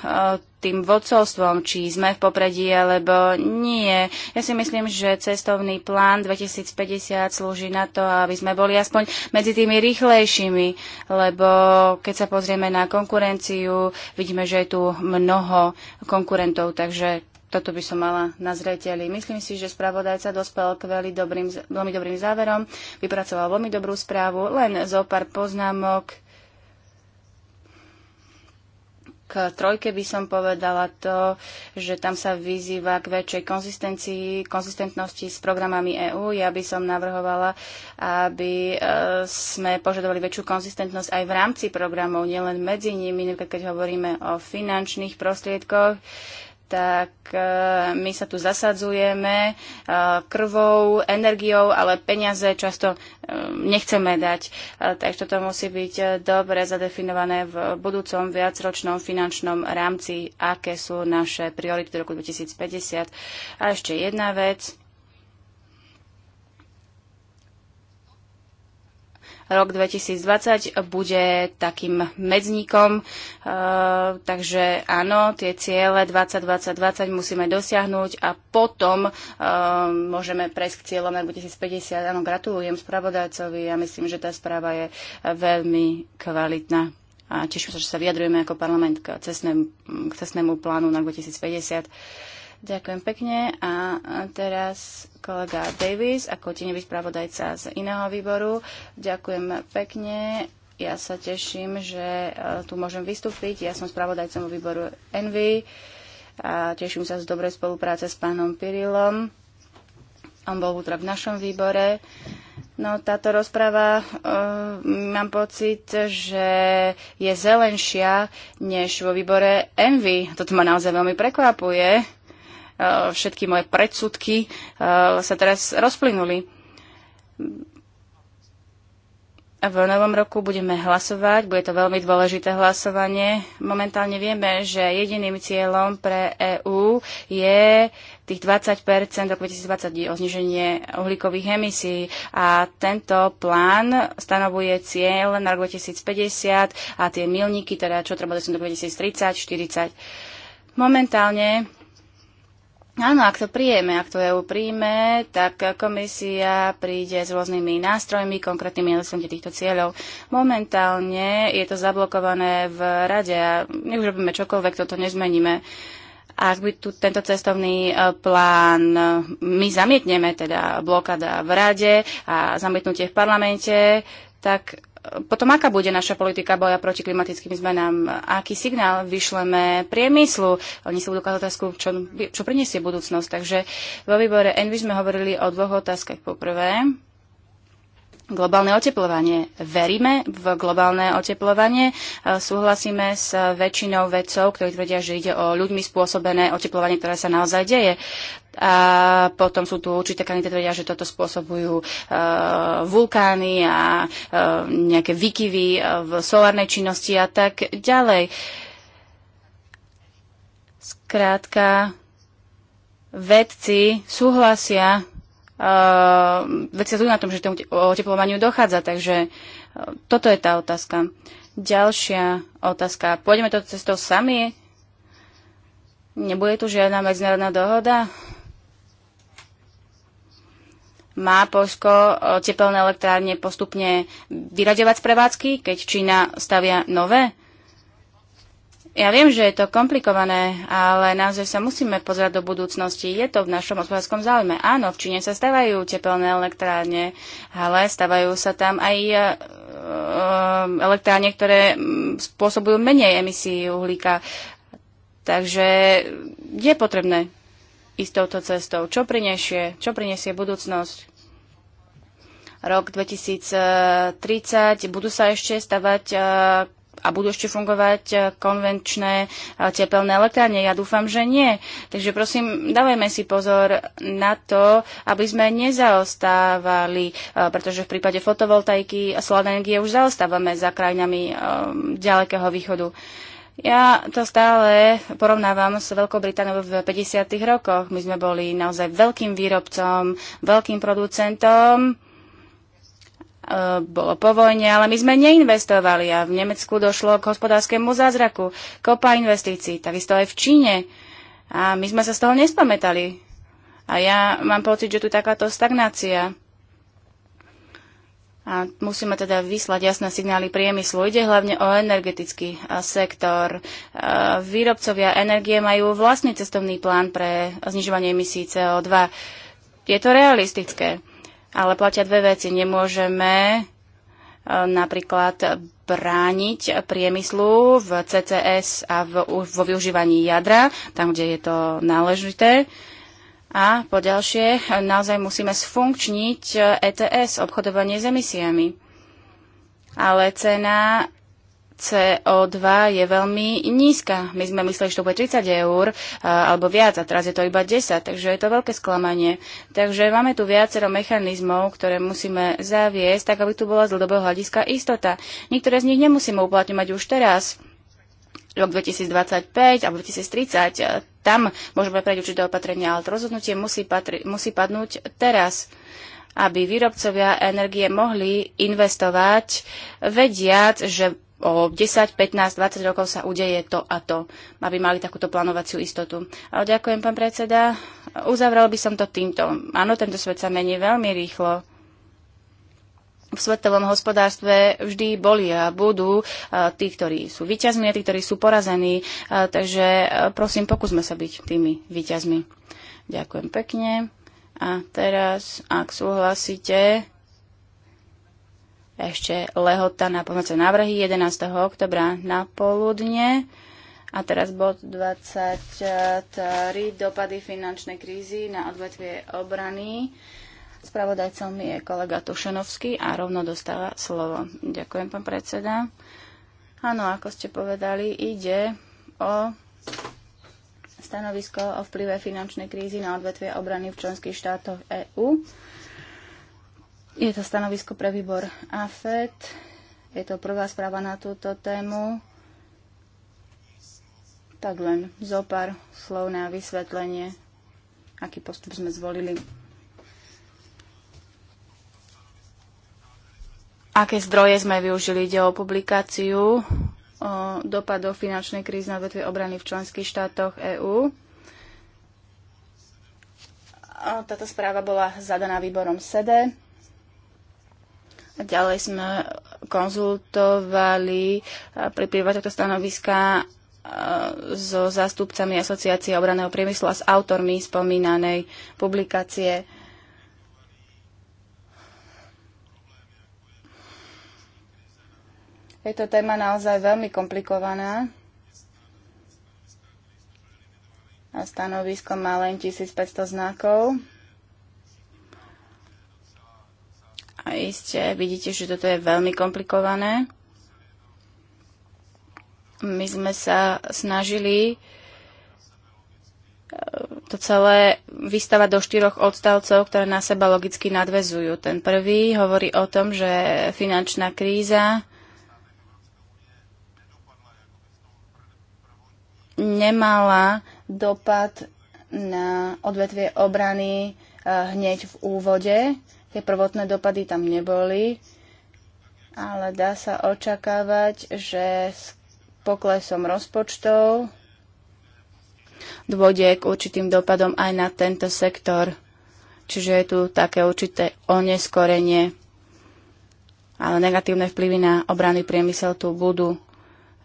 tým vodcovstvom, či sme v popredí alebo nie. Ja si myslím, že cestovný plán 2050 slúži na to, aby sme boli aspoň medzi tými rýchlejšími, lebo keď sa pozrieme na konkurenciu, vidíme, že je tu mnoho konkurentov, takže toto by som mala na zreteli. Myslím si, že spravodajca dospel k veľmi dobrým, veľmi dobrým záverom, vypracoval veľmi dobrú správu, len zo pár poznámok k trojke by som povedala to, že tam sa vyzýva k väčšej konzistencii, konzistentnosti s programami EÚ. Ja by som navrhovala, aby e, sme požadovali väčšiu konzistentnosť aj v rámci programov, nielen medzi nimi, keď hovoríme o finančných prostriedkoch tak e, my sa tu zasadzujeme e, krvou, energiou, ale peniaze často e, nechceme dať. Takže toto musí byť dobre zadefinované v budúcom viacročnom finančnom rámci, aké sú naše priority do roku 2050. A ešte jedna vec Rok 2020 bude takým medzníkom, e, takže áno, tie ciele 2020-2020 musíme dosiahnuť a potom e, môžeme prejsť k cieľom na 2050. Áno, gratulujem spravodajcovi a ja myslím, že tá správa je veľmi kvalitná a teším sa, že sa vyjadrujeme ako parlament k cestnému, k cestnému plánu na 2050. Ďakujem pekne. A teraz kolega Davis, ako nebyť pravodajca z iného výboru. Ďakujem pekne. Ja sa teším, že e, tu môžem vystúpiť. Ja som spravodajcom výboru Envy a teším sa z dobrej spolupráce s pánom Pirilom. On bol útra v našom výbore. No táto rozpráva, uh, mám pocit, že je zelenšia než vo výbore Envy. Toto ma naozaj veľmi prekvapuje Eh, všetky moje predsudky eh, sa teraz rozplynuli. V novom roku budeme hlasovať, bude to veľmi dôležité hlasovanie. Momentálne vieme, že jediným cieľom pre EÚ je tých 20 do 2020 o zniženie uhlíkových emisí. A tento plán stanovuje cieľ na rok 2050 a tie milníky, teda čo treba do 2030, 40. Momentálne Áno, ak to príjeme, ak to EU príjme, tak komisia príde s rôznymi nástrojmi, konkrétnymi dosiahnutie týchto cieľov. Momentálne je to zablokované v rade a nech už robíme čokoľvek, toto nezmeníme. Ak by tu tento cestovný e, plán e, my zamietneme, teda blokada v rade a zamietnutie v parlamente, tak potom aká bude naša politika boja proti klimatickým zmenám? Aký signál vyšleme priemyslu? Oni si budú kladať otázku, čo, čo priniesie budúcnosť. Takže vo výbore Envy sme hovorili o dvoch otázkach. Poprvé, globálne oteplovanie. Veríme v globálne oteplovanie. Súhlasíme s väčšinou vedcov, ktorí tvrdia, že ide o ľuďmi spôsobené oteplovanie, ktoré sa naozaj deje. A potom sú tu určité kandidáty, vedia, že toto spôsobujú e, vulkány a e, nejaké výkyvy e, v solárnej činnosti a tak ďalej. Skrátka, vedci súhlasia, uh, vedci sa na tom, že tomu oteplovaniu dochádza, takže uh, toto je tá otázka. Ďalšia otázka. Pôjdeme to cestou sami? Nebude tu žiadna medzinárodná dohoda? má Polsko e, tepelné elektrárne postupne vyraďovať z prevádzky, keď Čína stavia nové? Ja viem, že je to komplikované, ale naozaj sa musíme pozerať do budúcnosti. Je to v našom hospodárskom záujme. Áno, v Číne sa stavajú tepelné elektrárne, ale stavajú sa tam aj e, e, elektrárne, ktoré spôsobujú menej emisí uhlíka. Takže je potrebné ísť touto cestou. Čo prinesie? Čo prinesie budúcnosť? Rok 2030, budú sa ešte stavať e, a budú ešte fungovať e, konvenčné e, tepelné elektrárne? Ja dúfam, že nie. Takže prosím, dávajme si pozor na to, aby sme nezaostávali, pretože v prípade fotovoltaiky a solárnej energie už zaostávame za krajinami ďalekého východu. Ja to stále porovnávam s Veľkou Britániou v 50. rokoch. My sme boli naozaj veľkým výrobcom, veľkým producentom. E, bolo po vojne, ale my sme neinvestovali a v Nemecku došlo k hospodárskému zázraku. Kopa investícií, takisto aj v Číne. A my sme sa z toho nespamätali. A ja mám pocit, že tu takáto stagnácia. A musíme teda vyslať jasné signály priemyslu. Ide hlavne o energetický e, sektor. E, výrobcovia energie majú vlastný cestovný plán pre znižovanie emisí CO2. Je to realistické, ale platia dve veci. Nemôžeme e, napríklad brániť priemyslu v CCS a v, vo využívaní jadra, tam, kde je to náležité a po ďalšie, naozaj musíme sfunkčniť ETS, e obchodovanie s emisiami. Ale cena CO2 je veľmi nízka. My sme mysleli, že to bude 30 eur e, alebo viac a teraz je to iba 10, takže je to veľké sklamanie. Takže máme tu viacero mechanizmov, ktoré musíme zaviesť, tak aby tu bola z dlhodobého hľadiska istota. Niektoré z nich nemusíme uplatňovať už teraz, rok 2025 alebo 2030 tam môžeme prejať určité opatrenia, ale to rozhodnutie musí, patri, musí padnúť teraz aby výrobcovia energie mohli investovať, vediac, že o 10, 15, 20 rokov sa udeje to a to, aby mali takúto plánovaciu istotu. Ale ďakujem, pán predseda. Uzavrel by som to týmto. Áno, tento svet sa mení veľmi rýchlo v svetovom hospodárstve vždy boli a budú tí, ktorí sú vyťazmi a tí, ktorí sú porazení. Takže e, prosím, pokúsme sa byť tými výťazmi. Ďakujem pekne. A teraz, ak súhlasíte, ešte lehota na pomoce návrhy 11. oktobra na poludne. A teraz bod 23, dopady finančnej krízy na odvetvie obrany. Spravodajcom je kolega Tušenovský a rovno dostáva slovo. Ďakujem, pán predseda. Áno, ako ste povedali, ide o stanovisko o vplyve finančnej krízy na odvetvie obrany v členských štátoch EÚ. Je to stanovisko pre výbor AFET. Je to prvá správa na túto tému. Tak len zo pár slov na vysvetlenie, aký postup sme zvolili. aké zdroje sme využili. Ide o publikáciu o dopadoch finančnej krízy na vetve obrany v členských štátoch EÚ. Táto správa bola zadaná výborom SEDE. Ďalej sme konzultovali e, pri príprave tohto stanoviska e, so zástupcami Asociácie obraného priemyslu a s autormi spomínanej publikácie. Je to téma naozaj veľmi komplikovaná. A stanovisko má len 1500 znakov. A iste vidíte, že toto je veľmi komplikované. My sme sa snažili e, to celé vystavať do štyroch odstavcov, ktoré na seba logicky nadvezujú. Ten prvý hovorí o tom, že finančná kríza nemala dopad na odvetvie obrany eh, hneď v úvode. Tie prvotné dopady tam neboli, ale dá sa očakávať, že s poklesom rozpočtov dôjde k určitým dopadom aj na tento sektor. Čiže je tu také určité oneskorenie. Ale negatívne vplyvy na obranný priemysel tu budú.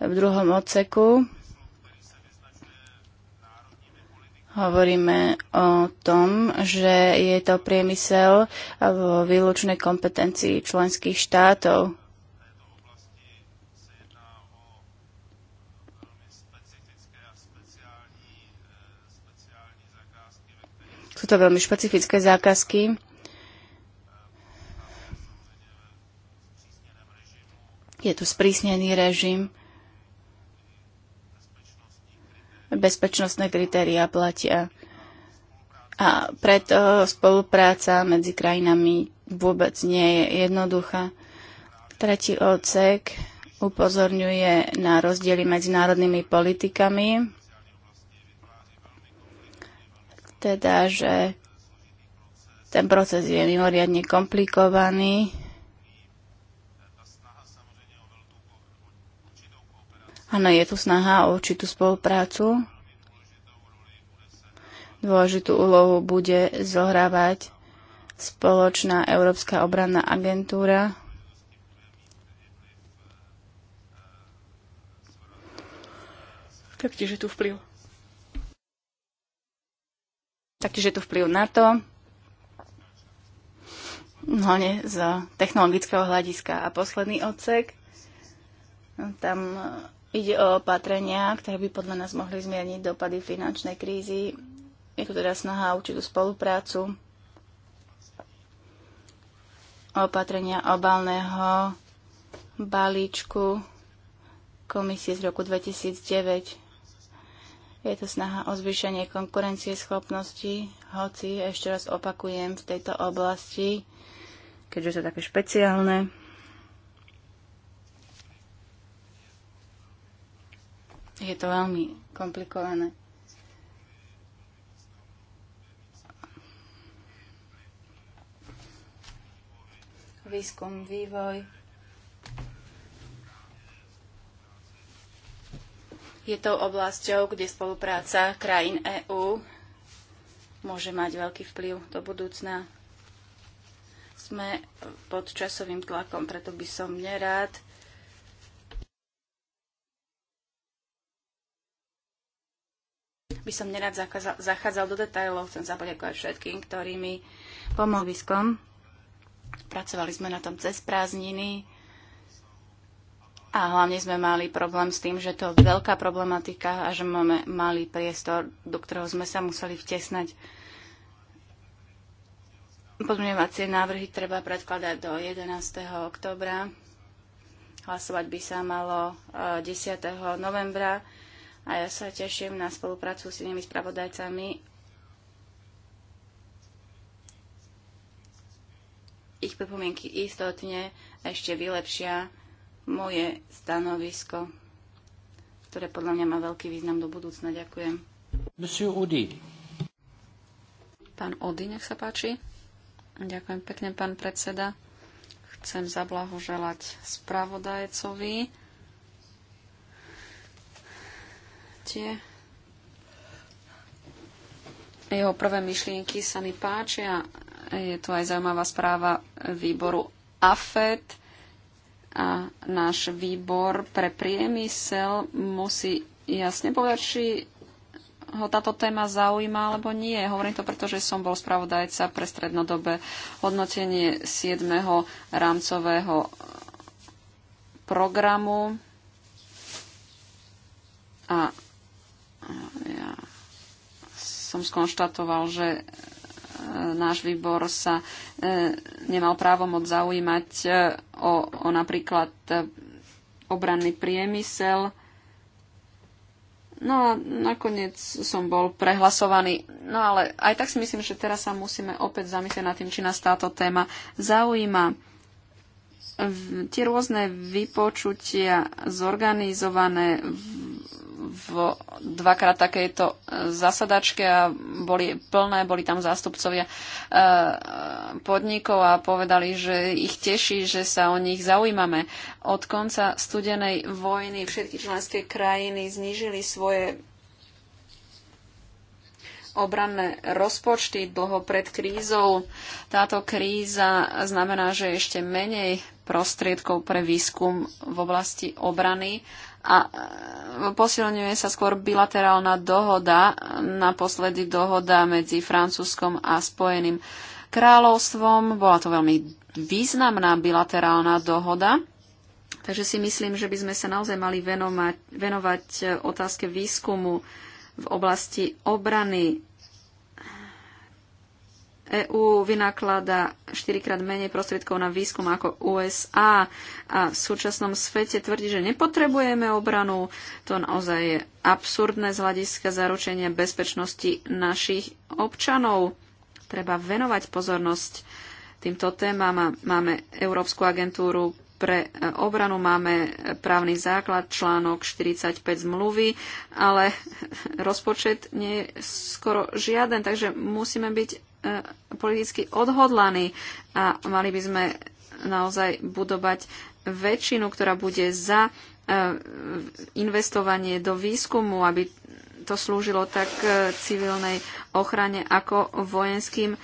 V druhom odseku Hovoríme o tom, že je to priemysel v výlučnej kompetencii členských štátov. Sú to veľmi špecifické zákazky. Je tu sprísnený režim. bezpečnostné kritéria platia. A preto eh, spolupráca medzi krajinami vôbec nie je jednoduchá. Tretí odsek upozorňuje na rozdiely medzi národnými politikami, teda, že ten proces je mimoriadne komplikovaný Áno, je tu snaha o určitú spoluprácu. Dôležitú úlohu bude zohrávať spoločná Európska obranná agentúra. Taktiež je tu vplyv. Taktiež je tu vplyv na to, hlavne z technologického hľadiska. A posledný odsek, tam Ide o opatrenia, ktoré by podľa nás mohli zmierniť dopady finančnej krízy. Je tu teda snaha o určitú spoluprácu. Opatrenia obalného balíčku komisie z roku 2009. Je to snaha o zvýšenie schopnosti, hoci ešte raz opakujem v tejto oblasti, keďže to také špeciálne Je to veľmi komplikované. Výskum, vývoj. Je to oblasťou, kde spolupráca krajín EÚ môže mať veľký vplyv do budúcna. Sme pod časovým tlakom, preto by som nerád by som nerad zachádzal do detajlov. Chcem sa poďakovať všetkým, ktorí mi pomohli viskom. Pracovali sme na tom cez prázdniny a hlavne sme mali problém s tým, že to je veľká problematika a že máme malý priestor, do ktorého sme sa museli vtesnať. Podmienovacie návrhy treba predkladať do 11. oktobra. Hlasovať by sa malo 10. E, novembra a ja sa teším na spoluprácu s inými spravodajcami. Ich pripomienky istotne ešte vylepšia moje stanovisko, ktoré podľa mňa má veľký význam do budúcna. Ďakujem. Monsieur Udy. Pán Ody, nech sa páči. Ďakujem pekne, pán predseda. Chcem zablahoželať spravodajcovi ste. Jeho prvé myšlienky sa mi páčia. Je tu aj zaujímavá správa výboru AFED a náš výbor pre priemysel musí jasne povedať, či ho táto téma zaujíma alebo nie. Hovorím to pretože som bol spravodajca pre strednodobé hodnotenie 7. rámcového programu a ja som skonštatoval, že e, náš výbor sa e, nemal právo moc zaujímať e, o, o napríklad obranný priemysel. No a nakoniec som bol prehlasovaný. No ale aj tak si myslím, že teraz sa musíme opäť zamyslieť nad tým, či nás táto téma zaujíma. Tie rôzne vypočutia zorganizované v dvakrát takejto e, zasadačke a boli plné, boli tam zástupcovia e, podnikov a povedali, že ich teší, že sa o nich zaujímame. Od konca studenej vojny všetky členské krajiny znížili svoje obranné rozpočty dlho pred krízou. Táto kríza znamená, že ešte menej prostriedkov pre výskum v oblasti obrany a e, posilňuje sa skôr bilaterálna dohoda, naposledy dohoda medzi Francúzskom a Spojeným kráľovstvom. Bola to veľmi významná bilaterálna dohoda. Takže si myslím, že by sme sa naozaj mali venovať, venovať otázke výskumu v oblasti obrany. EÚ vynaklada štyrikrát menej prostriedkov na výskum ako USA a v súčasnom svete tvrdí, že nepotrebujeme obranu. To naozaj je absurdné z hľadiska zaručenia bezpečnosti našich občanov. Treba venovať pozornosť týmto témam. Máme Európsku agentúru pre e, obranu máme právny základ článok 45 zmluvy, ale (laughs) rozpočet nie je skoro žiaden, takže musíme byť e, politicky odhodlaní a mali by sme naozaj budovať väčšinu, ktorá bude za e, investovanie do výskumu, aby to slúžilo tak civilnej ochrane ako vojenským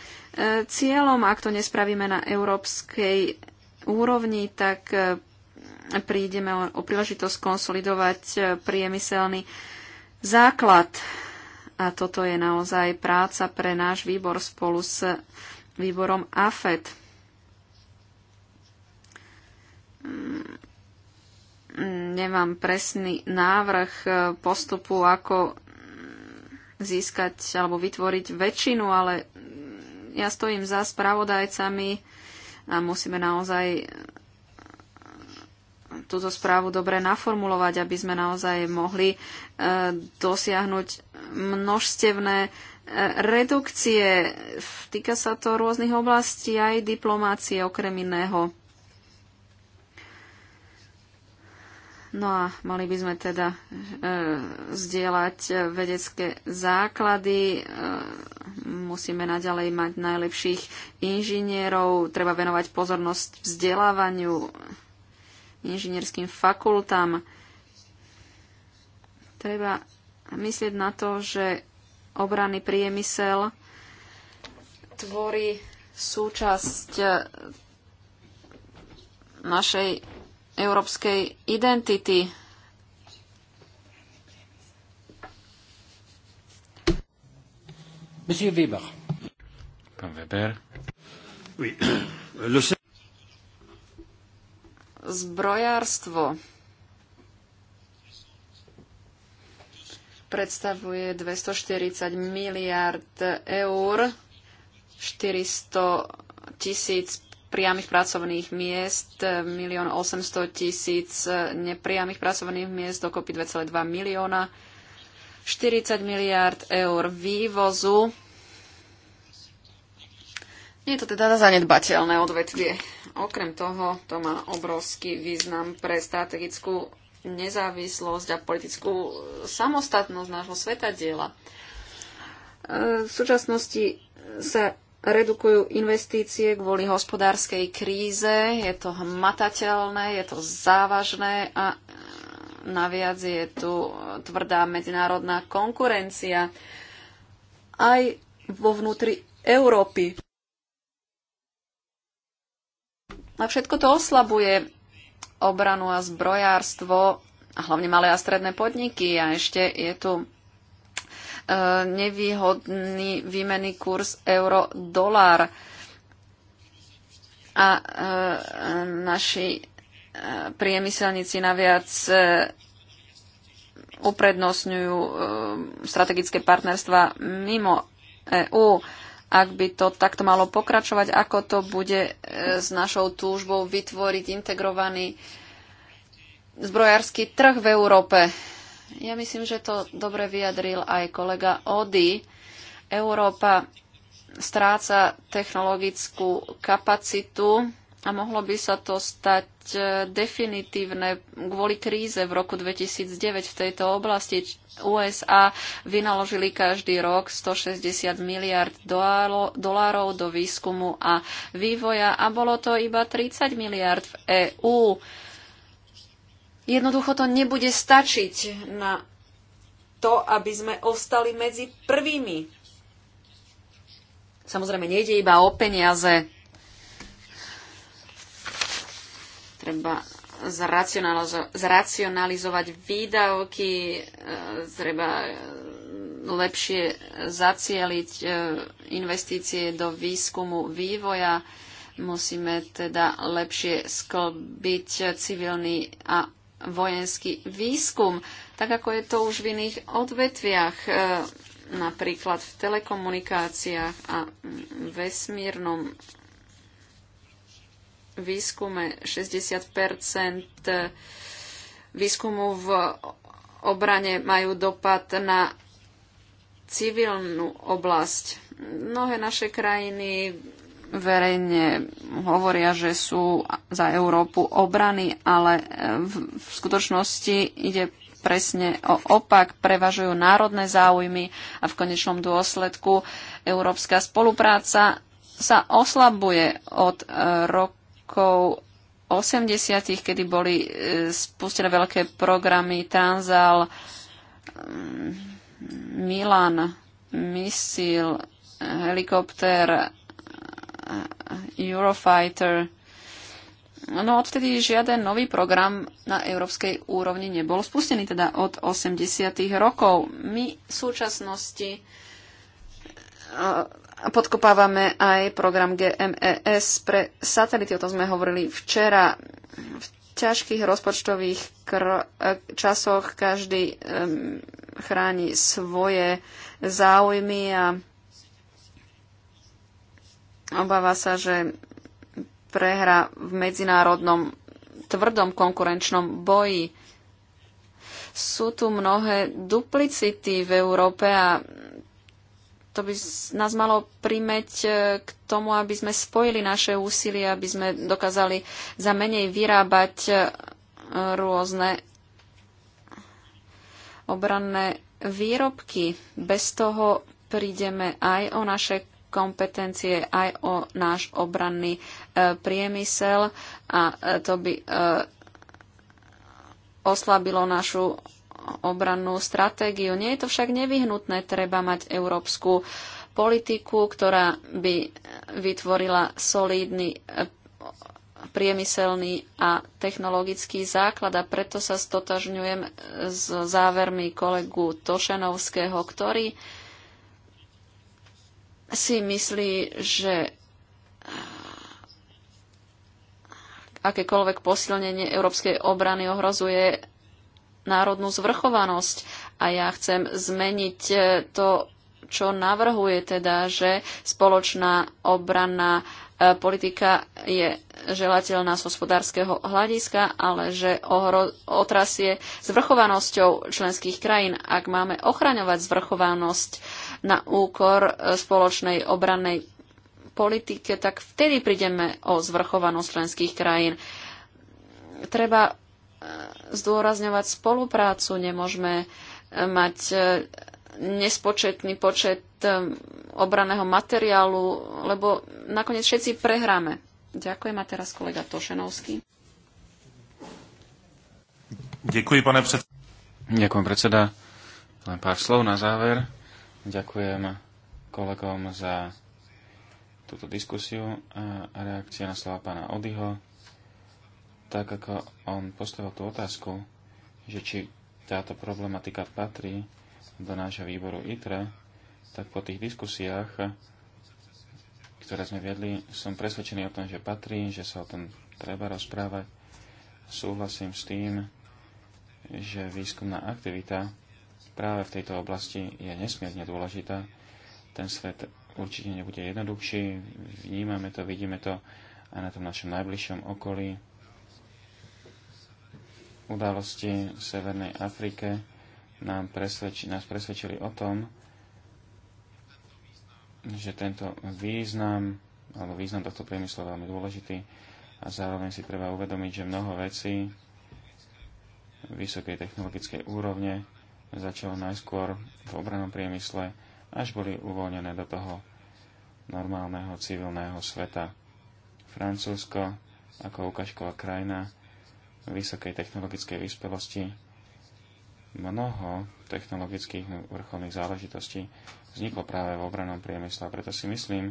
cieľom. Ak to nespravíme na európskej úrovni, tak e, prídeme o príležitosť konsolidovať e, priemyselný základ. A toto je naozaj práca pre náš výbor spolu s výborom AFED. Mm, nemám presný návrh e, postupu, ako získať alebo vytvoriť väčšinu, ale ja stojím za spravodajcami a musíme naozaj e, túto správu dobre naformulovať, aby sme naozaj mohli e, dosiahnuť množstevné e, redukcie. Týka sa to rôznych oblastí, aj diplomácie okrem iného. No a mali by sme teda e, zdieľať e, vedecké základy, e, musíme naďalej mať najlepších inžinierov, treba venovať pozornosť vzdelávaniu inžinierským fakultám. Treba myslieť na to, že obranný priemysel tvorí súčasť e, našej európskej identity. Monsieur Weber. Pán Weber. Oui. Le... Zbrojárstvo predstavuje 240 miliard eur, 400 tisíc priamých pracovných miest, 1 e, 800 tisíc e, nepriamých pracovných miest, dokopy 2,2 milióna, 40 miliard eur vývozu. Nie je to teda zanedbateľné odvetvie. Okrem toho, to má obrovský význam pre strategickú nezávislosť a politickú samostatnosť nášho diela. E, v súčasnosti sa redukujú investície kvôli hospodárskej kríze. Je to hmatateľné, je to závažné a naviac je tu tvrdá medzinárodná konkurencia aj vo vnútri Európy. A všetko to oslabuje obranu a zbrojárstvo a hlavne malé a stredné podniky. A ešte je tu nevýhodný výmenný kurz euro-dolár. A e, naši e, priemyselníci naviac e, uprednostňujú strategické partnerstva mimo EÚ. Ak by to takto malo pokračovať, ako to bude s našou túžbou vytvoriť integrovaný zbrojársky trh v Európe? Ja myslím, že to dobre vyjadril aj kolega Ody. Európa stráca technologickú kapacitu a mohlo by sa to stať e, definitívne kvôli kríze v roku 2009 v tejto oblasti. USA vynaložili každý rok 160 miliard dolárov do výskumu a vývoja a bolo to iba 30 miliard v EÚ. Jednoducho to nebude stačiť na to, aby sme ostali medzi prvými. Samozrejme, nejde iba o peniaze. Treba zracionalizo- zracionalizovať výdavky, e, treba e, lepšie zacieliť e, investície do výskumu vývoja. Musíme teda lepšie sklbiť civilný a vojenský výskum, tak ako je to už v iných odvetviach, e, napríklad v telekomunikáciách a vesmírnom výskume 60 výskumu v obrane majú dopad na civilnú oblasť. Mnohé naše krajiny verejne hovoria, že sú za Európu obrany, ale e, v, skutočnosti ide presne o opak. Prevažujú národné záujmy a v konečnom dôsledku európska spolupráca sa oslabuje od e, rokov 80., kedy boli e, spustené veľké programy Transal mm, Milan, misil, helikopter Eurofighter. No odtedy žiaden nový program na európskej úrovni nebol spustený, teda od 80. rokov. My v súčasnosti eh, podkopávame aj program GMES pre satelity, o tom sme hovorili včera. V ťažkých rozpočtových eh, časoch každý um, chráni svoje záujmy a Obáva sa, že prehra v medzinárodnom tvrdom konkurenčnom boji. Sú tu mnohé duplicity v Európe a to by nás malo primeť e, k tomu, aby sme spojili naše úsilie, aby sme dokázali za menej vyrábať e, rôzne obranné výrobky. Bez toho prídeme aj o naše kompetencie aj o náš obranný e, priemysel a e, to by e, oslabilo našu obrannú stratégiu. Nie je to však nevyhnutné, treba mať európsku politiku, ktorá by vytvorila solídny priemyselný a technologický základ a preto sa stotažňujem s závermi kolegu Tošenovského, ktorý si myslí, že eh, akékoľvek posilnenie európskej obrany ohrozuje národnú zvrchovanosť. A ja chcem zmeniť eh, to, čo navrhuje, teda, že spoločná obrana E, politika je želateľná z hospodárskeho hľadiska, ale že ohro- otrasie zvrchovanosťou členských krajín. Ak máme ochraňovať zvrchovanosť na úkor e, spoločnej obrannej politike, tak vtedy prídeme o zvrchovanosť členských krajín. Treba e, zdôrazňovať spoluprácu, nemôžeme mať nespočetný počet um, obraného materiálu, lebo nakoniec všetci prehráme. Ďakujem a teraz kolega Tošenovský. Ďakujem, pane predseda. Ďakujem, predseda. Len pár slov na záver. Ďakujem kolegom za túto diskusiu a reakcia na slova pána Odyho. Tak ako on postavil tú otázku, že či táto problematika patrí do nášho výboru ITRE, tak po tých diskusiách, ktoré sme viedli, som presvedčený o tom, že patrí, že sa o tom treba rozprávať. Súhlasím s tým, že výskumná aktivita práve v tejto oblasti je nesmierne dôležitá. Ten svet určite nebude jednoduchší, vnímame to, vidíme to aj na tom našom najbližšom okolí. Udalosti v Severnej Afrike nám presvedči, nás presvedčili o tom, že tento význam, alebo význam tohto priemyslu je veľmi dôležitý a zároveň si treba uvedomiť, že mnoho vecí vysokej technologickej úrovne začalo najskôr v obranom priemysle, až boli uvoľnené do toho normálneho civilného sveta. Francúzsko ako ukážková krajina vysokej technologickej vyspelosti mnoho technologických vrcholných záležitostí vzniklo práve v obranom priemysle a preto si myslím,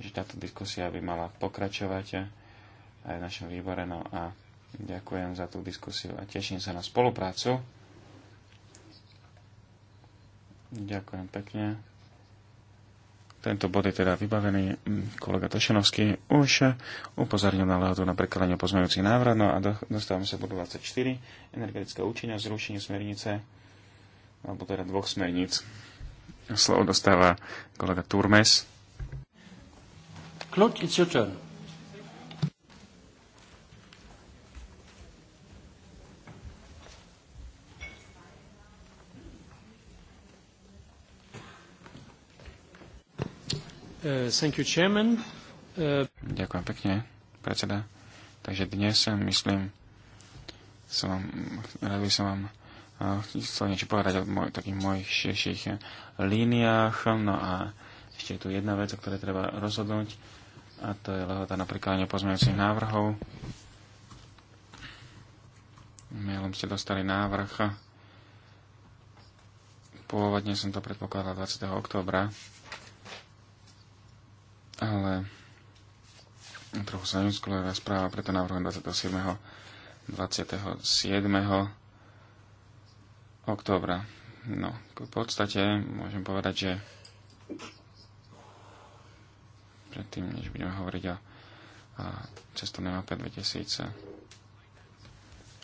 že táto diskusia by mala pokračovať aj v našom výbore. No a ďakujem za tú diskusiu a teším sa na spoluprácu. Ďakujem pekne. Tento bod je teda vybavený. Mm, kolega Tošenovský už upozornil na lehotu na prekladanie pozmejúcich návrat. No a dostávame sa bodu 24. Energetická účinnosť, zrušenie smernice, alebo teda dvoch smerníc. Slovo dostáva kolega Turmes. Claude, i your Uh, uh, Ďakujem pekne, predseda. Takže dnes eh, myslím, som vám, rád by som vám eh, chcel niečo povedať o moj, takých mojich širších eh, líniách. No a ešte je tu jedna vec, o ktorej treba rozhodnúť, a to je lehota na prikladanie pozmeňujúcich návrhov. Mailom ste dostali návrh. Pôvodne som to predpokladal 20. oktobra ale trochu sa neskôr správa, preto navrhujem 27. 27. októbra. No, v podstate môžem povedať, že predtým, než budeme hovoriť o cestovnej mape 2000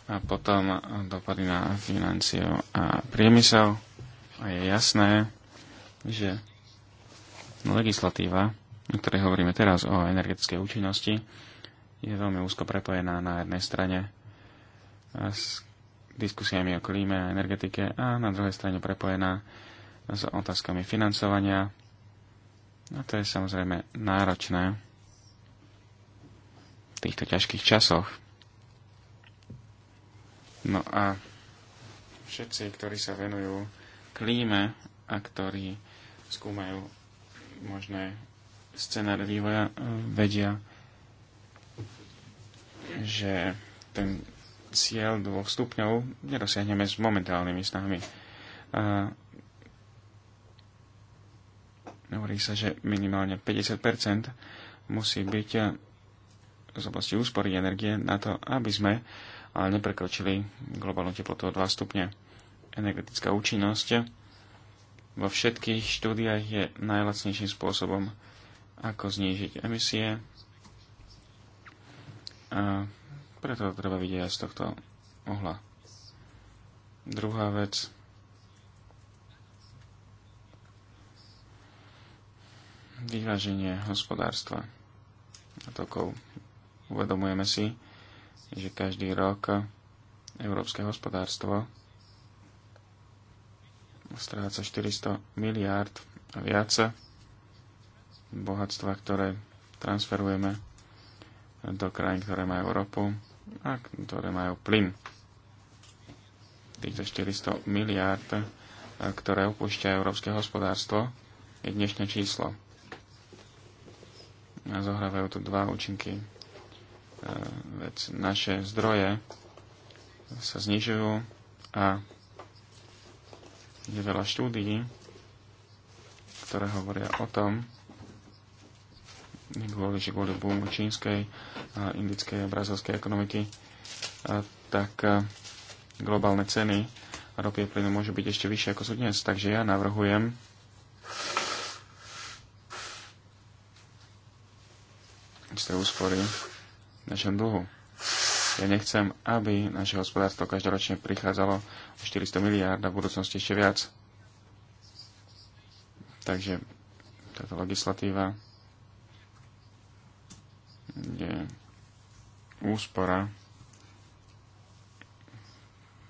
a potom dopady na financie a priemysel. A je jasné, že legislatíva o ktorej hovoríme teraz o energetickej účinnosti, je veľmi úzko prepojená na jednej strane s diskusiami o klíme a energetike a na druhej strane prepojená s otázkami financovania. A to je samozrejme náročné v týchto ťažkých časoch. No a všetci, ktorí sa venujú klíme a ktorí skúmajú možné scenár vývoja e, vedia, že ten cieľ dvoch stupňov nedosiahneme s momentálnymi snahami. A hovorí sa, že minimálne 50% musí byť e, z oblasti úspory energie na to, aby sme ale neprekročili globálnu teplotu o 2 stupne. Energetická účinnosť vo všetkých štúdiách je najlacnejším spôsobom ako znížiť emisie. A preto to treba vidieť aj z tohto ohla. Druhá vec. Vyváženie hospodárstva. A tokov uvedomujeme si, že každý rok európske hospodárstvo stráca 400 miliárd a viacej bohatstva, ktoré transferujeme do krajín, ktoré majú ropu a ktoré majú plyn. Týchto 400 miliárd, ktoré opúšťa európske hospodárstvo, je dnešné číslo. A zohrávajú tu dva účinky. E, Veď naše zdroje sa znižujú a je veľa štúdií, ktoré hovoria o tom, kvôli, kvôli boomu čínskej, indickej a brazilskej ekonomiky, tak globálne ceny ropy a plynu môžu byť ešte vyššie ako sú dnes. Takže ja navrhujem isté úspory v našom dlhu. Ja nechcem, aby naše hospodárstvo každoročne prichádzalo o 400 miliárd a v budúcnosti ešte viac. Takže táto legislatíva kde úspora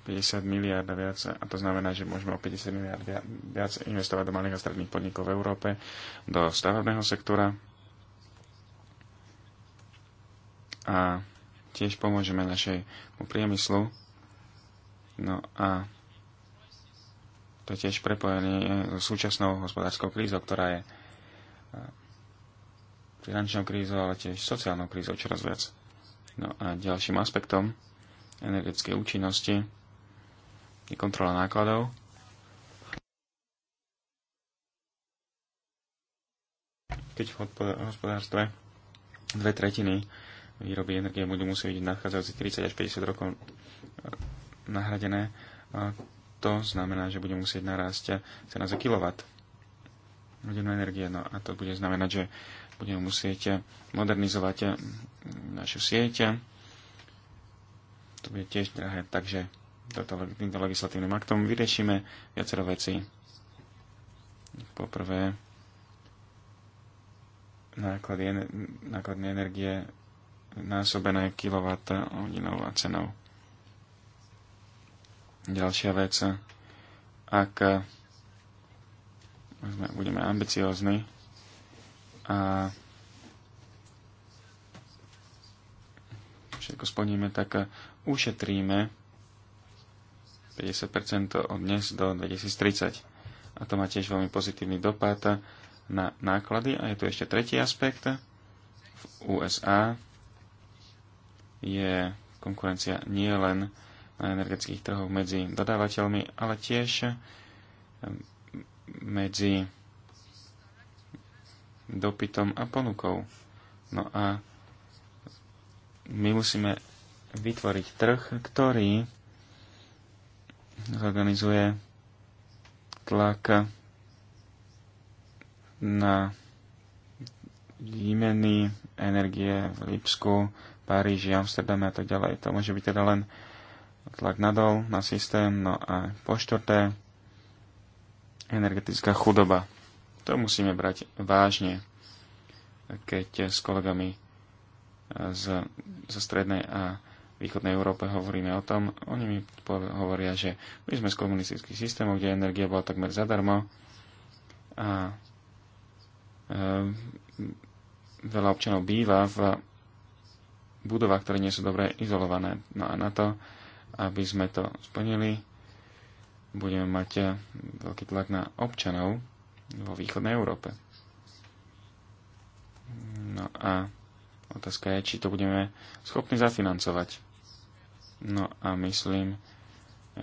50 miliard a viac, a to znamená, že môžeme o 50 miliard viac investovať do malých a stredných podnikov v Európe, do stavebného sektora a tiež pomôžeme našemu priemyslu. No a to je tiež prepojenie so súčasnou hospodárskou krízou, ktorá je finančnou krízou, ale tiež sociálnou krízou čoraz viac. No a ďalším aspektom energetickej účinnosti je kontrola nákladov. Keď v hospodárstve dve tretiny výroby energie budú musieť byť nadchádzajúci 30 až 50 rokov e, nahradené, to znamená, že bude musieť narásť cena za kilowatt hodinu energie. No a to bude znamenať, že budeme musieť modernizovať našu sieť. To bude tiež drahé, takže toto, týmto legislatívnym aktom vyriešime viacero veci. Poprvé, náklady, nákladné energie násobené kilowatt hodinou a cenou. Ďalšia vec, ak budeme ambiciózni a všetko splníme, tak ušetríme 50% od dnes do 2030. A to má tiež veľmi pozitívny dopad na náklady. A je tu ešte tretí aspekt. V USA je konkurencia nie len na energetických trhoch medzi dodávateľmi, ale tiež medzi dopytom a ponukou. No a my musíme vytvoriť trh, ktorý zorganizuje tlak na výmeny energie v Lipsku, Paríži, Amsterdame a tak ďalej. To môže byť teda len tlak nadol na systém, no a po štvrté energetická chudoba. To musíme brať vážne, keď s kolegami z, zo strednej a východnej Európe hovoríme o tom. Oni mi hovoria, že my sme z komunistických systémov, kde energia bola takmer zadarmo a e, veľa občanov býva v budovách, ktoré nie sú dobre izolované. No a na to, aby sme to splnili, budeme mať e, veľký tlak na občanov, vo východnej Európe. No a otázka je, či to budeme schopní zafinancovať. No a myslím,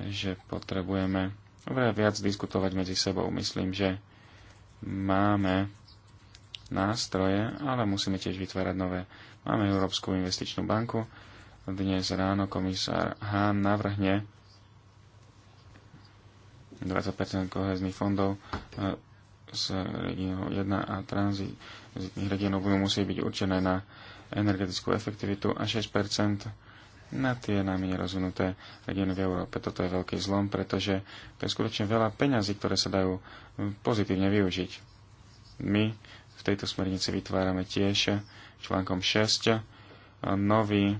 že potrebujeme oveľa viac diskutovať medzi sebou. Myslím, že máme nástroje, ale musíme tiež vytvárať nové. Máme Európsku investičnú banku. Dnes ráno komisár Hahn navrhne 20% kohezných fondov z regionu 1 a tranzitných regionov budú musieť byť určené na energetickú efektivitu a 6 na tie nami nerozvinuté regióny v Európe. Toto je veľký zlom, pretože to je skutočne veľa peňazí, ktoré sa dajú pozitívne využiť. My v tejto smernici vytvárame tiež článkom 6 nový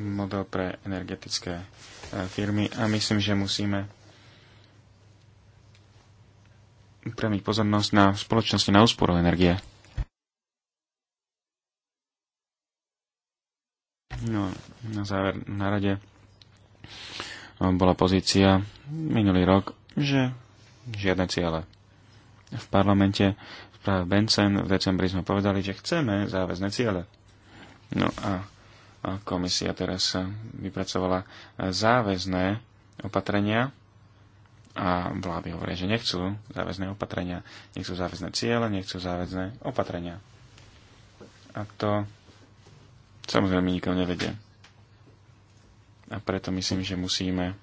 model pre energetické e, firmy a myslím, že musíme upriamiť pozornosť na spoločnosti na úsporu energie. No, na záver na rade eh, bola pozícia minulý rok, že žiadne ciele. V parlamente v práve Bencen v decembri sme povedali, že chceme záväzne ciele. No a komisia teraz eh, vypracovala eh, záväzné opatrenia, a vlády hovoria, že nechcú záväzné opatrenia, nechcú záväzné ciele, nechcú záväzné opatrenia. A to samozrejme nikto nevedie. A preto myslím, že musíme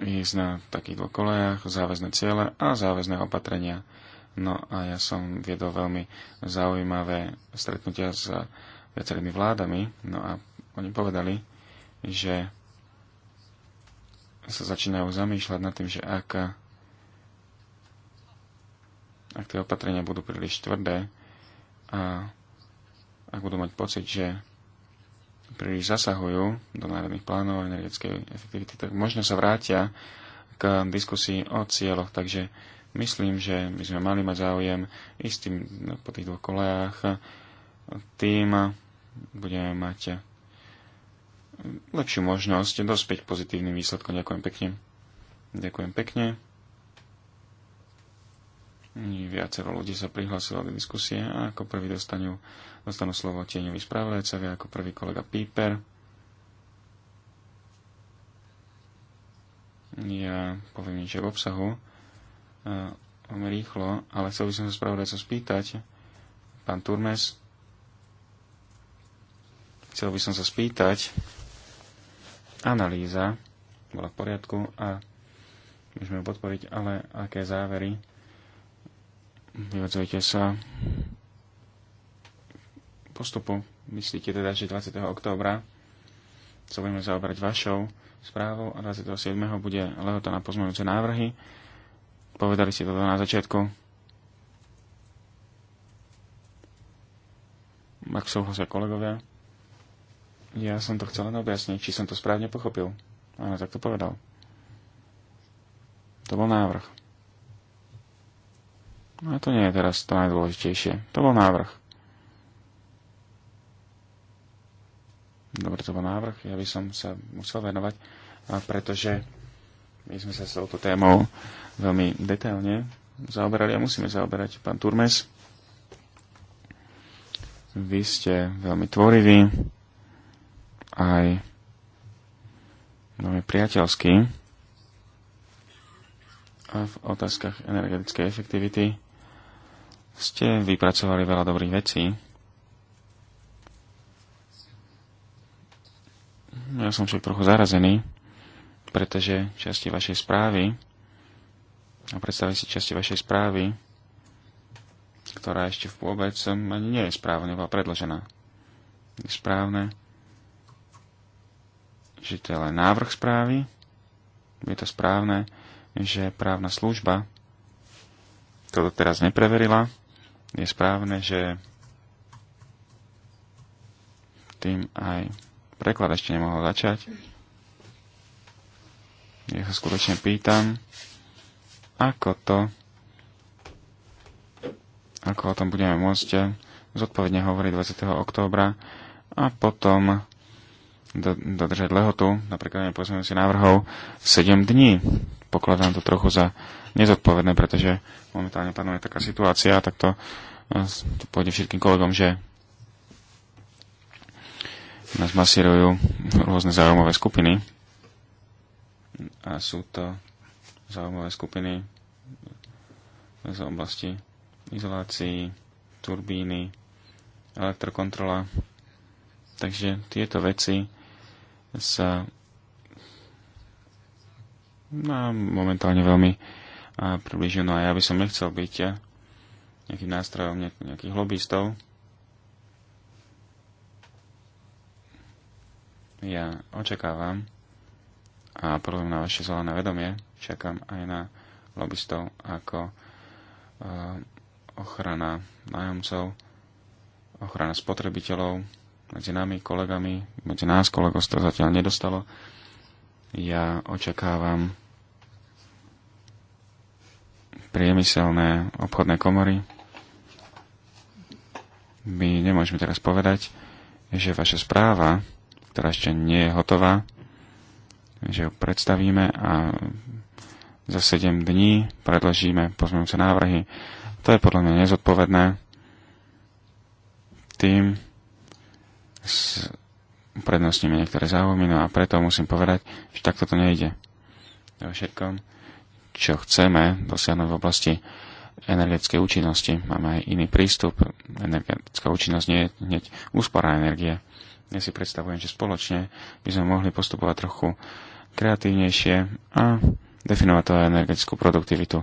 ísť na takých dvoch kolejách, záväzné ciele a záväzné opatrenia. No a ja som viedol veľmi zaujímavé stretnutia s viacerými vládami, no a oni povedali, že sa začínajú zamýšľať nad tým, že ak, ak tie opatrenia budú príliš tvrdé a ak budú mať pocit, že príliš zasahujú do národných plánov a energetickej efektivity, tak možno sa vrátia k diskusii o cieľoch. Takže myslím, že by sme mali mať záujem istým po tých dvoch kolejách. Tým budeme mať lepšiu možnosť dospieť pozitívnym výsledkom. Ďakujem pekne. Ďakujem pekne. Viacero ľudí sa prihlásilo do diskusie a ako prvý dostanú, dostanú slovo tieňoví spravodajcovia, ako prvý kolega Píper. Ja poviem niečo v obsahu. Uh, rýchlo, ale chcel by som sa spravodajcov spýtať. Pán Turmes, chcel by som sa spýtať, analýza bola v poriadku a môžeme ju podporiť, ale aké závery vyvodzujete sa postupu. Myslíte teda, že 20. októbra sa budeme zaoberať vašou správou a 27. bude lehota na pozmeňujúce návrhy. Povedali ste toto na začiatku. Ak súhlasia kolegovia, ja som to chcel len objasniť, či som to správne pochopil. Áno, tak to povedal. To bol návrh. No a to nie je teraz to najdôležitejšie. To bol návrh. Dobre, to bol návrh. Ja by som sa musel venovať, pretože my sme sa s touto témou veľmi detailne zaoberali a musíme zaoberať. Pán Turmes, vy ste veľmi tvoriví aj veľmi priateľský a v otázkach energetickej efektivity ste vypracovali veľa dobrých vecí. Ja som však trochu zarazený, pretože časti vašej správy a predstavím si časti vašej správy, ktorá ešte vôbec ani nie je správne, bola predložená. Je správne, že to je len návrh správy. Je to správne, že právna služba toto teraz nepreverila. Je správne, že tým aj preklad ešte nemohol začať. Ja sa skutočne pýtam, ako to, ako o tom budeme môcť zodpovedne hovoriť 20. októbra a potom dodržať lehotu na prekladanie si návrhov 7 dní. Pokladám to trochu za nezodpovedné, pretože momentálne panuje taká situácia, tak to, eh, to pôjde všetkým kolegom, že nás masírujú rôzne záujmové skupiny a sú to záujmové skupiny z oblasti izolácií, turbíny, elektrokontrola. Takže tieto veci sa no, momentálne veľmi približujú. No a ja by som nechcel byť nejakým nástrojom nejakých lobbystov. Ja očakávam a apelujem na vaše zelené vedomie, čakám aj na lobbystov ako ochrana nájomcov, ochrana spotrebiteľov, medzi nami, kolegami, medzi nás kolegov to zatiaľ nedostalo. Ja očakávam priemyselné obchodné komory. My nemôžeme teraz povedať, že vaša správa, ktorá ešte nie je hotová, že ju predstavíme a za 7 dní predložíme pozmeňujúce návrhy. To je podľa mňa nezodpovedné tým, prednostníme niektoré záujmy, no a preto musím povedať, že takto to nejde. O všetkom, čo chceme dosiahnuť v oblasti energetickej účinnosti, máme aj iný prístup. Energetická účinnosť nie je hneď úspora energie. Ja si predstavujem, že spoločne by sme mohli postupovať trochu kreatívnejšie a definovať to energetickú produktivitu.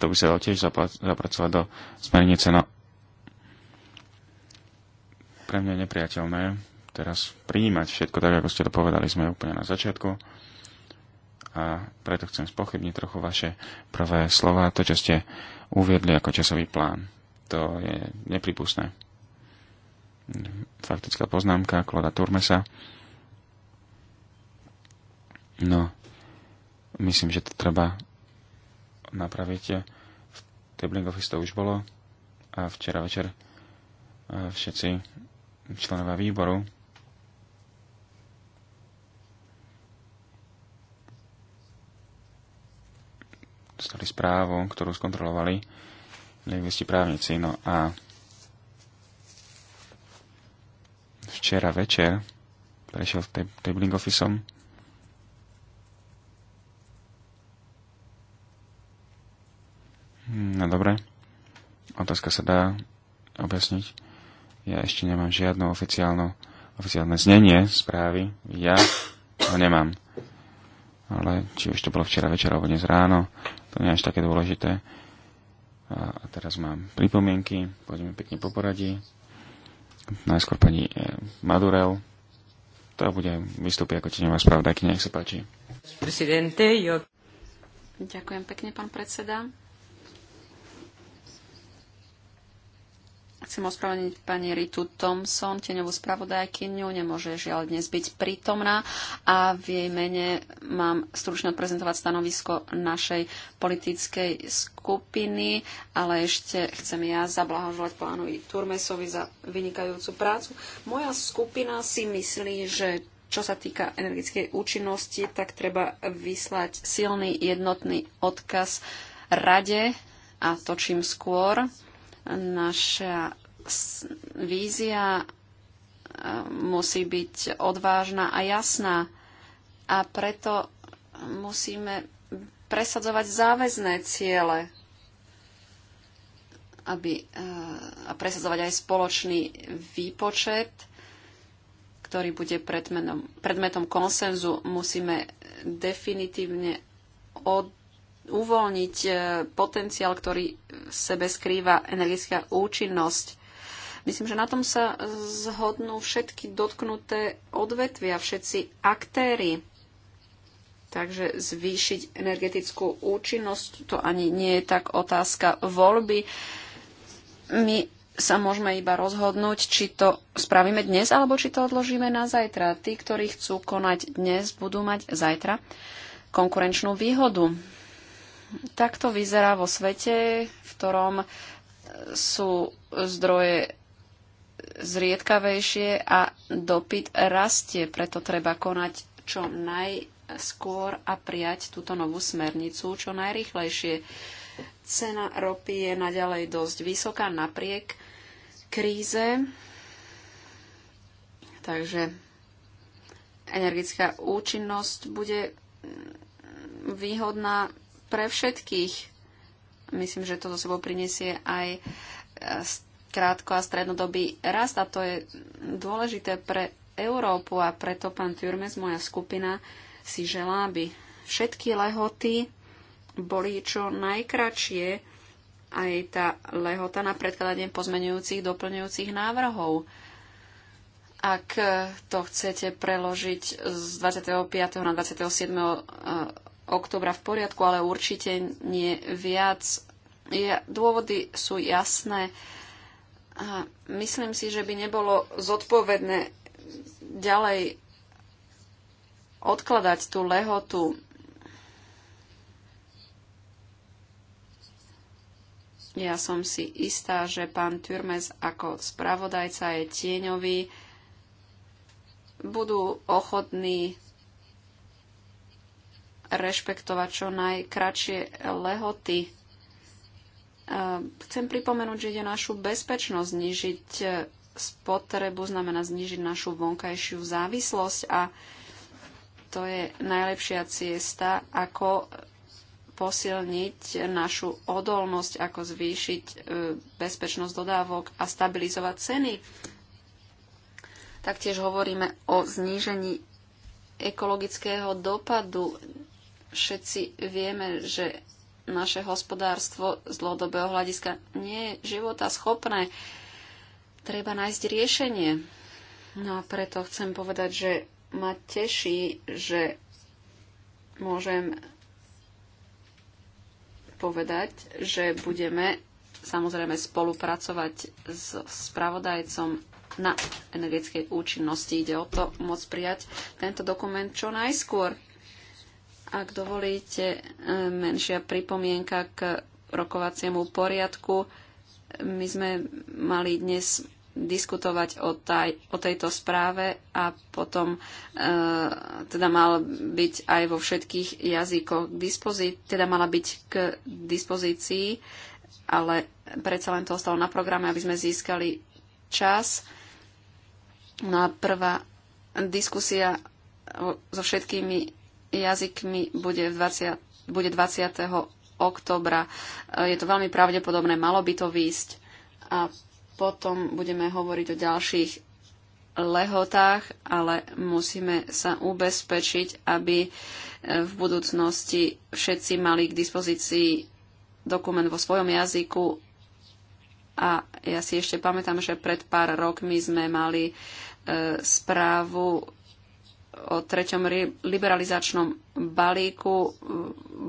To by sa dalo tiež zapracovať do smernice, no pre mňa nepriateľné teraz prijímať všetko tak, ako ste to povedali, sme úplne na začiatku. A preto chcem spochybniť trochu vaše prvé slova, to, čo ste uviedli ako časový plán. To je nepripustné. Faktická poznámka Kloda Turmesa. No, myslím, že to treba napraviť. V Tabling Office to už bolo a včera večer eh, všetci členovia výboru. Dostali správu, ktorú skontrolovali lingvisti právnici. No a včera večer prešiel tabling officeom No dobre. Otázka sa dá objasniť ja ešte nemám žiadnu oficiálnu, oficiálne znenie správy. Ja ho nemám. Ale či už to bolo včera večer alebo dnes ráno, to nie je až také dôležité. A, a teraz mám pripomienky, pôjdeme pekne po poradí. Najskôr pani e, Madurel. To bude vystúpiť ako tenová spravodajky, nech sa páči. Presidente, jo. Ďakujem pekne, pán predseda. Chcem ospravedlniť pani Ritu Thompson, tieňovú spravodajkyňu, nemôže žiaľ dnes byť prítomná a v jej mene mám stručne odprezentovať stanovisko našej politickej skupiny, ale ešte chcem ja zablahožovať pánovi Turmesovi za vynikajúcu prácu. Moja skupina si myslí, že čo sa týka energetickej účinnosti, tak treba vyslať silný jednotný odkaz rade a to čím skôr Naša vízia e, musí byť odvážna a jasná a preto musíme presadzovať záväzné ciele aby, e, a presadzovať aj spoločný výpočet, ktorý bude predmenom, predmetom konsenzu. Musíme definitívne od, uvoľniť e, potenciál, ktorý v sebe skrýva energetická účinnosť. Myslím, že na tom sa zhodnú všetky dotknuté odvetvia, všetci aktéry. Takže zvýšiť energetickú účinnosť, to ani nie je tak otázka voľby. My sa môžeme iba rozhodnúť, či to spravíme dnes, alebo či to odložíme na zajtra. Tí, ktorí chcú konať dnes, budú mať zajtra konkurenčnú výhodu. Tak to vyzerá vo svete, v ktorom sú zdroje zriedkavejšie a dopyt rastie, preto treba konať čo najskôr a prijať túto novú smernicu čo najrychlejšie. Cena ropy je naďalej dosť vysoká napriek kríze, takže energická účinnosť bude výhodná pre všetkých. Myslím, že to so sebou prinesie aj e, krátko a strednodobý rast a to je dôležité pre Európu a preto pán Turmes, moja skupina, si želá, aby všetky lehoty boli čo najkračšie, aj tá lehota na predkladanie pozmenujúcich, doplňujúcich návrhov. Ak to chcete preložiť z 25. na 27 oktobra v poriadku, ale určite nie viac. Ja, dôvody sú jasné. A myslím si, že by nebolo zodpovedné ďalej odkladať tú lehotu. Ja som si istá, že pán Turmes ako spravodajca je tieňový budú ochotní rešpektovať čo najkračšie lehoty. E, chcem pripomenúť, že ide našu bezpečnosť znižiť e, spotrebu, znamená znižiť našu vonkajšiu závislosť a to je najlepšia ciesta, ako posilniť našu odolnosť, ako zvýšiť e, bezpečnosť dodávok a stabilizovať ceny. Taktiež hovoríme o znížení ekologického dopadu Všetci vieme, že naše hospodárstvo z dlhodobého hľadiska nie je života schopné. Treba nájsť riešenie. No a preto chcem povedať, že ma teší, že môžem povedať, že budeme samozrejme spolupracovať s spravodajcom na energetickej účinnosti. Ide o to môcť prijať tento dokument čo najskôr ak dovolíte, e, menšia pripomienka k rokovaciemu poriadku. My sme mali dnes diskutovať o, taj, o tejto správe a potom e, teda mal byť aj vo všetkých jazykoch k dispozícii, teda mala byť k dispozícii, ale predsa len to ostalo na programe, aby sme získali čas. No a prvá diskusia so všetkými jazykmi bude, 20, bude 20. oktobra. E, je to veľmi pravdepodobné, malo by to výjsť. A potom budeme hovoriť o ďalších lehotách, ale musíme sa ubezpečiť, aby e, v budúcnosti všetci mali k dispozícii dokument vo svojom jazyku. A ja si ešte pamätám, že pred pár rokmi sme mali e, správu o treťom liberalizačnom balíku.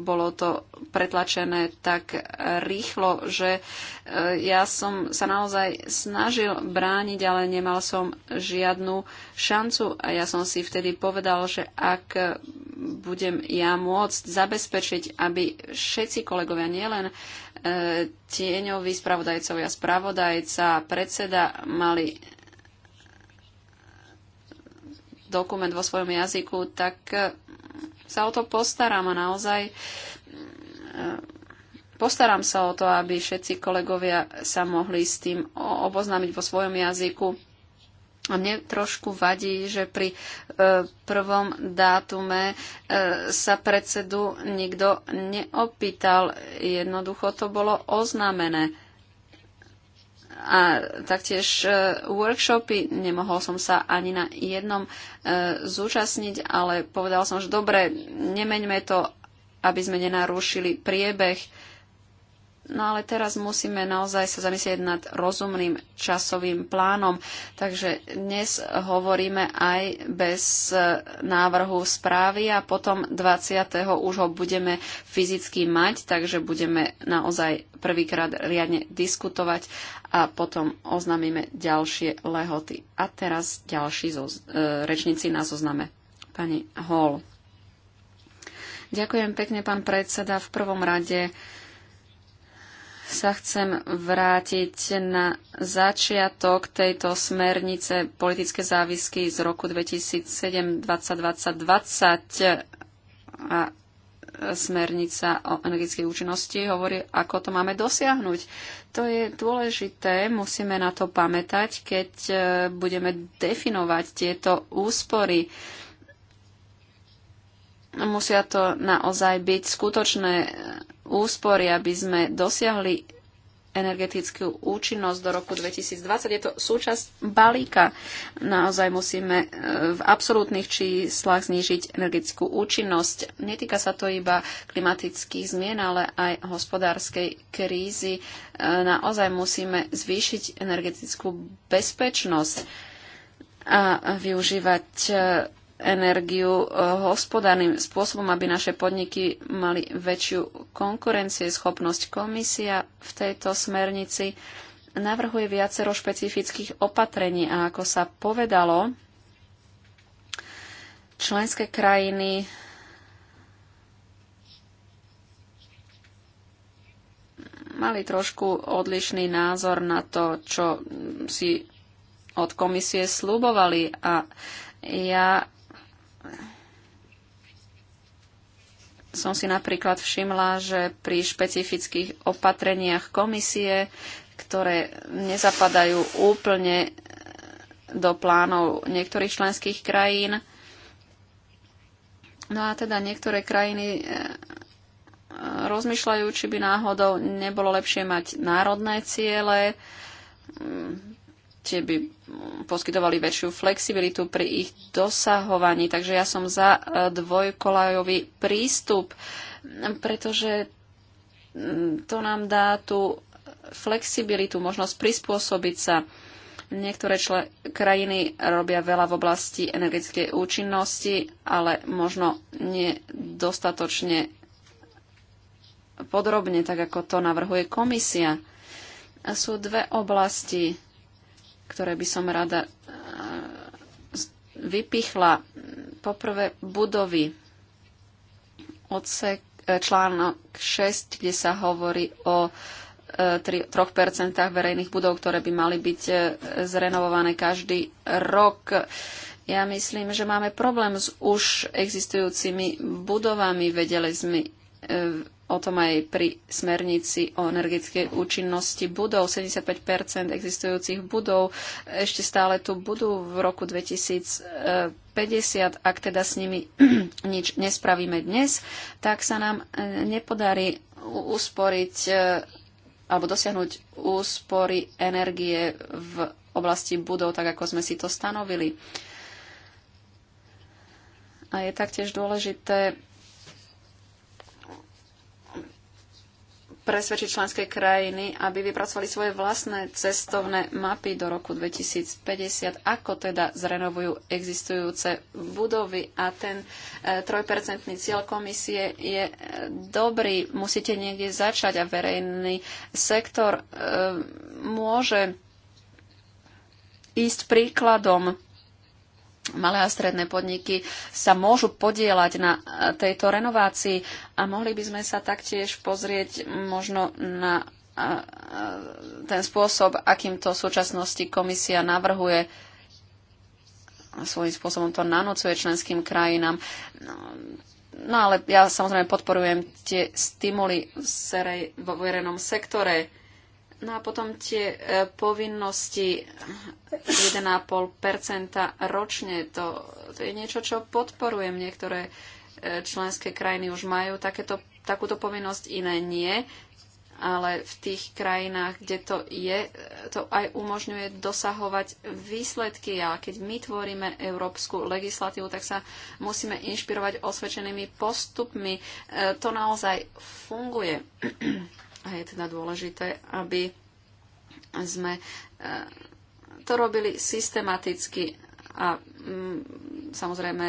Bolo to pretlačené tak rýchlo, že e, ja som sa naozaj snažil brániť, ale nemal som žiadnu šancu. A ja som si vtedy povedal, že ak budem ja môcť zabezpečiť, aby všetci kolegovia, nielen e, tieňoví spravodajcovia, spravodajca, predseda mali dokument vo svojom jazyku, tak e, sa o to postaram a naozaj e, postaram sa o to, aby všetci kolegovia sa mohli s tým oboznámiť vo svojom jazyku. A mne trošku vadí, že pri e, prvom dátume e, sa predsedu nikto neopýtal. Jednoducho to bolo oznámené a taktiež e, workshopy. Nemohol som sa ani na jednom e, zúčastniť, ale povedal som, že dobre, nemeňme to, aby sme nenarušili priebeh No ale teraz musíme naozaj sa zamyslieť nad rozumným časovým plánom. Takže dnes hovoríme aj bez e, návrhu správy a potom 20. už ho budeme fyzicky mať, takže budeme naozaj prvýkrát riadne diskutovať a potom oznamíme ďalšie lehoty. A teraz ďalší e, rečníci na zozname. Pani Hall. Ďakujem pekne, pán predseda. V prvom rade sa chcem vrátiť na začiatok tejto smernice politické závisky z roku 2007 2020 20 a smernica o energetickej účinnosti hovorí, ako to máme dosiahnuť. To je dôležité, musíme na to pamätať, keď e, budeme definovať tieto úspory. Musia to naozaj byť skutočné úspory, aby sme dosiahli energetickú účinnosť do roku 2020. Je to súčasť balíka. Naozaj musíme e, v absolútnych číslach znížiť energetickú účinnosť. Netýka sa to iba klimatických zmien, ale aj hospodárskej krízy. E, naozaj musíme zvýšiť energetickú bezpečnosť a využívať e, energiu eh, hospodárnym spôsobom, aby naše podniky mali väčšiu konkurencieschopnosť. Komisia v tejto smernici navrhuje viacero špecifických opatrení a ako sa povedalo, členské krajiny mali trošku odlišný názor na to, čo si od komisie slubovali a ja som si napríklad všimla, že pri špecifických opatreniach komisie, ktoré nezapadajú úplne do plánov niektorých členských krajín, No a teda niektoré krajiny e, rozmýšľajú, či by náhodou nebolo lepšie mať národné ciele, tie by poskytovali väčšiu flexibilitu pri ich dosahovaní. Takže ja som za e, dvojkolajový prístup, pretože to nám dá tú flexibilitu, možnosť prispôsobiť sa. Niektoré čl- krajiny robia veľa v oblasti energetickej účinnosti, ale možno nedostatočne podrobne, tak ako to navrhuje komisia. Sú dve oblasti ktoré by som rada e, vypichla. Poprvé budovy. Odsek, e, článok 6, kde sa hovorí o 3% e, verejných budov, ktoré by mali byť zrenovované každý rok. Ja myslím, že máme problém s už existujúcimi budovami. Vedeli sme, o tom aj pri smernici o energetickej účinnosti budov. 75 existujúcich budov ešte stále tu budú v roku 2050. Ak teda s nimi (clears throat) nič nespravíme dnes, tak sa nám e, nepodarí usporiť e, alebo dosiahnuť úspory energie v oblasti budov, tak ako sme si to stanovili. A je taktiež dôležité presvedčiť členské krajiny, aby vypracovali svoje vlastné cestovné mapy do roku 2050, ako teda zrenovujú existujúce budovy. A ten e, trojpercentný cieľ komisie je e, dobrý. Musíte niekde začať a verejný sektor e, môže ísť príkladom malé a stredné podniky sa môžu podielať na tejto renovácii a mohli by sme sa taktiež pozrieť možno na ten spôsob, akým to v súčasnosti komisia navrhuje svojím spôsobom to nanocuje členským krajinám. No, no ale ja samozrejme podporujem tie stimuly v verejnom sektore No a potom tie e, povinnosti 1,5 ročne, to, to je niečo, čo podporujem. Niektoré e, členské krajiny už majú takéto, takúto povinnosť, iné nie ale v tých krajinách, kde to je, e, to aj umožňuje dosahovať výsledky. A keď my tvoríme európsku legislatívu, tak sa musíme inšpirovať osvedčenými postupmi. To naozaj funguje. (clears throat) A je teda dôležité, aby sme e, to robili systematicky a mm, samozrejme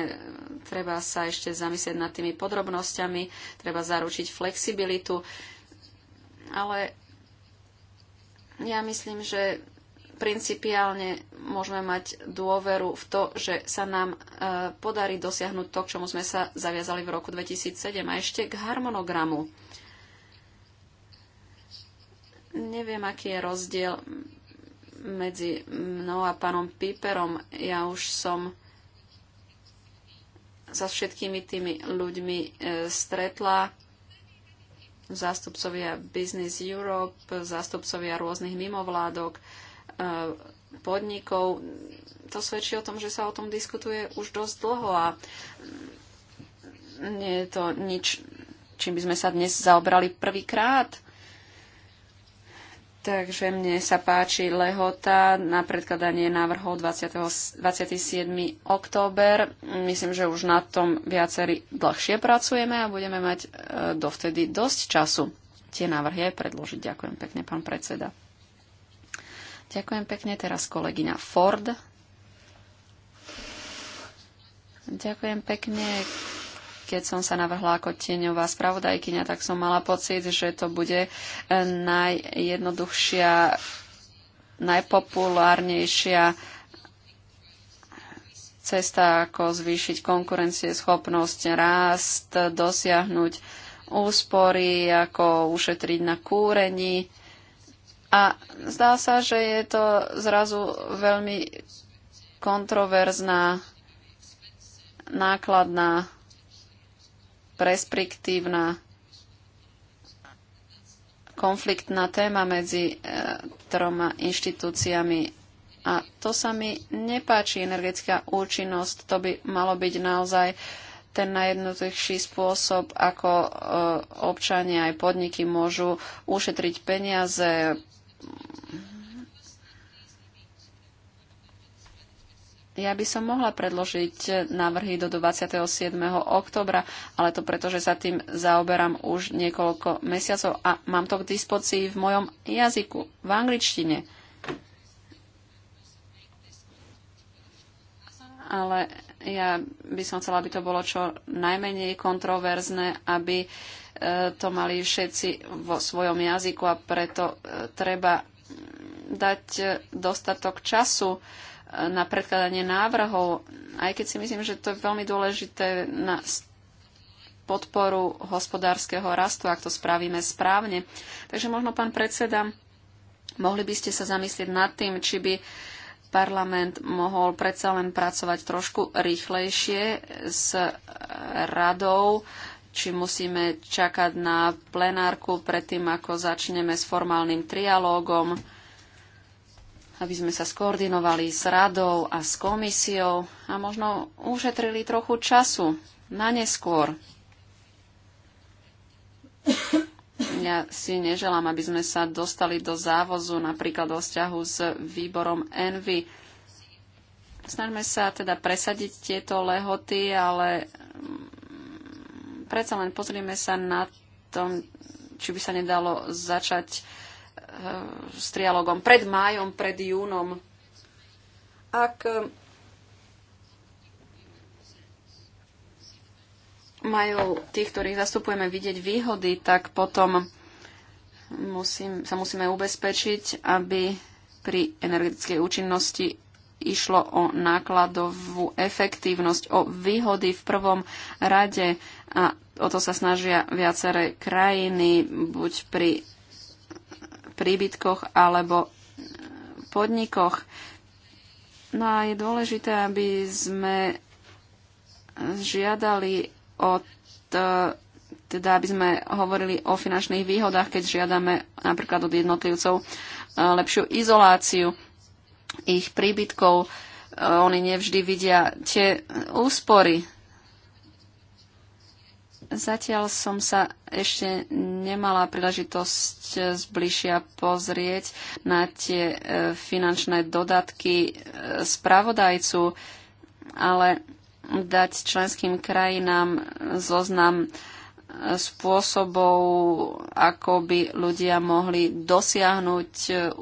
treba sa ešte zamyslieť nad tými podrobnosťami, treba zaručiť flexibilitu, ale ja myslím, že principiálne môžeme mať dôveru v to, že sa nám e, podarí dosiahnuť to, k čomu sme sa zaviazali v roku 2007. A ešte k harmonogramu. Neviem, aký je rozdiel medzi mnou a pánom Piperom. Ja už som sa všetkými tými ľuďmi e, stretla zástupcovia Business Europe, zástupcovia rôznych mimovládok, e, podnikov. To svedčí o tom, že sa o tom diskutuje už dosť dlho a nie je to nič, čím by sme sa dnes zaobrali prvýkrát. Takže mne sa páči lehota na predkladanie návrhov 20, 27. október. Myslím, že už na tom viacerí dlhšie pracujeme a budeme mať e, dovtedy dosť času tie návrhy aj predložiť. Ďakujem pekne, pán predseda. Ďakujem pekne teraz kolegyňa Ford. Ďakujem pekne keď som sa navrhla ako tieňová spravodajkyňa, tak som mala pocit, že to bude e, najjednoduchšia, najpopulárnejšia cesta, ako zvýšiť konkurencieschopnosť, rást, dosiahnuť úspory, ako ušetriť na kúrení. A zdá sa, že je to zrazu veľmi kontroverzná, nákladná prespriktívna konfliktná téma medzi e, troma inštitúciami. A to sa mi nepáči, energetická účinnosť, to by malo byť naozaj ten najjednoduchší spôsob, ako e, občania aj podniky môžu ušetriť peniaze, Ja by som mohla predložiť návrhy do 27. oktobra, ale to preto, že sa tým zaoberám už niekoľko mesiacov a mám to k dispocii v mojom jazyku, v angličtine. Ale ja by som chcela, aby to bolo čo najmenej kontroverzné, aby e, to mali všetci vo svojom jazyku a preto e, treba dať e, dostatok času na predkladanie návrhov, aj keď si myslím, že to je veľmi dôležité na podporu hospodárskeho rastu, ak to spravíme správne. Takže možno, pán predseda, mohli by ste sa zamyslieť nad tým, či by parlament mohol predsa len pracovať trošku rýchlejšie s e, radou, či musíme čakať na plenárku predtým, ako začneme s formálnym trialógom aby sme sa skoordinovali s radou a s komisiou a možno ušetrili trochu času na neskôr. Ja si neželám, aby sme sa dostali do závozu napríklad o vzťahu s výborom Envy. Snažme sa teda presadiť tieto lehoty, ale mm, predsa len pozrieme sa na tom, či by sa nedalo začať Eh, s trialogom pred májom, pred júnom. Ak eh, majú tých, ktorých zastupujeme, vidieť výhody, tak potom musím, sa musíme ubezpečiť, aby pri energetickej účinnosti išlo o nákladovú efektívnosť, o výhody v prvom rade a o to sa snažia viaceré krajiny, buď pri príbytkoch alebo e, podnikoch. No a je dôležité, aby sme žiadali od e, teda aby sme hovorili o finančných výhodách, keď žiadame napríklad od jednotlivcov e, lepšiu izoláciu ich príbytkov. Oni nevždy vidia tie úspory. Zatiaľ som sa ešte nemala príležitosť zbližia pozrieť na tie e, finančné dodatky e, spravodajcu, ale dať členským krajinám zoznam e, spôsobov, ako by ľudia mohli dosiahnuť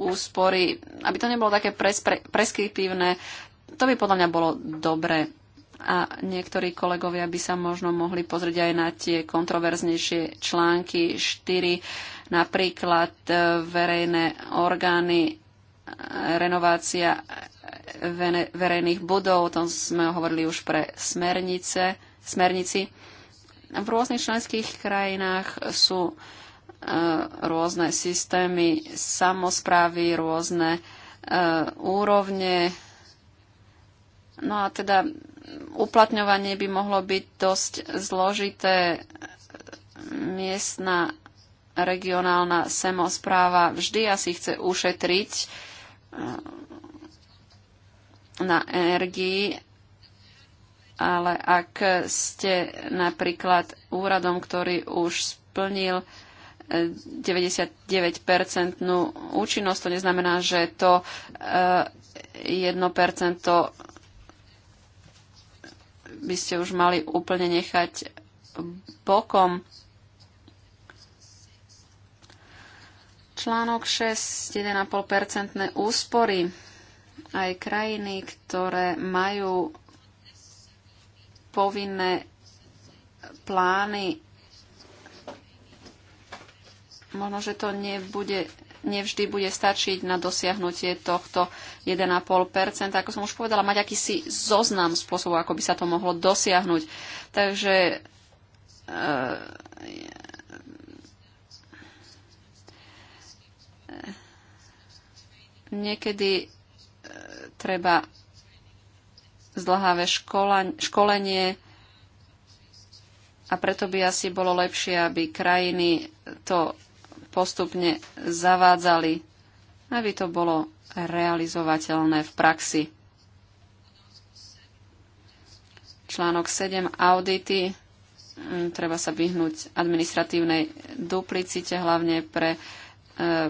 úspory, aby to nebolo také preskriptívne, to by podľa mňa bolo dobre a niektorí kolegovia by sa možno mohli pozrieť aj na tie kontroverznejšie články 4, napríklad e, verejné orgány, e, renovácia e, verejných budov, o tom sme hovorili už pre smernice, smernici. V rôznych členských krajinách sú rôzne systémy samozprávy, rôzne úrovne. No a teda uplatňovanie by mohlo byť dosť zložité. Miestna regionálna samozpráva vždy asi chce ušetriť eh, na energii, ale ak ste napríklad úradom, ktorý už splnil 99-percentnú eh, účinnosť, to neznamená, že to 1% eh, by ste už mali úplne nechať bokom. Článok 6, 1,5% úspory. Aj krajiny, ktoré majú povinné plány, možno, že to nebude nevždy bude stačiť na dosiahnutie tohto 1,5 Ako som už povedala, mať akýsi zoznam spôsobov, ako by sa to mohlo dosiahnuť. Takže uh, niekedy uh, treba zdlhavé škola, školenie a preto by asi bolo lepšie, aby krajiny to postupne zavádzali, aby to bolo realizovateľné v praxi. Článok 7. Audity. Mm, Treba sa vyhnúť administratívnej duplicite, hlavne pre e,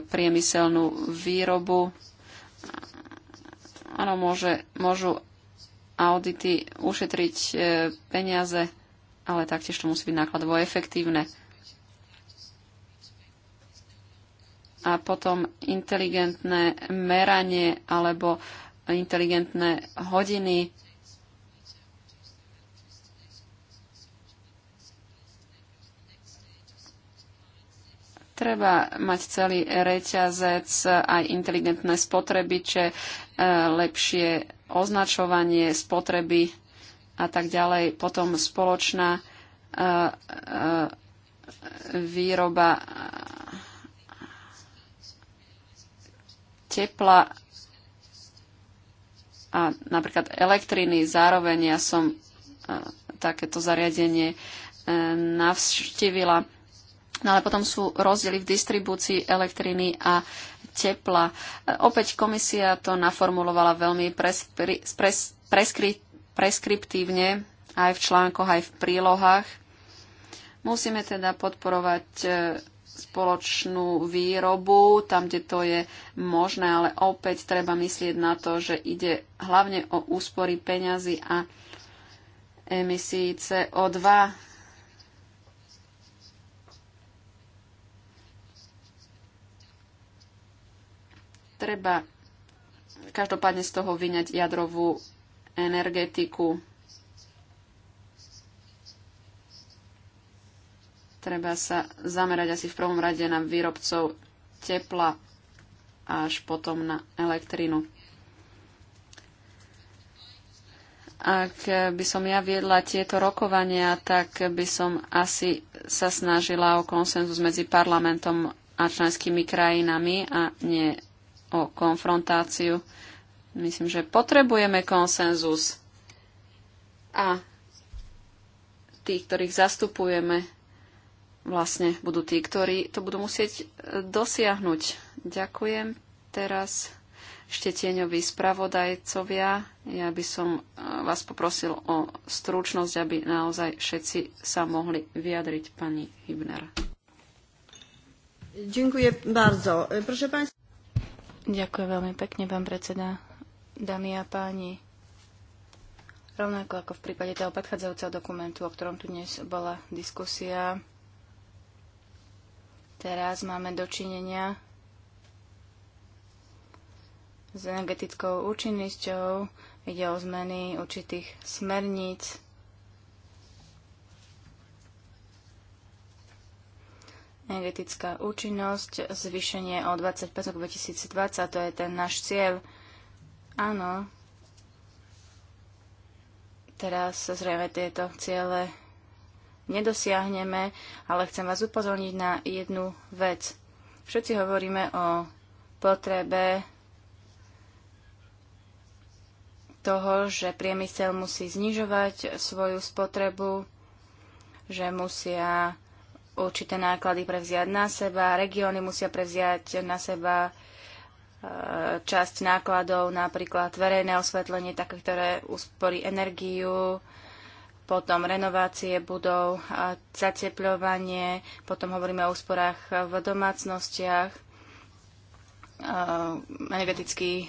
priemyselnú výrobu. Áno, môže, môžu audity ušetriť e, peniaze, ale taktiež to musí byť nákladovo efektívne. a potom inteligentné meranie alebo inteligentné hodiny. Treba mať celý reťazec, aj inteligentné spotrebiče, e, lepšie označovanie spotreby a tak ďalej. Potom spoločná e, e, výroba tepla a napríklad elektriny. Zároveň ja som e, takéto zariadenie e, navštívila. No ale potom sú rozdiely v distribúcii elektriny a tepla. E, opäť komisia to naformulovala veľmi preskri, pres, preskri, preskriptívne aj v článkoch, aj v prílohách. Musíme teda podporovať spoločnú výrobu, tam, kde to je možné, ale opäť treba myslieť na to, že ide hlavne o úspory peňazí a emisí CO2. Treba každopádne z toho vyňať jadrovú energetiku. Treba sa zamerať asi v prvom rade na výrobcov tepla a až potom na elektrinu. Ak by som ja viedla tieto rokovania, tak by som asi sa snažila o konsenzus medzi parlamentom a členskými krajinami a nie o konfrontáciu. Myslím, že potrebujeme konsenzus a tých, ktorých zastupujeme, vlastne budú tí, ktorí to budú musieť e, dosiahnuť. Ďakujem. Teraz ešte tieňoví spravodajcovia. Ja by som e, vás poprosil o stručnosť, aby naozaj všetci sa mohli vyjadriť, pani Hybner. Ďakujem bardzo. E, proszę pani... Ďakujem veľmi pekne, pán predseda. Dámy a páni, rovnako ako v prípade toho predchádzajúceho dokumentu, o ktorom tu dnes bola diskusia, Teraz máme dočinenia s energetickou účinnosťou, ide o zmeny určitých smerníc. Energetická účinnosť, zvýšenie o 25 k 2020, to je ten náš cieľ. Áno, teraz zrejme tieto ciele nedosiahneme, ale chcem vás upozorniť na jednu vec. Všetci hovoríme o potrebe toho, že priemysel musí znižovať svoju spotrebu, že musia určité náklady prevziať na seba, regióny musia prevziať na seba e, časť nákladov, napríklad verejné osvetlenie, také, ktoré usporí energiu, potom renovácie budov, zateplovanie, potom hovoríme o úsporách v domácnostiach, eh, energeticky eh,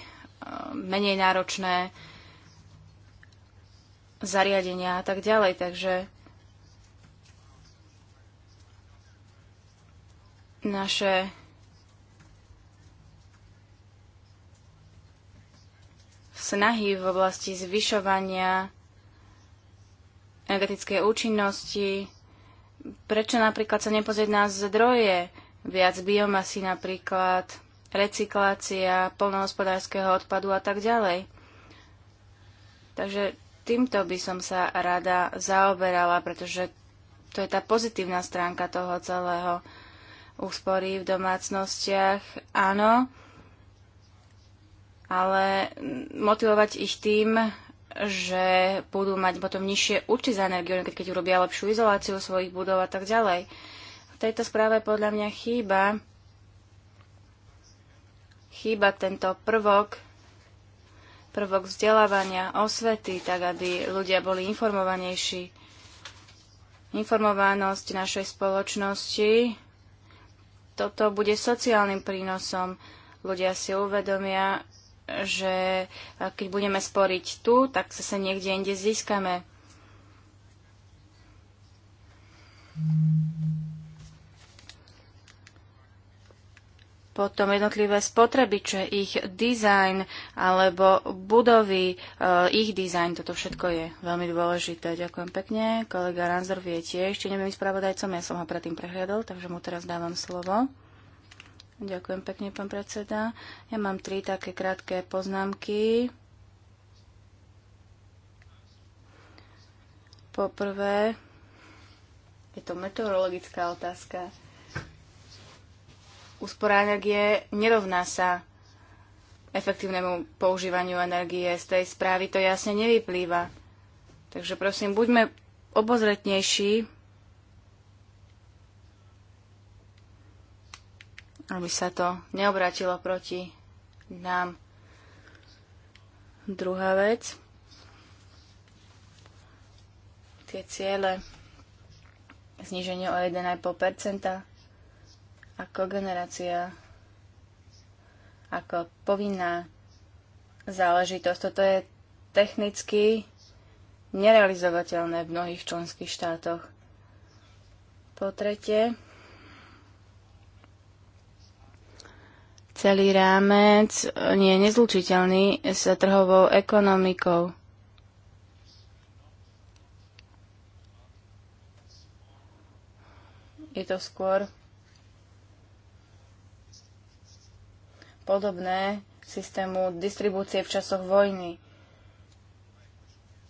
menej náročné zariadenia a tak ďalej. Takže naše snahy v oblasti zvyšovania energetickej účinnosti. Prečo napríklad sa nepozrieť na zdroje, viac biomasy napríklad, recyklácia polnohospodárskeho odpadu a tak ďalej. Takže týmto by som sa rada zaoberala, pretože to je tá pozitívna stránka toho celého úspory v domácnostiach. Áno, ale motivovať ich tým, že budú mať potom nižšie účty za energiu, keď, keď urobia lepšiu izoláciu svojich budov a tak ďalej. V tejto správe podľa mňa chýba chýba tento prvok prvok vzdelávania, osvety, tak aby ľudia boli informovanejší. Informovanosť našej spoločnosti, toto bude sociálnym prínosom. Ľudia si uvedomia, že eh, keď budeme sporiť tu, tak sa sa niekde inde získame. Potom jednotlivé spotrebiče, ich dizajn alebo budovy, eh, ich dizajn, toto všetko je veľmi dôležité. Ďakujem pekne. Kolega Ranzor vie tiež, ešte neviem spravodajcom, ja som ho predtým prehliadol, takže mu teraz dávam slovo. Ďakujem pekne, pán predseda. Ja mám tri také krátke poznámky. Poprvé, je to meteorologická otázka. Úspora energie nerovná sa efektívnemu používaniu energie. Z tej správy to jasne nevyplýva. Takže prosím, buďme obozretnejší aby sa to neobrátilo proti nám. Druhá vec, tie ciele zniženie o 1,5%, ako generácia, ako povinná záležitosť. Toto je technicky nerealizovateľné v mnohých členských štátoch. Po tretie, Celý rámec e, nie je nezlučiteľný s trhovou ekonomikou. Je to skôr podobné systému distribúcie v časoch vojny.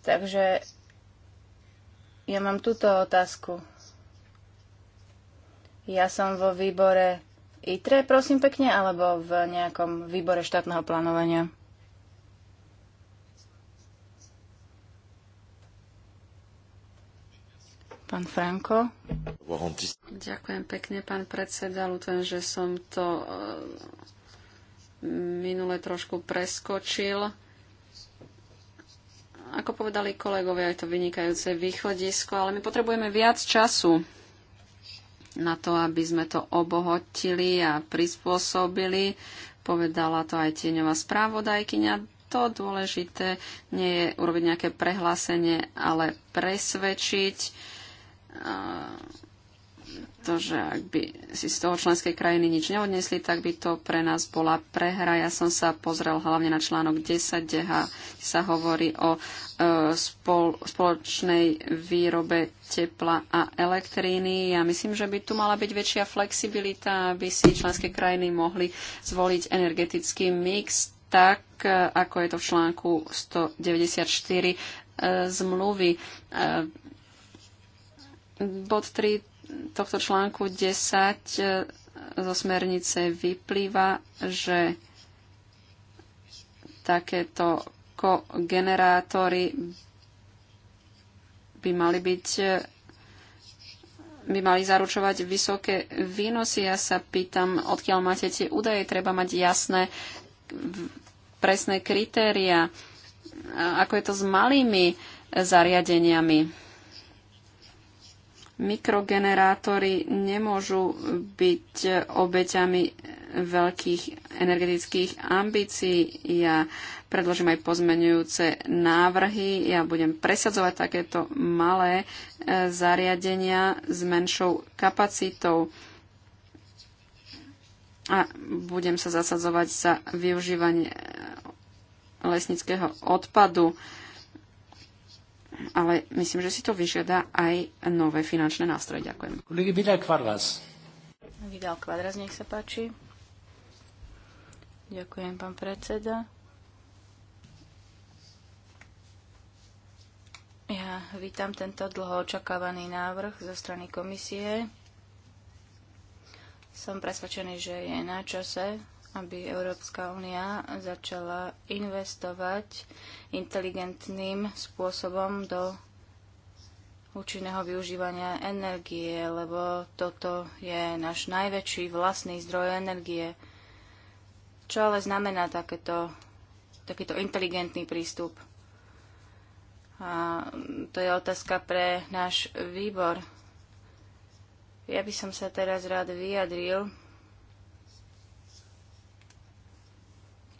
Takže ja mám túto otázku. Ja som vo výbore ITRE, prosím pekne, alebo v nejakom výbore štátneho plánovania? Pán Franko. Ďakujem pekne, pán predseda. Ľutujem, že som to e, minule trošku preskočil. Ako povedali kolegovia, je to vynikajúce východisko, ale my potrebujeme viac času na to, aby sme to obohotili a prispôsobili. Povedala to aj tieňová správodajkyňa. To dôležité nie je urobiť nejaké prehlásenie, ale presvedčiť pretože ak by si z toho členskej krajiny nič neodnesli, tak by to pre nás bola prehra. Ja som sa pozrel hlavne na článok 10, kde sa hovorí o e, spol, spoločnej výrobe tepla a elektríny. Ja myslím, že by tu mala byť väčšia flexibilita, aby si členské krajiny mohli zvoliť energetický mix tak, e, ako je to v článku 194 e, zmluvy bod 3 tohto článku 10 e, zo smernice vyplýva, že takéto kogenerátory by mali byť e, by mali zaručovať vysoké výnosy. Ja sa pýtam, odkiaľ máte tie údaje. Treba mať jasné, presné kritéria. Ako je to s malými e, zariadeniami? mikrogenerátory nemôžu byť obeťami veľkých energetických ambícií. Ja predložím aj pozmenujúce návrhy. Ja budem presadzovať takéto malé e, zariadenia s menšou kapacitou a budem sa zasadzovať za využívanie e, lesnického odpadu ale myslím, že si to vyžiada aj nové finančné nástroje. Ďakujem. Vidal Kvadras. Vidal Kvadras, nech sa páči. Ďakujem, pán predseda. Ja vítam tento dlho očakávaný návrh zo strany komisie. Som presvedčený, že je na čase aby Európska únia začala investovať inteligentným spôsobom do účinného využívania energie, lebo toto je náš najväčší vlastný zdroj energie. Čo ale znamená takéto, takýto inteligentný prístup? A to je otázka pre náš výbor. Ja by som sa teraz rád vyjadril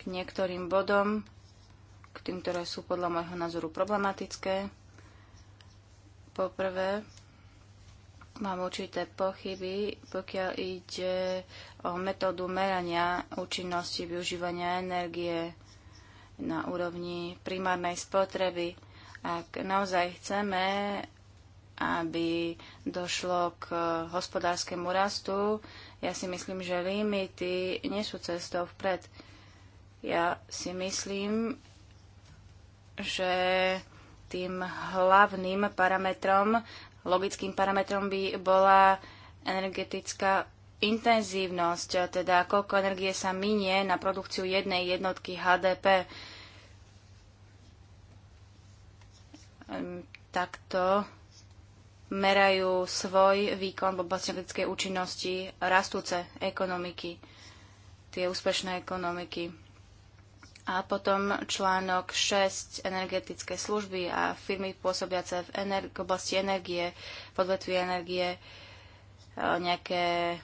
niektorým bodom, k tým, ktoré sú podľa môjho názoru problematické. Poprvé, mám určité pochyby, pokiaľ ide o metódu merania účinnosti využívania energie na úrovni primárnej spotreby. Ak naozaj chceme, aby došlo k hospodárskému rastu, ja si myslím, že limity nie sú cestou vpred. Ja si myslím, že tým hlavným parametrom, logickým parametrom by bola energetická intenzívnosť, teda koľko energie sa minie na produkciu jednej jednotky HDP. Ehm, takto merajú svoj výkon v oblasti energetickej účinnosti rastúce ekonomiky, tie úspešné ekonomiky. A potom článok 6 energetické služby a firmy pôsobiace v v oblasti energie, podvetví energie, e, nejaké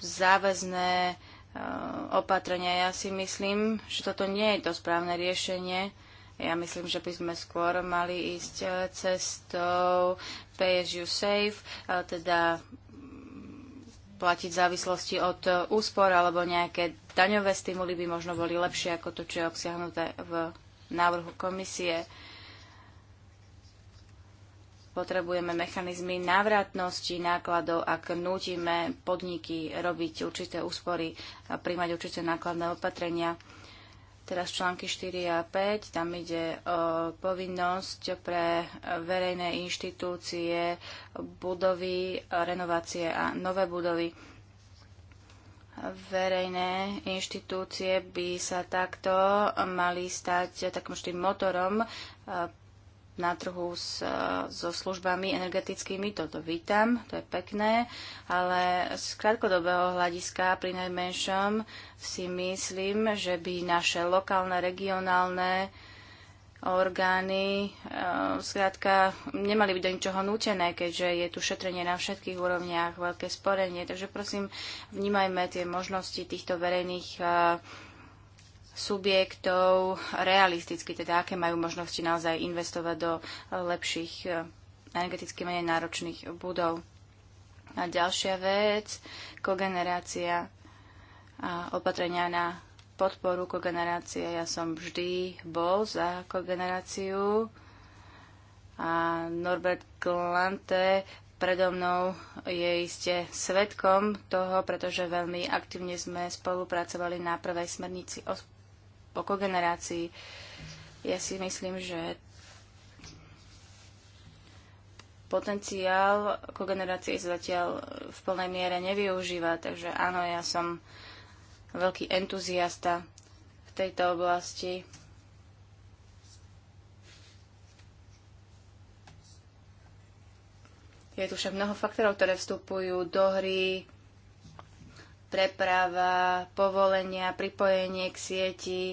záväzné e, opatrenia. Ja si myslím, že toto nie je to správne riešenie. Ja myslím, že by sme skôr mali ísť e, cestou pay as you save, teda platiť v závislosti od úspor alebo nejaké daňové stimuly by možno boli lepšie ako to, čo je obsiahnuté v návrhu komisie. Potrebujeme mechanizmy návratnosti nákladov, ak nútime podniky robiť určité úspory a príjmať určité nákladné opatrenia. Teraz články 4 a 5, tam ide o povinnosť pre verejné inštitúcie, budovy, renovácie a nové budovy verejné inštitúcie by sa takto mali stať takým tým motorom e, na trhu s, e, so službami energetickými. Toto vítam, to je pekné, ale z krátkodobého hľadiska pri najmenšom si myslím, že by naše lokálne, regionálne orgány eh, zkrátka nemali byť do ničoho nútené, keďže je tu šetrenie na všetkých úrovniach, veľké sporenie. Takže prosím, vnímajme tie možnosti týchto verejných eh, subjektov realisticky, teda aké majú možnosti naozaj investovať do lepších eh, energeticky menej náročných budov. A ďalšia vec, kogenerácia a opatrenia na podporu kogenerácie. Ja som vždy bol za kogeneráciu a Norbert Glante predo mnou je iste svetkom toho, pretože veľmi aktívne sme spolupracovali na prvej smernici o, o kogenerácii. Ja si myslím, že potenciál kogenerácie sa zatiaľ v plnej miere nevyužíva, takže áno, ja som veľký entuziasta v tejto oblasti. Je tu však mnoho faktorov, ktoré vstupujú do hry, preprava, povolenia, pripojenie k sieti,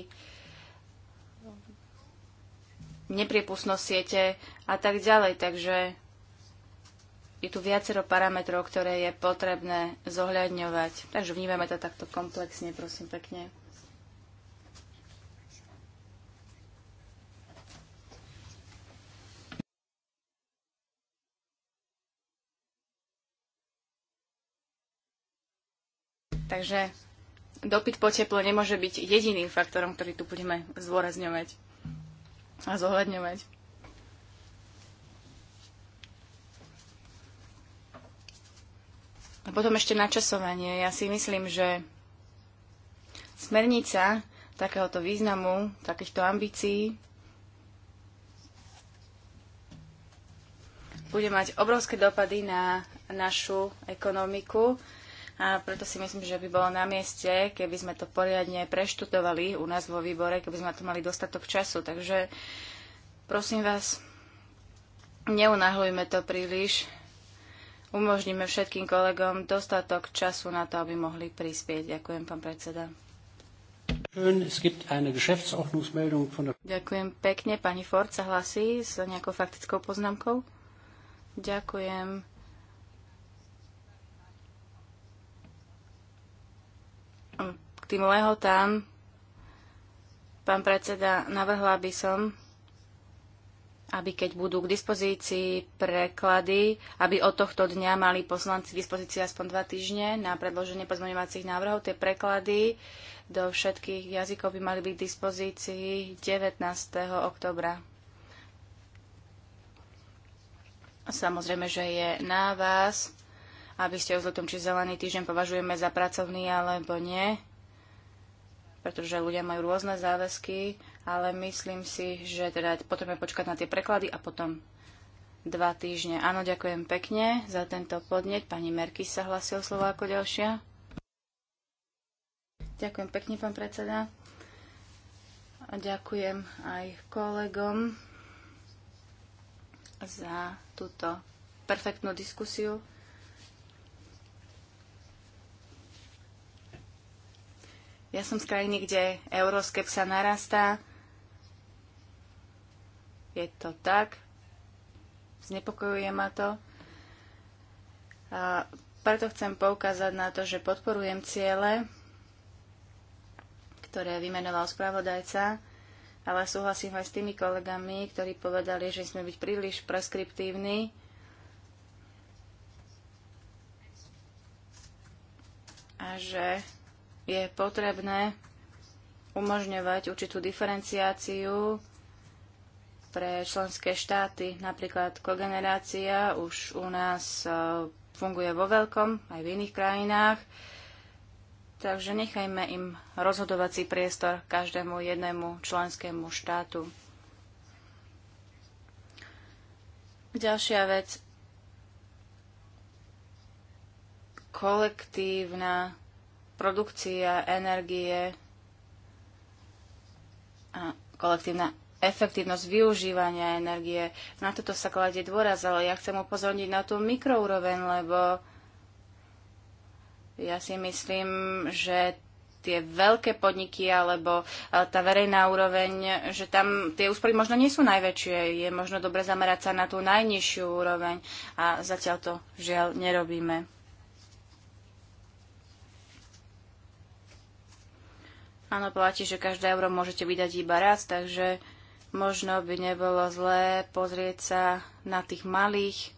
nepriepustnosť siete a tak ďalej. Takže je tu viacero parametrov, ktoré je potrebné zohľadňovať. Takže vnímame to takto komplexne, prosím pekne. Takže dopyt po teplo nemôže byť jediným faktorom, ktorý tu budeme zdôrazňovať a zohľadňovať. A potom ešte načasovanie. Ja si myslím, že smernica takéhoto významu, takýchto ambícií bude mať obrovské dopady na našu ekonomiku a preto si myslím, že by bolo na mieste, keby sme to poriadne preštudovali u nás vo výbore, keby sme to mali dostatok času. Takže prosím vás, neunáhlujme to príliš, umožníme všetkým kolegom dostatok času na to, aby mohli prispieť. Ďakujem, pán predseda. Ďakujem pekne. Pani Ford sa hlasí s nejakou faktickou poznámkou. Ďakujem. Hm, k tým lehotám, pán predseda, navrhla by som, aby keď budú k dispozícii preklady, aby od tohto dňa mali poslanci k dispozícii aspoň dva týždne na predloženie pozmeňovacích návrhov. Tie preklady do všetkých jazykov by mali byť k dispozícii 19. oktobra. Samozrejme, že je na vás, aby ste o či zelený týždeň považujeme za pracovný alebo nie, pretože ľudia majú rôzne záväzky ale myslím si, že teda potrebujeme počkať na tie preklady a potom dva týždne. Áno, ďakujem pekne za tento podneť. Pani Merky sa hlasil slovo ako ďalšia. Ďakujem pekne, pán predseda. A ďakujem aj kolegom za túto perfektnú diskusiu. Ja som z krajiny, kde euroskepsa narastá je to tak. Znepokojuje ma to. A preto chcem poukázať na to, že podporujem ciele, ktoré vymenoval spravodajca, ale súhlasím aj s tými kolegami, ktorí povedali, že sme byť príliš preskriptívni. A že je potrebné umožňovať určitú diferenciáciu pre členské štáty. Napríklad kogenerácia už u nás e, funguje vo veľkom, aj v iných krajinách. Takže nechajme im rozhodovací priestor každému jednému členskému štátu. Ďalšia vec. Kolektívna produkcia energie a kolektívna efektívnosť využívania energie. Na toto sa kladie dôraz, ale ja chcem upozorniť na tú mikroúroveň, lebo ja si myslím, že tie veľké podniky alebo e, tá verejná úroveň, že tam tie úspory možno nie sú najväčšie. Je možno dobre zamerať sa na tú najnižšiu úroveň a zatiaľ to žiaľ nerobíme. Áno, platí, že každé euro môžete vydať iba raz, takže Možno by nebolo zlé pozrieť sa na tých malých,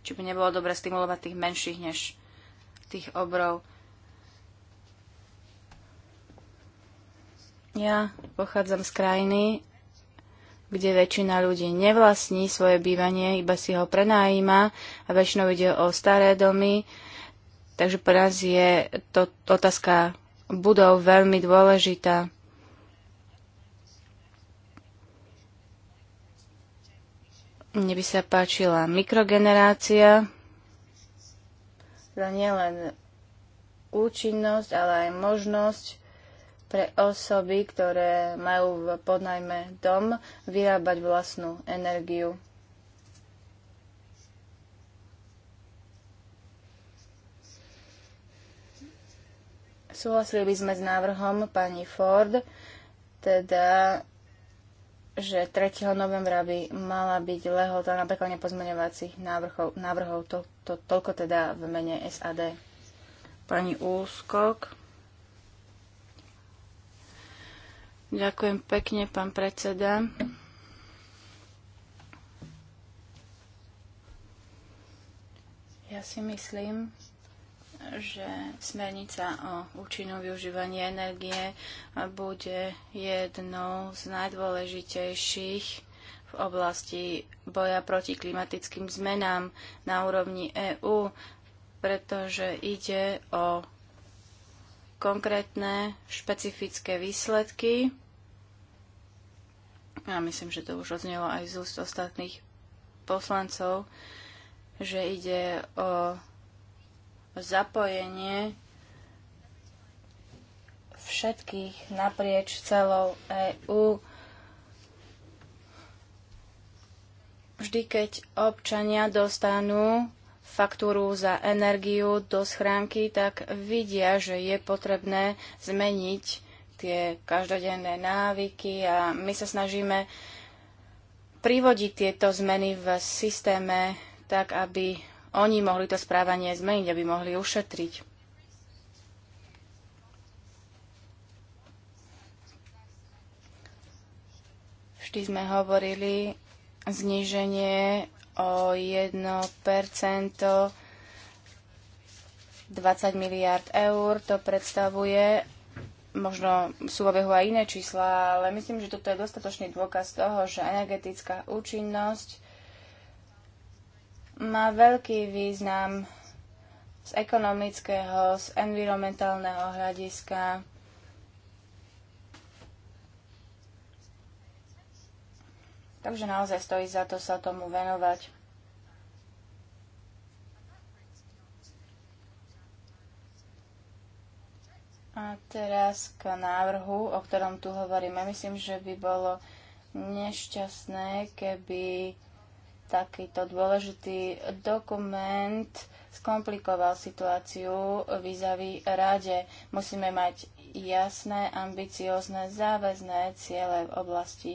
či by nebolo dobre stimulovať tých menších než tých obrov. Ja pochádzam z krajiny, kde väčšina ľudí nevlastní svoje bývanie, iba si ho prenajíma a väčšinou ide o staré domy. Takže pre nás je to otázka budov veľmi dôležitá. Mne by sa páčila mikrogenerácia, teda nielen účinnosť, ale aj možnosť pre osoby, ktoré majú v podnajme dom, vyrábať vlastnú energiu. Súhlasili by sme s návrhom pani Ford, teda že 3. novembra by mala byť lehota na pekanie pozmeňovacích návrhov. návrhov to, to, toľko teda v mene SAD. Pani Úskok. Ďakujem pekne, pán predseda. Ja si myslím, že smernica o účinnom využívaní energie bude jednou z najdôležitejších v oblasti boja proti klimatickým zmenám na úrovni EÚ, pretože ide o konkrétne špecifické výsledky. Ja myslím, že to už odznelo aj z úst ostatných poslancov, že ide o zapojenie všetkých naprieč celou EÚ. Vždy, keď občania dostanú faktúru za energiu do schránky, tak vidia, že je potrebné zmeniť tie každodenné návyky a my sa snažíme privodiť tieto zmeny v systéme tak, aby oni mohli to správanie zmeniť, aby mohli ušetriť. Vždy sme hovorili zníženie o 1 20 miliard eur to predstavuje. Možno sú v obehu aj iné čísla, ale myslím, že toto je dostatočný dôkaz toho, že energetická účinnosť má veľký význam z ekonomického, z environmentálneho hľadiska. Takže naozaj stojí za to sa tomu venovať. A teraz k návrhu, o ktorom tu hovoríme. Myslím, že by bolo nešťastné, keby takýto dôležitý dokument skomplikoval situáciu výzavy rade. Musíme mať jasné, ambiciozne, záväzné ciele v oblasti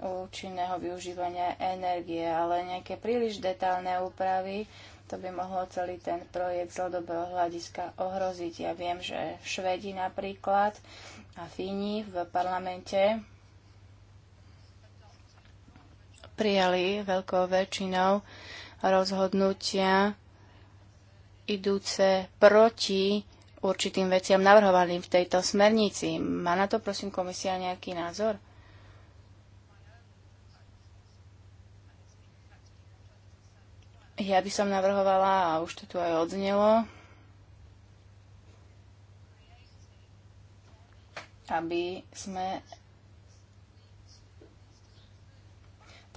účinného využívania energie, ale nejaké príliš detálne úpravy, to by mohlo celý ten projekt z dlhodobého hľadiska ohroziť. Ja viem, že Švedi napríklad a Fíni v parlamente prijali veľkou väčšinou rozhodnutia idúce proti určitým veciam navrhovaným v tejto smernici. Má na to, prosím, komisia nejaký názor? Ja by som navrhovala, a už to tu aj odznelo, aby sme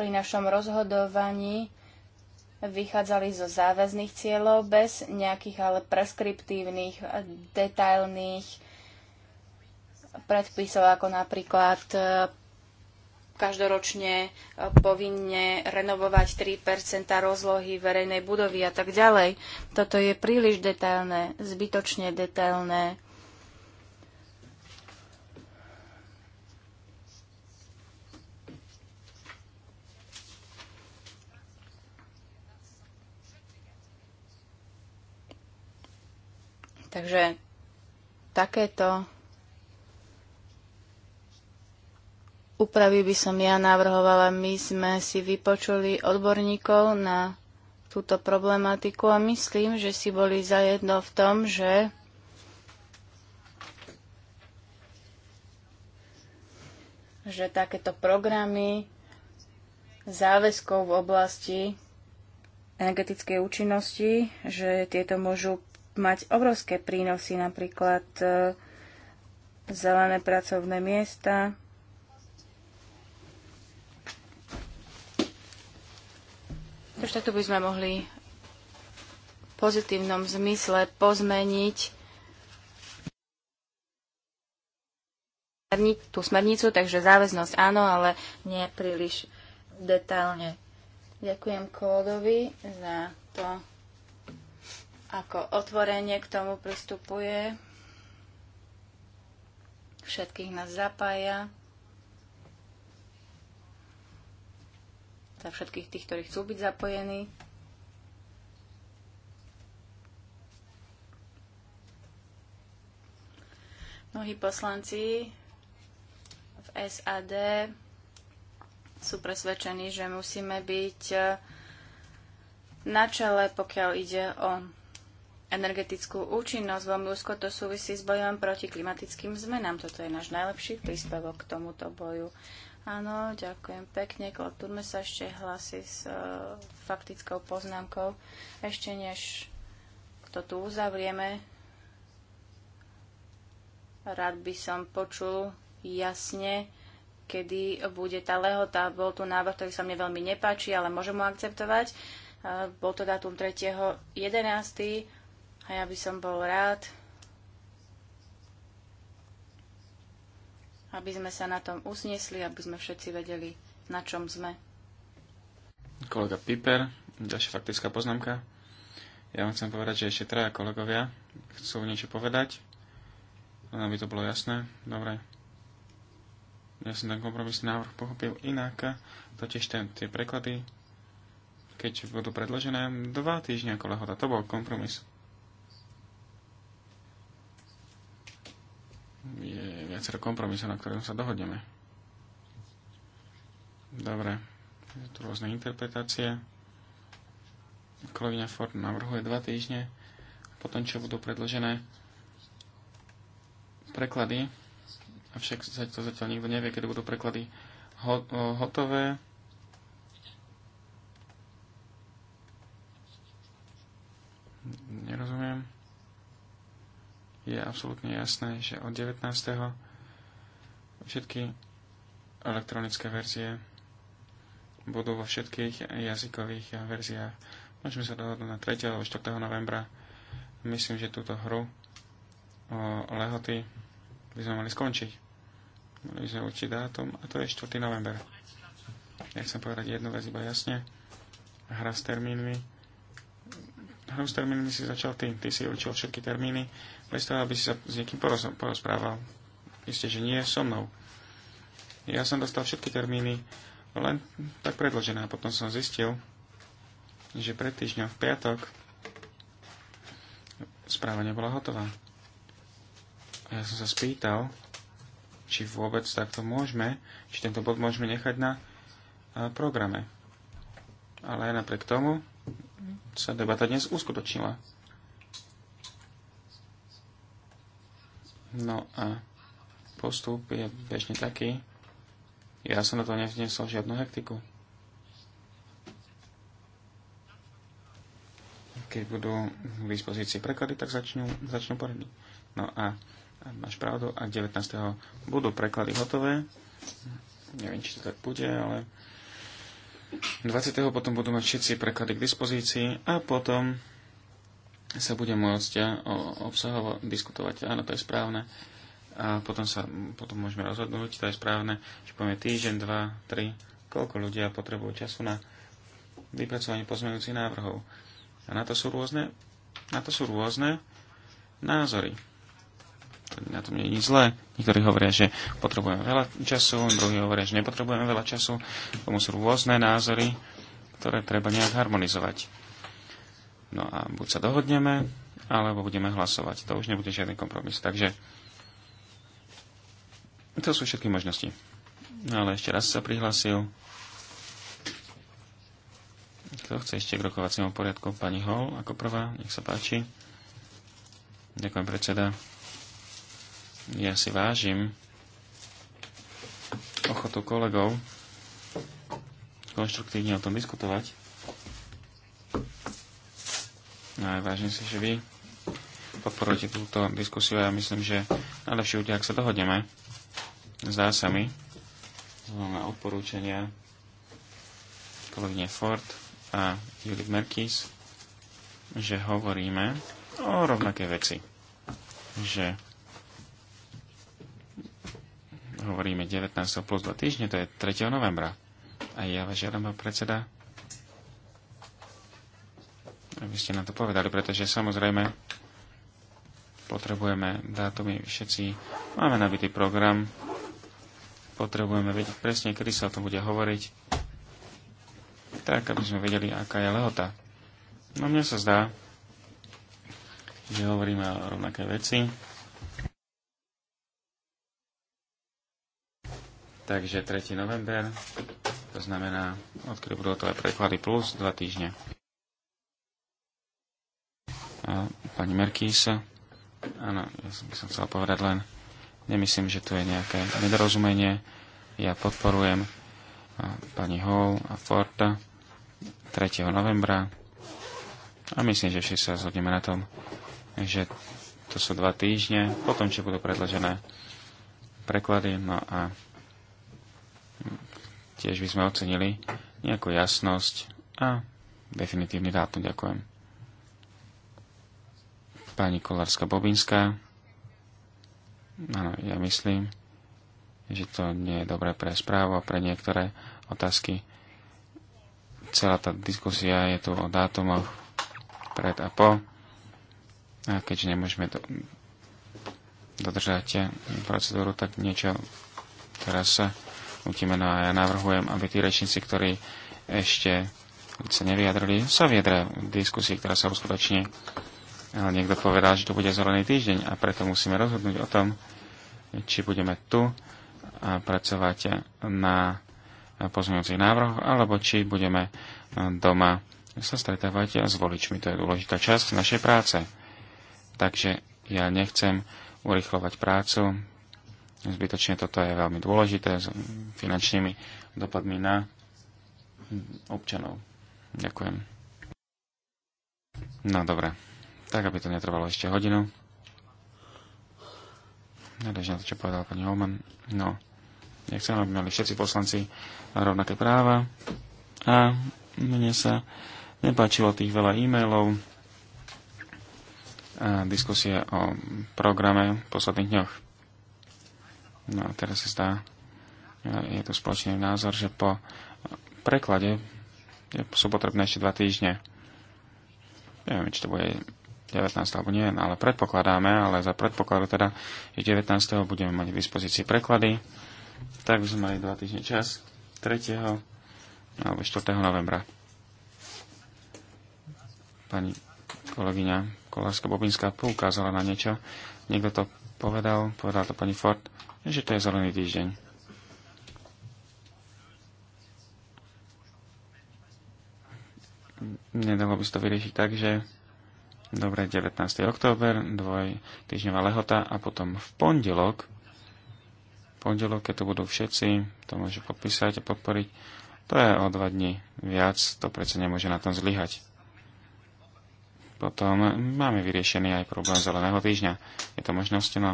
pri našom rozhodovaní vychádzali zo záväzných cieľov bez nejakých ale preskriptívnych, eh, detailných predpisov, ako napríklad eh, každoročne eh, povinne renovovať 3 rozlohy verejnej budovy a tak ďalej. Toto je príliš detailné, zbytočne detailné. Takže takéto úpravy by som ja navrhovala. My sme si vypočuli odborníkov na túto problematiku a myslím, že si boli zajedno v tom, že že takéto programy záväzkov v oblasti energetickej účinnosti, že tieto môžu mať obrovské prínosy, napríklad e, zelené pracovné miesta, Takže takto by sme mohli v pozitívnom zmysle pozmeniť tú smernicu, takže záväznosť áno, ale nie príliš detailne. Ďakujem kódovi za to, ako otvorenie k tomu pristupuje. Všetkých nás zapája. Za všetkých tých, ktorí chcú byť zapojení. Mnohí poslanci v SAD sú presvedčení, že musíme byť eh, na čele, pokiaľ ide o energetickú účinnosť. Veľmi úzko to súvisí s bojom proti klimatickým zmenám. Toto je náš najlepší príspevok k tomuto boju. Áno, ďakujem pekne. Klod sa ešte hlasy s e, faktickou poznámkou. Ešte než to tu uzavrieme, rád by som počul jasne, kedy bude tá lehota. Bol tu návrh, ktorý sa mne veľmi nepáči, ale môžem ho akceptovať. E, bol to dátum 3.11. A ja by som bol rád, aby sme sa na tom usniesli, aby sme všetci vedeli, na čom sme. Kolega Piper, ďalšia faktická poznámka. Ja vám chcem povedať, že ešte traja kolegovia chcú niečo povedať. Len aby to bolo jasné. Dobre. Ja som ten kompromisný návrh pochopil inak. Totiž ten, tie preklady, keď budú predložené, dva týždňa ako lehota. To bol kompromis. je viacero kompromisov, na ktorom sa dohodneme. Dobre, je tu rôzne interpretácie. Kolegyňa Ford navrhuje dva týždne, potom čo budú predložené preklady, avšak to zatiaľ nikto nevie, kedy budú preklady hotové. Nerozumiem je absolútne jasné, že od 19. všetky elektronické verzie budú vo všetkých jazykových verziách. Môžeme sa dohodnúť na 3. alebo 4. novembra. Myslím, že túto hru o lehoty by sme mali skončiť. Mali sme určiť dátum a to je 4. november. Ja chcem povedať jednu vec iba jasne. Hra s termínmi Hrúz termíny si začal ty, ty si určil všetky termíny, bez toho, aby si sa s niekým porozprával. Isté, že nie so mnou. Ja som dostal všetky termíny len tak predložené a potom som zistil, že pred týždňom v piatok správa nebola hotová. A ja som sa spýtal, či vôbec takto môžeme, či tento bod môžeme nechať na programe. Ale aj napriek tomu sa debata dnes uskutočnila. No a postup je bežne taký. Ja som na to nevnesol žiadnu hektiku. Keď budú k dispozícii preklady, tak začnú, začnú porady. No a, máš pravdu, a 19. budú preklady hotové. Neviem, či to tak bude, ale 20. potom budú mať všetci preklady k dispozícii a potom sa bude môcť o obsahovo diskutovať. Áno, to je správne. A potom sa potom môžeme rozhodnúť, to je správne, že povieme týždeň, dva, tri, koľko ľudia potrebujú času na vypracovanie pozmeňujúcich návrhov. A na to sú rôzne, na to sú rôzne názory na tom nie je nič zlé. Niektorí hovoria, že potrebujeme veľa času, druhí hovoria, že nepotrebujeme veľa času. Tomu sú rôzne názory, ktoré treba nejak harmonizovať. No a buď sa dohodneme, alebo budeme hlasovať. To už nebude žiadny kompromis. Takže to sú všetky možnosti. No ale ešte raz sa prihlásil. Kto chce ešte k rokovaciemu poriadku? Pani Hol ako prvá, nech sa páči. Ďakujem predseda. Ja si vážim ochotu kolegov konštruktívne o tom diskutovať. No aj vážim si, že vy podporujete túto diskusiu a ja myslím, že najlepšie bude, ak sa dohodneme. Zdá sa mi, na odporúčania kolegyne Ford a Judith Merkis, že hovoríme o rovnaké veci. Že hovoríme 19. plus 2 týždne, to je 3. novembra. A ja vás žiadam, predseda, aby ste nám to povedali, pretože samozrejme potrebujeme dátumy všetci, máme nabitý program, potrebujeme vedieť presne, kedy sa o tom bude hovoriť, tak, aby sme vedeli, aká je lehota. No mne sa zdá, že hovoríme o rovnaké veci Takže 3. november, to znamená, odkedy budú to aj preklady plus 2 týždne. A pani Merkís, áno, ja som, som chcel povedať len, nemyslím, že tu je nejaké nedorozumenie. Ja podporujem pani Hall a Forta 3. novembra a myslím, že všetci sa zhodneme na tom, že to sú dva týždne, potom, čo budú predložené preklady, no a Tiež by sme ocenili nejakú jasnosť a definitívny dátum. Ďakujem. Pani Kolárska-Bobinská. Áno, ja myslím, že to nie je dobré pre správu a pre niektoré otázky. Celá tá diskusia je tu o dátumoch pred a po. A keďže nemôžeme do, dodržať procedúru, tak niečo teraz sa nutíme. No a ja navrhujem, aby tí rečníci, ktorí ešte sa nevyjadrili, sa viedre v diskusii, ktorá sa uskutoční. Ale niekto povedal, že to bude zelený týždeň a preto musíme rozhodnúť o tom, či budeme tu a pracovať na pozmeňujúcich návrhoch, alebo či budeme doma sa stretávať s voličmi. To je dôležitá časť našej práce. Takže ja nechcem urychlovať prácu, zbytočne toto je veľmi dôležité s finančnými dopadmi na občanov. Ďakujem. No dobre, tak aby to netrvalo ešte hodinu. Nedeš na to, čo povedal pani Holman. No, nechcem, aby mali všetci poslanci rovnaké práva. A mne sa nepáčilo tých veľa e-mailov a diskusie o programe v posledných dňoch. No a teraz sa zdá, e, je tu spoločný názor, že po preklade sú potrebné ešte dva týždne. Neviem, či to bude 19. alebo nie, ale predpokladáme, ale za predpokladu teda, že 19. budeme mať v dispozícii preklady, tak sme mali dva týždne čas, 3. alebo 4. novembra. Pani kolegyňa Kolárska-Bobinská poukázala na niečo, niekto to povedal, povedal to pani Ford, že to je zelený týždeň. Nedalo by sa to vyriešiť tak, že dobre, 19. október, dvoj týždňová lehota a potom v pondelok, pondelok, keď to budú všetci, to môžu podpísať a podporiť, to je o dva dní viac, to predsa nemôže na tom zlyhať. Potom máme vyriešený aj problém zeleného týždňa. Je to možnosť, no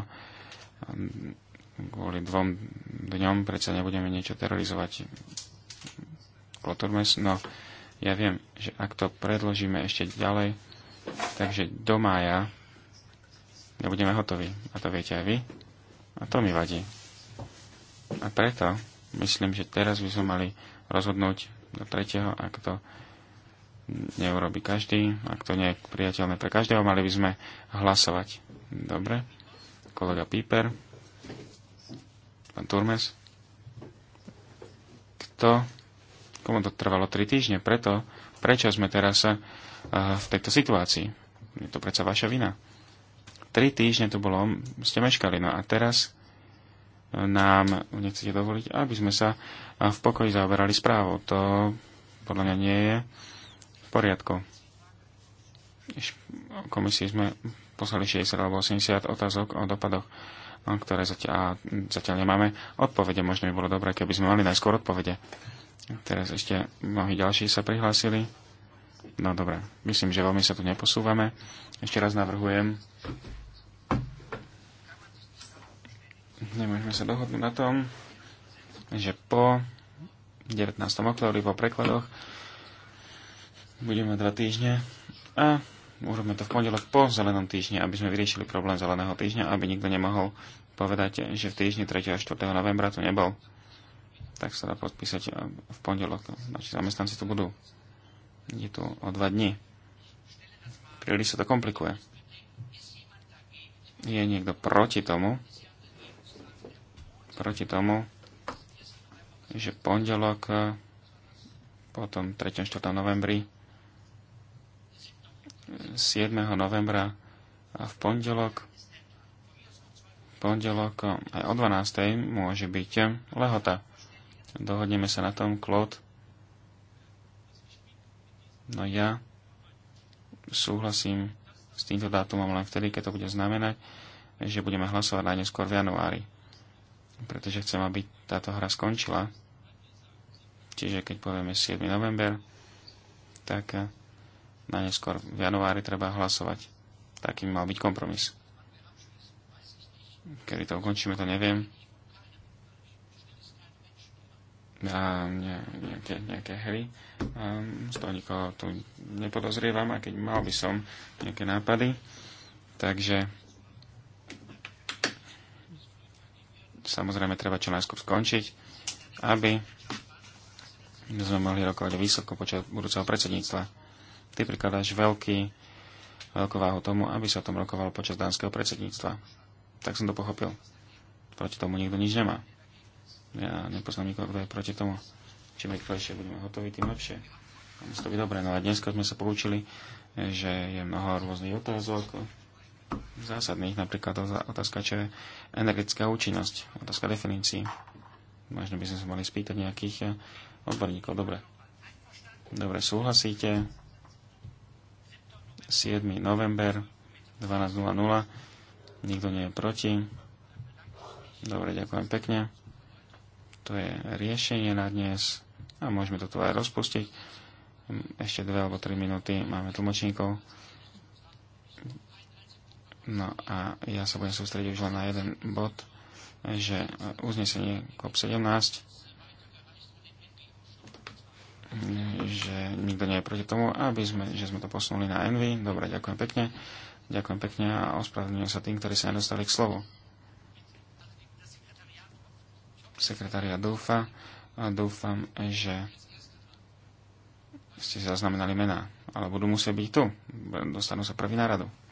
kvôli dvom dňom predsa nebudeme niečo terorizovať Kloturmes. No, ja viem, že ak to predložíme ešte ďalej, takže do mája nebudeme hotoví. A to viete aj vy. A to mi vadí. A preto myslím, že teraz by sme mali rozhodnúť do tretieho, ak to neurobi každý, ak to nie je priateľné pre každého, mali by sme hlasovať. Dobre, kolega Píper pán Turmes. Kto? Komu to trvalo 3 týždne? Preto, prečo sme teraz uh, v tejto situácii? Je to predsa vaša vina. 3 týždne to bolo, ste meškali. No a teraz eh, nám nechcete dovoliť, aby sme sa eh, v pokoji zaoberali správou. To podľa mňa nie je v poriadku. Komisii sme poslali 60 alebo 80 otázok o dopadoch ktoré zatia- a zatiaľ nemáme odpovede. Možno by bolo dobré, keby sme mali najskôr odpovede. Teraz ešte mnohí ďalší sa prihlásili. No dobre, myslím, že veľmi sa tu neposúvame. Ešte raz navrhujem. Nemôžeme sa dohodnúť na tom, že po 19. oktobri po prekladoch budeme dva týždne a urobíme to v pondelok po zelenom týždni, aby sme vyriešili problém zeleného týždňa, aby nikto nemohol povedať, že v týždni 3. a 4. novembra tu nebol. Tak sa dá podpísať eh, v pondelok. Naši zamestnanci tu budú. Je tu o dva dni. Príliš sa to komplikuje. Je niekto proti tomu, proti tomu, že pondelok eh, potom 3. 4. novembri 7. Eh, novembra a v pondelok pondelok aj o 12. môže byť lehota. Dohodneme sa na tom, Klod. No ja súhlasím s týmto dátumom len vtedy, keď to bude znamenať, že budeme hlasovať najneskôr v januári. Pretože chcem, aby táto hra skončila. Čiže keď povieme 7. november, tak najneskôr v januári treba hlasovať. Taký mal byť kompromis. Kedy to ukončíme, to neviem. A ne, nejaké, nejaké hry. A ehm, z toho nikoho tu nepodozrievam, aj keď mal by som nejaké nápady. Takže samozrejme treba čo najskôr skončiť, aby sme mohli rokovať výsledku počas budúceho predsedníctva. Ty prikladáš veľký, veľkú váhu tomu, aby sa o tom rokovalo počas dánskeho predsedníctva. Tak som to pochopil. Proti tomu nikto nič nemá. Ja nepoznám nikoho, kto je proti tomu. Čím rýchlejšie budeme hotoví, tým lepšie. Musí to byť dobré. No a dnes sme sa poučili, že je mnoho rôznych otázok, zásadných, napríklad otázka, čo je energetická účinnosť, otázka definícií. Možno by sme sa mali spýtať nejakých eh, odborníkov. Dobre. Dobre, súhlasíte? 7. november 12.00 Nikto nie je proti. Dobre, ďakujem pekne. To je riešenie na dnes a môžeme to tu aj rozpustiť. Hm, ešte dve alebo tri minúty máme tlmočníkov. No a ja sa budem sústrediť už len na jeden bod, že uznesenie COP17 že nikto nie je proti tomu, aby sme, že sme to posunuli na Envy. Dobre, ďakujem pekne. Ďakujem pekne a ospravedlňujem sa tým, ktorí sa nedostali k slovu. Sekretária dúfa a dúfam, že ste zaznamenali mená, ale budú musieť byť tu. Dostanú sa prvý na radu.